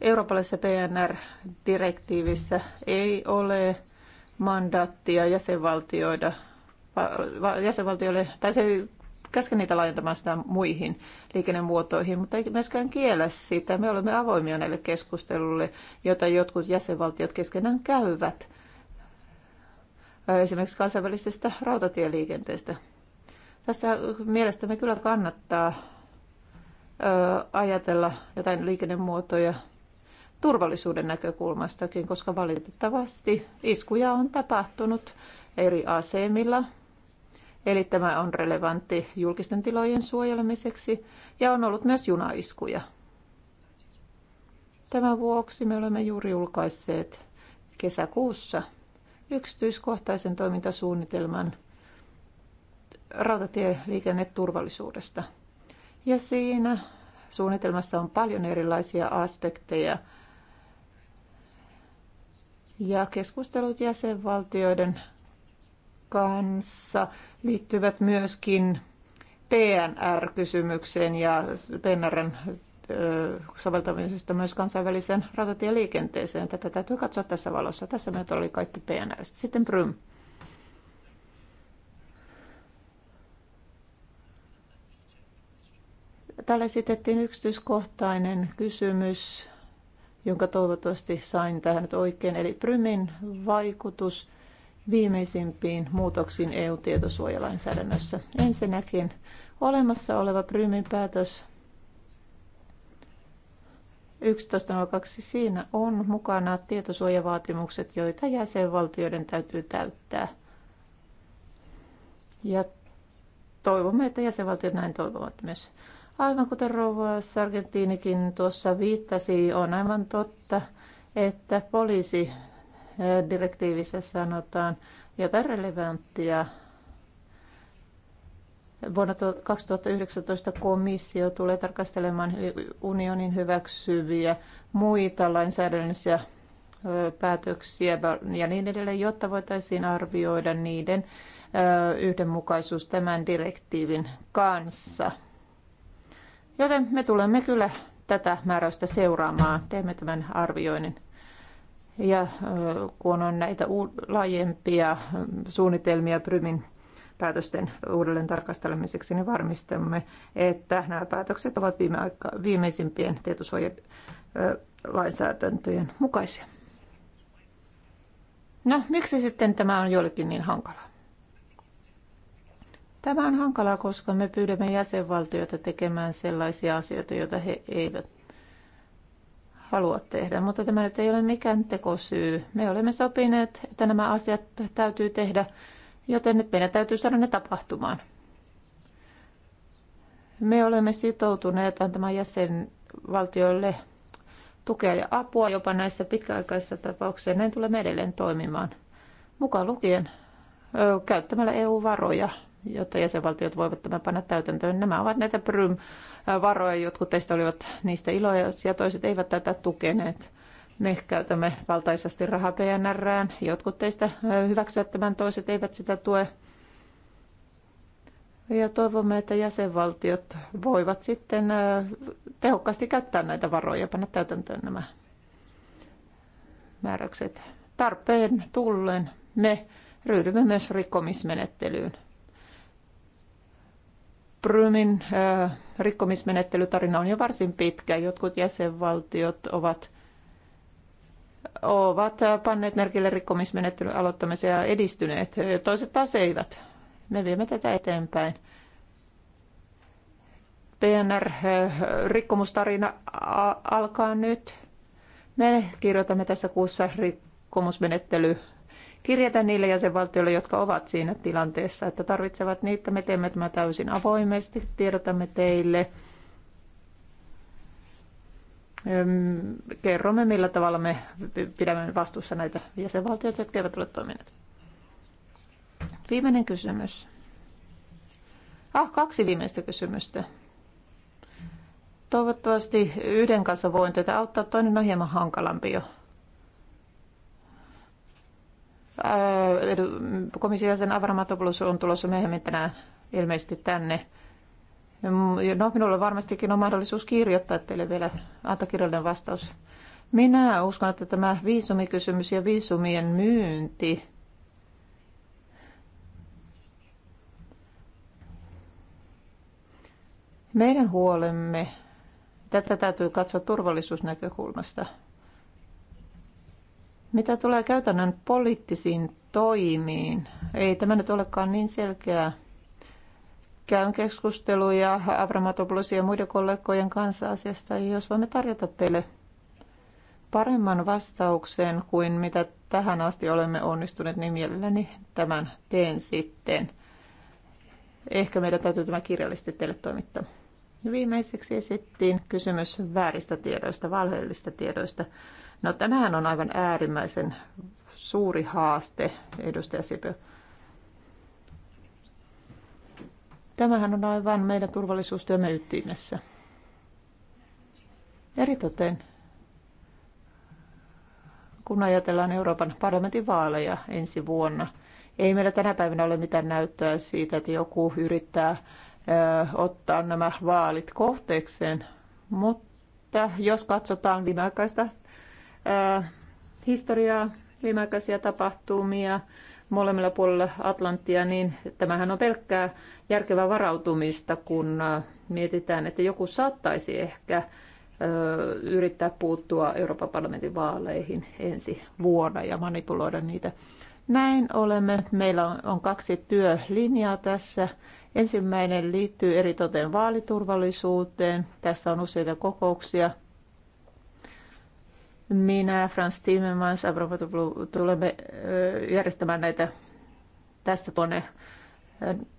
eurooppalaisessa PNR-direktiivissä ei ole mandaattia jäsenvaltioida jäsenvaltioille, tai se ei käske niitä laajentamaan sitä muihin liikennemuotoihin, mutta ei myöskään kiellä sitä. Me olemme avoimia näille keskustelulle, joita jotkut jäsenvaltiot keskenään käyvät, esimerkiksi kansainvälisestä rautatieliikenteestä. Tässä mielestämme kyllä kannattaa ajatella jotain liikennemuotoja turvallisuuden näkökulmastakin, koska valitettavasti iskuja on tapahtunut eri asemilla, Eli tämä on relevantti julkisten tilojen suojelemiseksi ja on ollut myös junaiskuja. Tämän vuoksi me olemme juuri julkaisseet kesäkuussa yksityiskohtaisen toimintasuunnitelman rautatieliikenneturvallisuudesta. Ja siinä suunnitelmassa on paljon erilaisia aspekteja ja keskustelut jäsenvaltioiden kanssa liittyvät myöskin PNR-kysymykseen ja PNRn soveltamisesta myös kansainväliseen rautatieliikenteeseen. Tätä täytyy katsoa tässä valossa. Tässä meillä oli kaikki PNR. Sitten Prym. Täällä esitettiin yksityiskohtainen kysymys, jonka toivottavasti sain tähän nyt oikein. Eli Prymin vaikutus – viimeisimpiin muutoksiin EU-tietosuojalainsäädännössä. Ensinnäkin olemassa oleva Prymin päätös 11.2. Siinä on mukana tietosuojavaatimukset, joita jäsenvaltioiden täytyy täyttää. Ja toivomme, että jäsenvaltiot näin toivovat myös. Aivan kuten rouva Sargentinikin tuossa viittasi, on aivan totta, että poliisi direktiivissä sanotaan, jotain relevanttia. Vuonna 2019 komissio tulee tarkastelemaan unionin hyväksyviä muita lainsäädännöllisiä päätöksiä ja niin edelleen, jotta voitaisiin arvioida niiden yhdenmukaisuus tämän direktiivin kanssa. Joten me tulemme kyllä tätä määräystä seuraamaan. Teemme tämän arvioinnin. Ja kun on näitä laajempia suunnitelmia Prymin päätösten uudelleen tarkastelemiseksi, niin varmistamme, että nämä päätökset ovat viime aika, viimeisimpien lainsäädäntöjen mukaisia. No, miksi sitten tämä on joillekin niin hankalaa? Tämä on hankalaa, koska me pyydämme jäsenvaltioita tekemään sellaisia asioita, joita he eivät halua tehdä, mutta tämä nyt ei ole mikään tekosyy. Me olemme sopineet, että nämä asiat täytyy tehdä, joten nyt meidän täytyy saada ne tapahtumaan. Me olemme sitoutuneet antamaan jäsenvaltioille tukea ja apua jopa näissä pitkäaikaisissa tapauksissa. Näin tulee edelleen toimimaan, mukaan lukien ö, käyttämällä EU-varoja, jotta jäsenvaltiot voivat tämän panna täytäntöön. Nämä ovat näitä Prym varoja. Jotkut teistä olivat niistä iloisia, toiset eivät tätä tukeneet. Me käytämme valtaisasti rahaa PNRään. Jotkut teistä hyväksyvät tämän, toiset eivät sitä tue. Ja toivomme, että jäsenvaltiot voivat sitten tehokkaasti käyttää näitä varoja ja panna täytäntöön nämä määräykset. Tarpeen tullen me ryhdymme myös rikkomismenettelyyn. Prymin äh, rikkomismenettelytarina on jo varsin pitkä. Jotkut jäsenvaltiot ovat ovat panneet merkille rikkomismenettelyn aloittamisen ja edistyneet. Toiset taas eivät. Me viemme tätä eteenpäin. PNR-rikkomustarina alkaa nyt. Me kirjoitamme tässä kuussa rikkomusmenettely kirjata niille jäsenvaltioille, jotka ovat siinä tilanteessa, että tarvitsevat niitä. Me teemme tämä täysin avoimesti, tiedotamme teille. Kerromme, millä tavalla me pidämme vastuussa näitä jäsenvaltioita, jotka eivät ole toimineet. Viimeinen kysymys. Ah, kaksi viimeistä kysymystä. Toivottavasti yhden kanssa voin tätä auttaa, toinen on hieman hankalampi jo komission jäsen Avramatopoulos on tulossa myöhemmin tänään ilmeisesti tänne. Mm, no, minulla varmastikin on mahdollisuus kirjoittaa teille vielä, antakirjallinen vastaus. Minä uskon, että tämä viisumikysymys ja viisumien myynti Meidän huolemme, tätä täytyy katsoa turvallisuusnäkökulmasta. Mitä tulee käytännön poliittisiin toimiin, ei tämä nyt olekaan niin selkeää. Käyn keskusteluja Abramatopoulosin ja muiden kollegojen kanssa asiasta, jos voimme tarjota teille paremman vastauksen kuin mitä tähän asti olemme onnistuneet, niin mielelläni tämän teen sitten. Ehkä meidän täytyy tämä kirjallisesti teille toimittaa. Viimeiseksi esittiin kysymys vääristä tiedoista, valheellisista tiedoista. No tämähän on aivan äärimmäisen suuri haaste, edustaja Sipö. Tämähän on aivan meidän turvallisuustyömme ytimessä. Eritoten kun ajatellaan Euroopan parlamentin vaaleja ensi vuonna. Ei meillä tänä päivänä ole mitään näyttöä siitä, että joku yrittää ottaa nämä vaalit kohteekseen, mutta jos katsotaan viimeaikaista Äh, historiaa, viimeaikaisia tapahtumia molemmilla puolilla Atlanttia, niin tämähän on pelkkää järkevää varautumista, kun äh, mietitään, että joku saattaisi ehkä äh, yrittää puuttua Euroopan parlamentin vaaleihin ensi vuonna ja manipuloida niitä. Näin olemme. Meillä on kaksi työlinjaa tässä. Ensimmäinen liittyy eritoten vaaliturvallisuuteen. Tässä on useita kokouksia minä ja Frans Timmermans Avrova tulemme järjestämään näitä tästä tuonne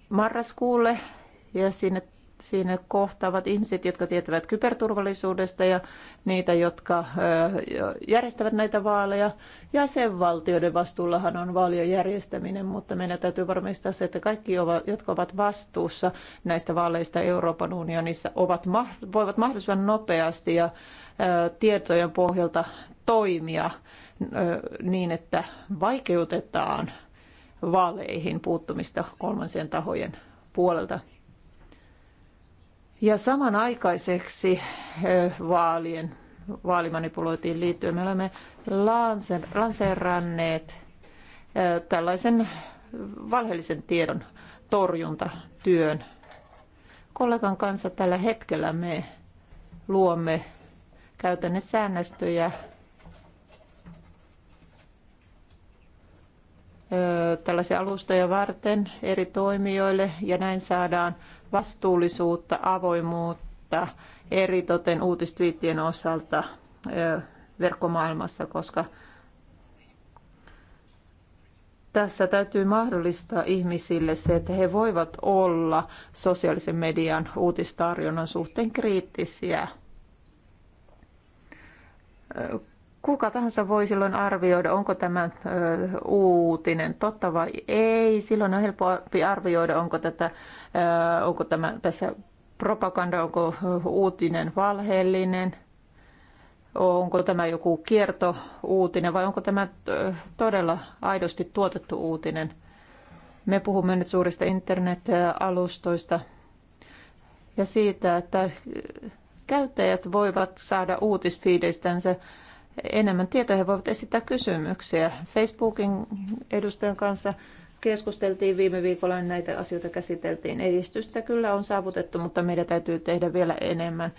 marraskuulle ja sinne Siinä kohtaavat ihmiset, jotka tietävät kyberturvallisuudesta ja niitä, jotka järjestävät näitä vaaleja. Jäsenvaltioiden vastuullahan on vaalien järjestäminen, mutta meidän täytyy varmistaa se, että kaikki, jotka ovat vastuussa näistä vaaleista Euroopan unionissa, ovat, voivat mahdollisimman nopeasti ja tietojen pohjalta toimia niin, että vaikeutetaan vaaleihin puuttumista kolmansien tahojen puolelta. Ja samanaikaiseksi vaalien, vaalimanipuloitiin liittyen me olemme lanseeranneet tällaisen valheellisen tiedon torjuntatyön. Kollegan kanssa tällä hetkellä me luomme käytännön säännöstöjä tällaisia alustoja varten eri toimijoille ja näin saadaan vastuullisuutta, avoimuutta, eritoten uutistviittien osalta verkkomaailmassa, koska tässä täytyy mahdollistaa ihmisille se, että he voivat olla sosiaalisen median uutistarjonnan suhteen kriittisiä kuka tahansa voi silloin arvioida, onko tämä ö, uutinen totta vai ei. Silloin on helpompi arvioida, onko, tätä, ö, onko tämä tässä propaganda, onko uutinen valheellinen, onko tämä joku kiertouutinen vai onko tämä todella aidosti tuotettu uutinen. Me puhumme nyt suurista internet-alustoista ja siitä, että käyttäjät voivat saada uutisfiideistänsä enemmän tietoa. He voivat esittää kysymyksiä. Facebookin edustajan kanssa keskusteltiin viime viikolla, niin näitä asioita käsiteltiin. Edistystä kyllä on saavutettu, mutta meidän täytyy tehdä vielä enemmän.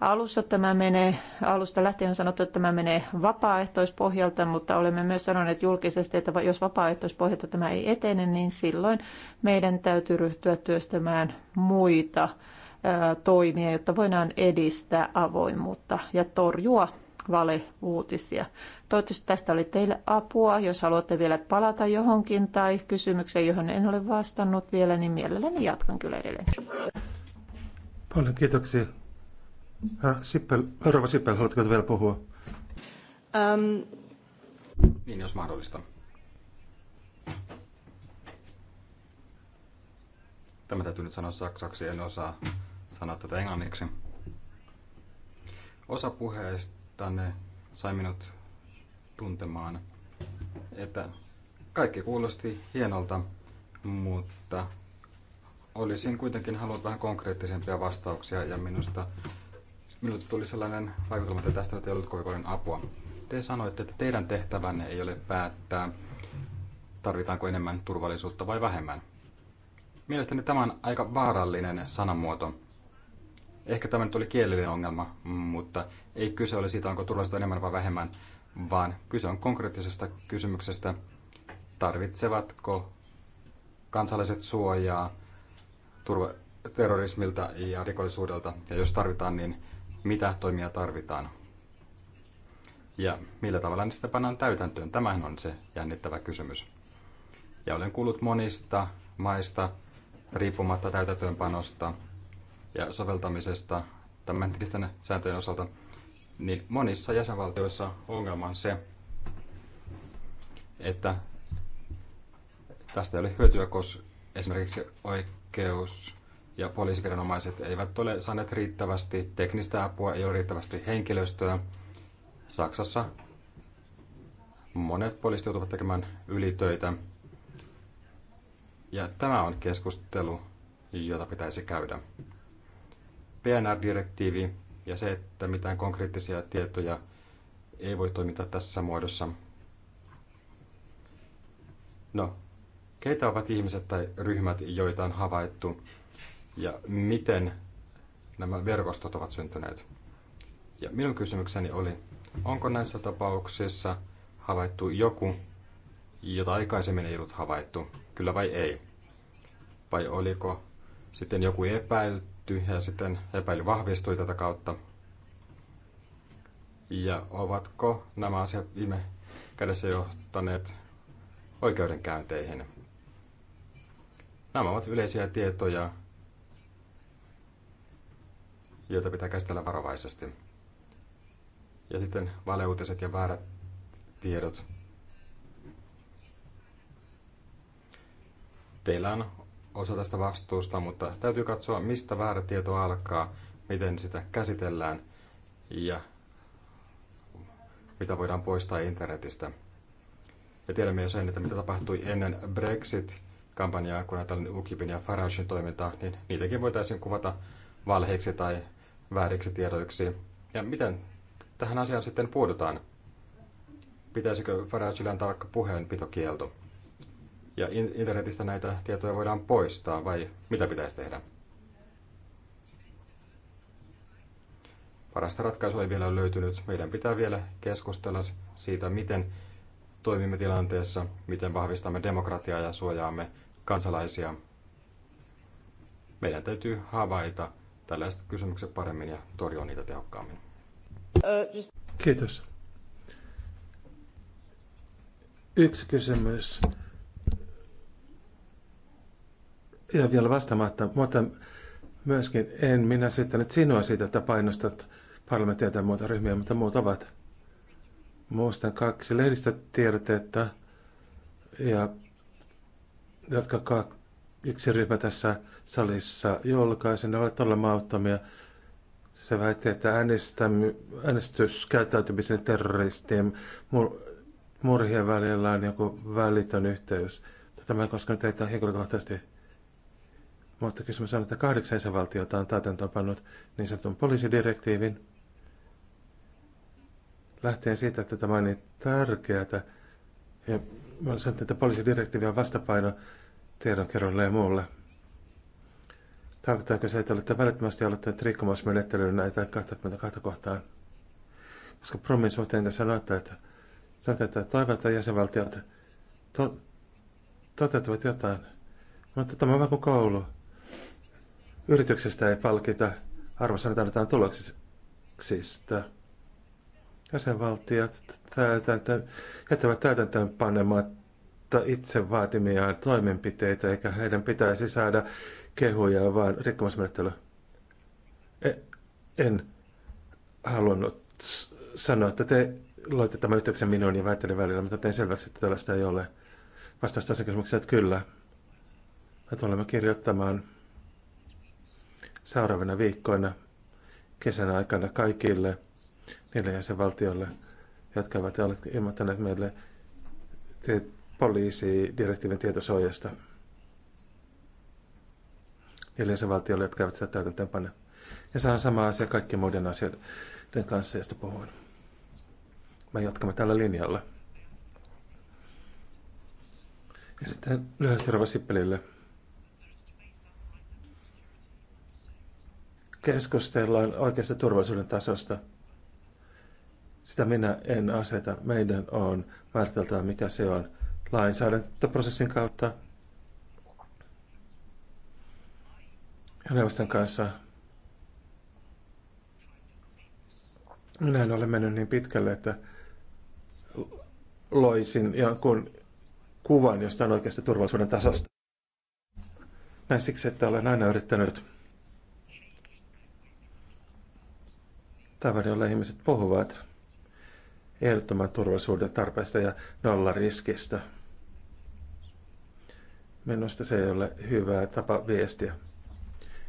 Alussa tämä menee, alusta lähtien on sanottu, että tämä menee vapaaehtoispohjalta, mutta olemme myös sanoneet julkisesti, että jos vapaaehtoispohjalta tämä ei etene, niin silloin meidän täytyy ryhtyä työstämään muita toimia, jotta voidaan edistää avoimuutta ja torjua valeuutisia. Toivottavasti tästä oli teille apua. Jos haluatte vielä palata johonkin tai kysymykseen, johon en ole vastannut vielä, niin mielelläni jatkan kyllä edelleen. Paljon kiitoksia. Sippel, Rova Sippel, haluatko vielä puhua? Um. Niin, jos mahdollista. Tämä täytyy nyt sanoa saksaksi, en osaa sanoa tätä englanniksi. Osa puheesta ne sai minut tuntemaan, että kaikki kuulosti hienolta, mutta olisin kuitenkin halunnut vähän konkreettisempia vastauksia ja minusta minulle tuli sellainen vaikutelma, että tästä ei ollut kovin paljon apua. Te sanoitte, että teidän tehtävänne ei ole päättää, tarvitaanko enemmän turvallisuutta vai vähemmän. Mielestäni tämä on aika vaarallinen sanamuoto. Ehkä tämä nyt oli kielellinen ongelma, mutta ei kyse ole siitä, onko turvallisuutta enemmän vai vähemmän, vaan kyse on konkreettisesta kysymyksestä, tarvitsevatko kansalaiset suojaa turva- terrorismilta ja rikollisuudelta, ja jos tarvitaan, niin mitä toimia tarvitaan. Ja millä tavalla ne pannaan täytäntöön, tämähän on se jännittävä kysymys. Ja olen kuullut monista maista, riippumatta täytäntöönpanosta, ja soveltamisesta tämänhetkisten sääntöjen osalta, niin monissa jäsenvaltioissa ongelma on se, että tästä ei ole hyötyä, koska esimerkiksi oikeus- ja poliisiviranomaiset eivät ole saaneet riittävästi teknistä apua, ei ole riittävästi henkilöstöä. Saksassa monet poliisit joutuvat tekemään ylitöitä. Ja tämä on keskustelu, jota pitäisi käydä. PNR-direktiivi ja se, että mitään konkreettisia tietoja ei voi toimittaa tässä muodossa. No, keitä ovat ihmiset tai ryhmät, joita on havaittu ja miten nämä verkostot ovat syntyneet? Ja minun kysymykseni oli, onko näissä tapauksissa havaittu joku, jota aikaisemmin ei ollut havaittu, kyllä vai ei? Vai oliko sitten joku epäilty? hyväksytty ja sitten epäily vahvistui tätä kautta. Ja ovatko nämä asiat viime kädessä johtaneet oikeudenkäynteihin? Nämä ovat yleisiä tietoja, joita pitää käsitellä varovaisesti. Ja sitten valeuutiset ja väärät tiedot. Teillä on osa tästä vastuusta, mutta täytyy katsoa, mistä väärä tieto alkaa, miten sitä käsitellään ja mitä voidaan poistaa internetistä. Ja tiedämme jo sen, että mitä tapahtui ennen Brexit-kampanjaa, kun ajatellaan UKIPin ja Faragein toimintaa, niin niitäkin voitaisiin kuvata valheiksi tai vääriksi tiedoiksi. Ja miten tähän asiaan sitten puudutaan? Pitäisikö Faragelle antaa vaikka puheenpitokielto? ja internetistä näitä tietoja voidaan poistaa vai mitä pitäisi tehdä? Parasta ratkaisua ei vielä ole löytynyt. Meidän pitää vielä keskustella siitä, miten toimimme tilanteessa, miten vahvistamme demokratiaa ja suojaamme kansalaisia. Meidän täytyy havaita tällaiset kysymykset paremmin ja torjua niitä tehokkaammin. Kiitos. Yksi kysymys ja vielä vastaamatta, mutta myöskin en minä syyttänyt sinua siitä, että painostat parlamenttia tai muuta ryhmiä, mutta muut ovat. Muistan kaksi lehdistötiedotetta, ja, jotka kaksi, yksi ryhmä tässä salissa julkaisi, ne olivat todella mauttomia. Se väitti, että äänestys äänestyskäyttäytymisen terroristien mur, murhien välillä on joku välitön yhteys. Tämä ei koskaan teitä henkilökohtaisesti. Mutta kysymys on, että kahdeksan jäsenvaltiota on täytäntöönpannut niin sanotun poliisidirektiivin. Lähtien siitä, että tämä on niin tärkeää, ja mä olen sanonut, että poliisidirektiivi on vastapaino tiedonkerroille ja muulle. Tarkoittaako se, että olette välittömästi aloittaneet rikkomusmenettelyyn näitä 22 kohtaa? Koska promin suhteen te sanoitte, että, sanoitte, että toivotaan jäsenvaltiot to, toteuttavat jotain. Mutta tämä on vaikka koulu. Yrityksestä ei palkita, arvosana tarvitaan tuloksista. Jäsenvaltiot täytäntö, jättävät täytäntöön panematta itse vaatimiaan toimenpiteitä, eikä heidän pitäisi saada kehuja, vaan rikkomusmenettely. E- en halunnut sanoa, että te loitte tämän yhteyksen minuun ja väittelin välillä, mutta tein selväksi, että tällaista ei ole. Vastaus tässä kysymykseen, että kyllä. Me tulemme kirjoittamaan seuraavina viikkoina kesän aikana kaikille niille jäsenvaltioille, jotka ovat ilmoittaneet meille poliisidirektiivin tietosuojasta. Niille jäsenvaltioille, jotka eivät sitä täytäntöönpane. Ja saan sama asia kaikkien muiden asioiden kanssa, joista puhuin. Me jatkamme tällä linjalla. Ja sitten lyhyesti Rova Sippelille. keskustellaan oikeasta turvallisuuden tasosta. Sitä minä en aseta. Meidän on määriteltävä, mikä se on lainsäädäntöprosessin kautta ja neuvoston kanssa. Minä en ole mennyt niin pitkälle, että loisin jonkun kuvan jostain oikeasta turvallisuuden tasosta. Näin siksi, että olen aina yrittänyt tavan, jolla ihmiset puhuvat ehdottoman turvallisuuden tarpeesta ja nollariskistä. Minusta se ei ole hyvä tapa viestiä.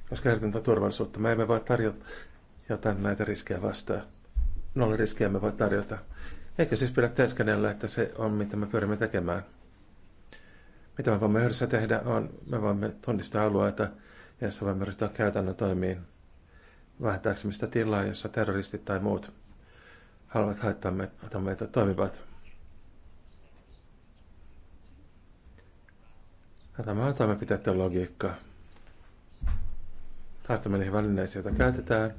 Koska ehdotonta turvallisuutta me emme voi tarjota jotain näitä riskejä vastaan. Nollariskejä me voi tarjota. Eikö siis pidä teeskennellä, että se on mitä me pyrimme tekemään? Mitä me voimme yhdessä tehdä on, me voimme tunnistaa alueita, joissa voimme ryhtyä käytännön toimiin – vähentääksemme sitä tilaa, jossa terroristit tai muut haluavat haittaa meitä, meitä toimivat. Tämä on toimenpiteiden logiikka. Tartumme niihin välineisiin, joita käytetään.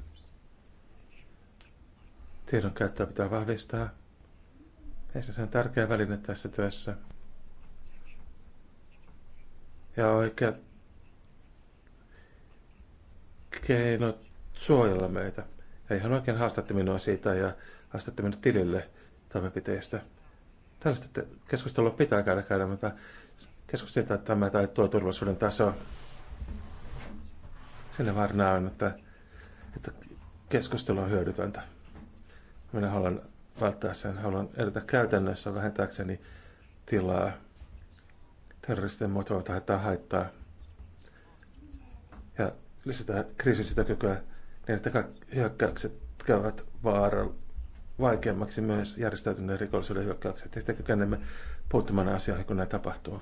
Tiedon käyttöä pitää vahvistaa. Ei se on tärkeä väline tässä työssä. Ja oikeat keinot suojella meitä. Ja ihan oikein haastatte minua siitä ja haastatte minut tilille toimenpiteistä. Tällaista keskustelua pitää käydä käydä, mutta keskustelua tämä tai tuo turvallisuuden taso. Sinne vaan näen, että, että keskustelu on hyödytöntä. Minä haluan välttää sen, haluan edetä käytännössä vähentääkseni tilaa terroristien muotoa tai haittaa. Ja lisätään kriisisitokykyä kykyä niin että hyökkäykset käyvät vaara vaikeammaksi myös järjestäytyneen rikollisuuden hyökkäykset, ja sitten kykenemme puuttumaan asioihin, kun näitä tapahtuu.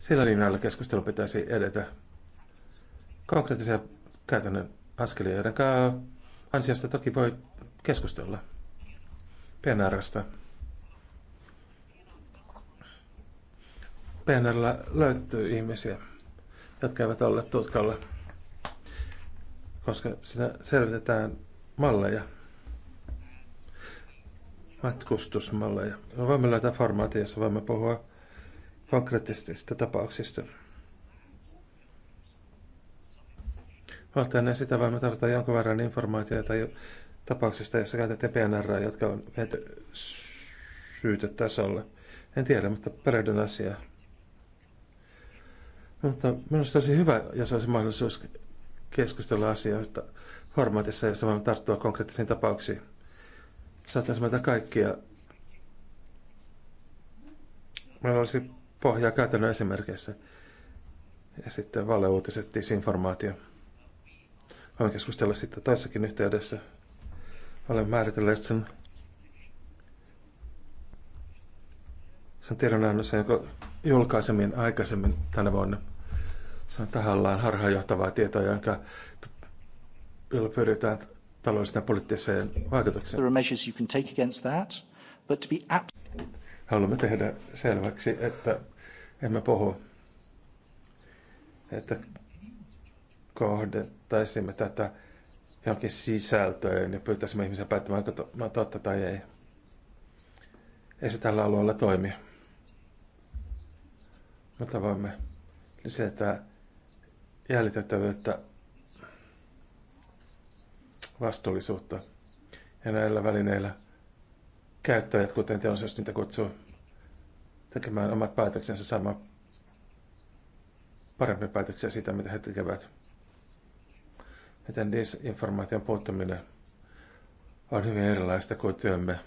Sillä linjalla keskustelu pitäisi edetä konkreettisia käytännön askelia, joiden ansiosta toki voi keskustella PNRstä. PNRllä löytyy ihmisiä, jotka eivät olleet tutkalla koska siinä selvitetään malleja, matkustusmalleja. Me voimme löytää formaatia, jossa voimme puhua konkreettisista tapauksista. Valtainen sitä voimme tarvita jonkun verran informaatiota tapauksista, jossa käytetään PNR, jotka on viety syytetasolle. En tiedä, mutta perehdyn asiaa. Mutta minusta olisi hyvä, jos olisi mahdollisuus keskustella asioista formaatissa, jossa voimme tarttua konkreettisiin tapauksiin. Saattaisi meitä kaikkia. Meillä olisi pohjaa käytännön esimerkkeissä. Ja sitten valeuutiset, disinformaatio. Voimme keskustella sitten toissakin yhteydessä. Olen määritellyt sen, sen tiedonannossa, jonka julkaisemin aikaisemmin tänä vuonna. Se on tahallaan harhaanjohtavaa tietoa, jonka jolla pyritään taloudelliseen poliittiseen vaikutukseen. Haluamme tehdä selväksi, että emme puhu, että kohdettaisimme tätä johonkin sisältöön ja pyytäisimme ihmisiä päättämään, onko totta tai ei. Ei se tällä alueella toimi. Mutta voimme lisätä jäljitettävyyttä, vastuullisuutta. Ja näillä välineillä käyttäjät, kuten jos niitä kutsuu, tekemään omat päätöksensä saamaan parempia päätöksiä siitä, mitä he tekevät. Miten disinformaation puuttuminen on hyvin erilaista kuin työmme,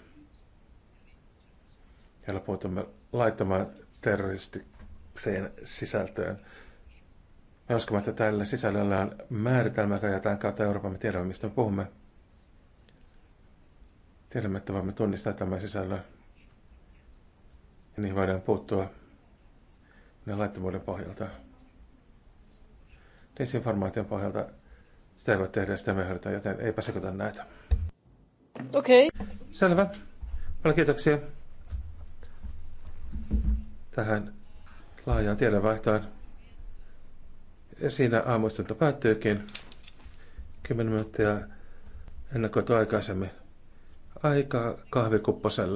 jolla puutumme laittamaan terroristikseen sisältöön me uskomme, että tällä sisällöllä on määritelmä, joka jätään kautta Euroopan. Me tiedämme, mistä me puhumme. Tiedämme, että voimme tunnistaa tämän sisällön. Ja niihin voidaan puuttua ne laittomuuden pohjalta. Disinformaation pohjalta sitä ei voi tehdä, sitä me hoidetaan, joten ei sekoita näitä. Okei. Okay. Selvä. Paljon kiitoksia tähän laajaan tiedonvaihtoon siinä aamuistunto päättyykin. kymmenen minuuttia ennakoitu aikaisemmin. Aika kahvikupposelle.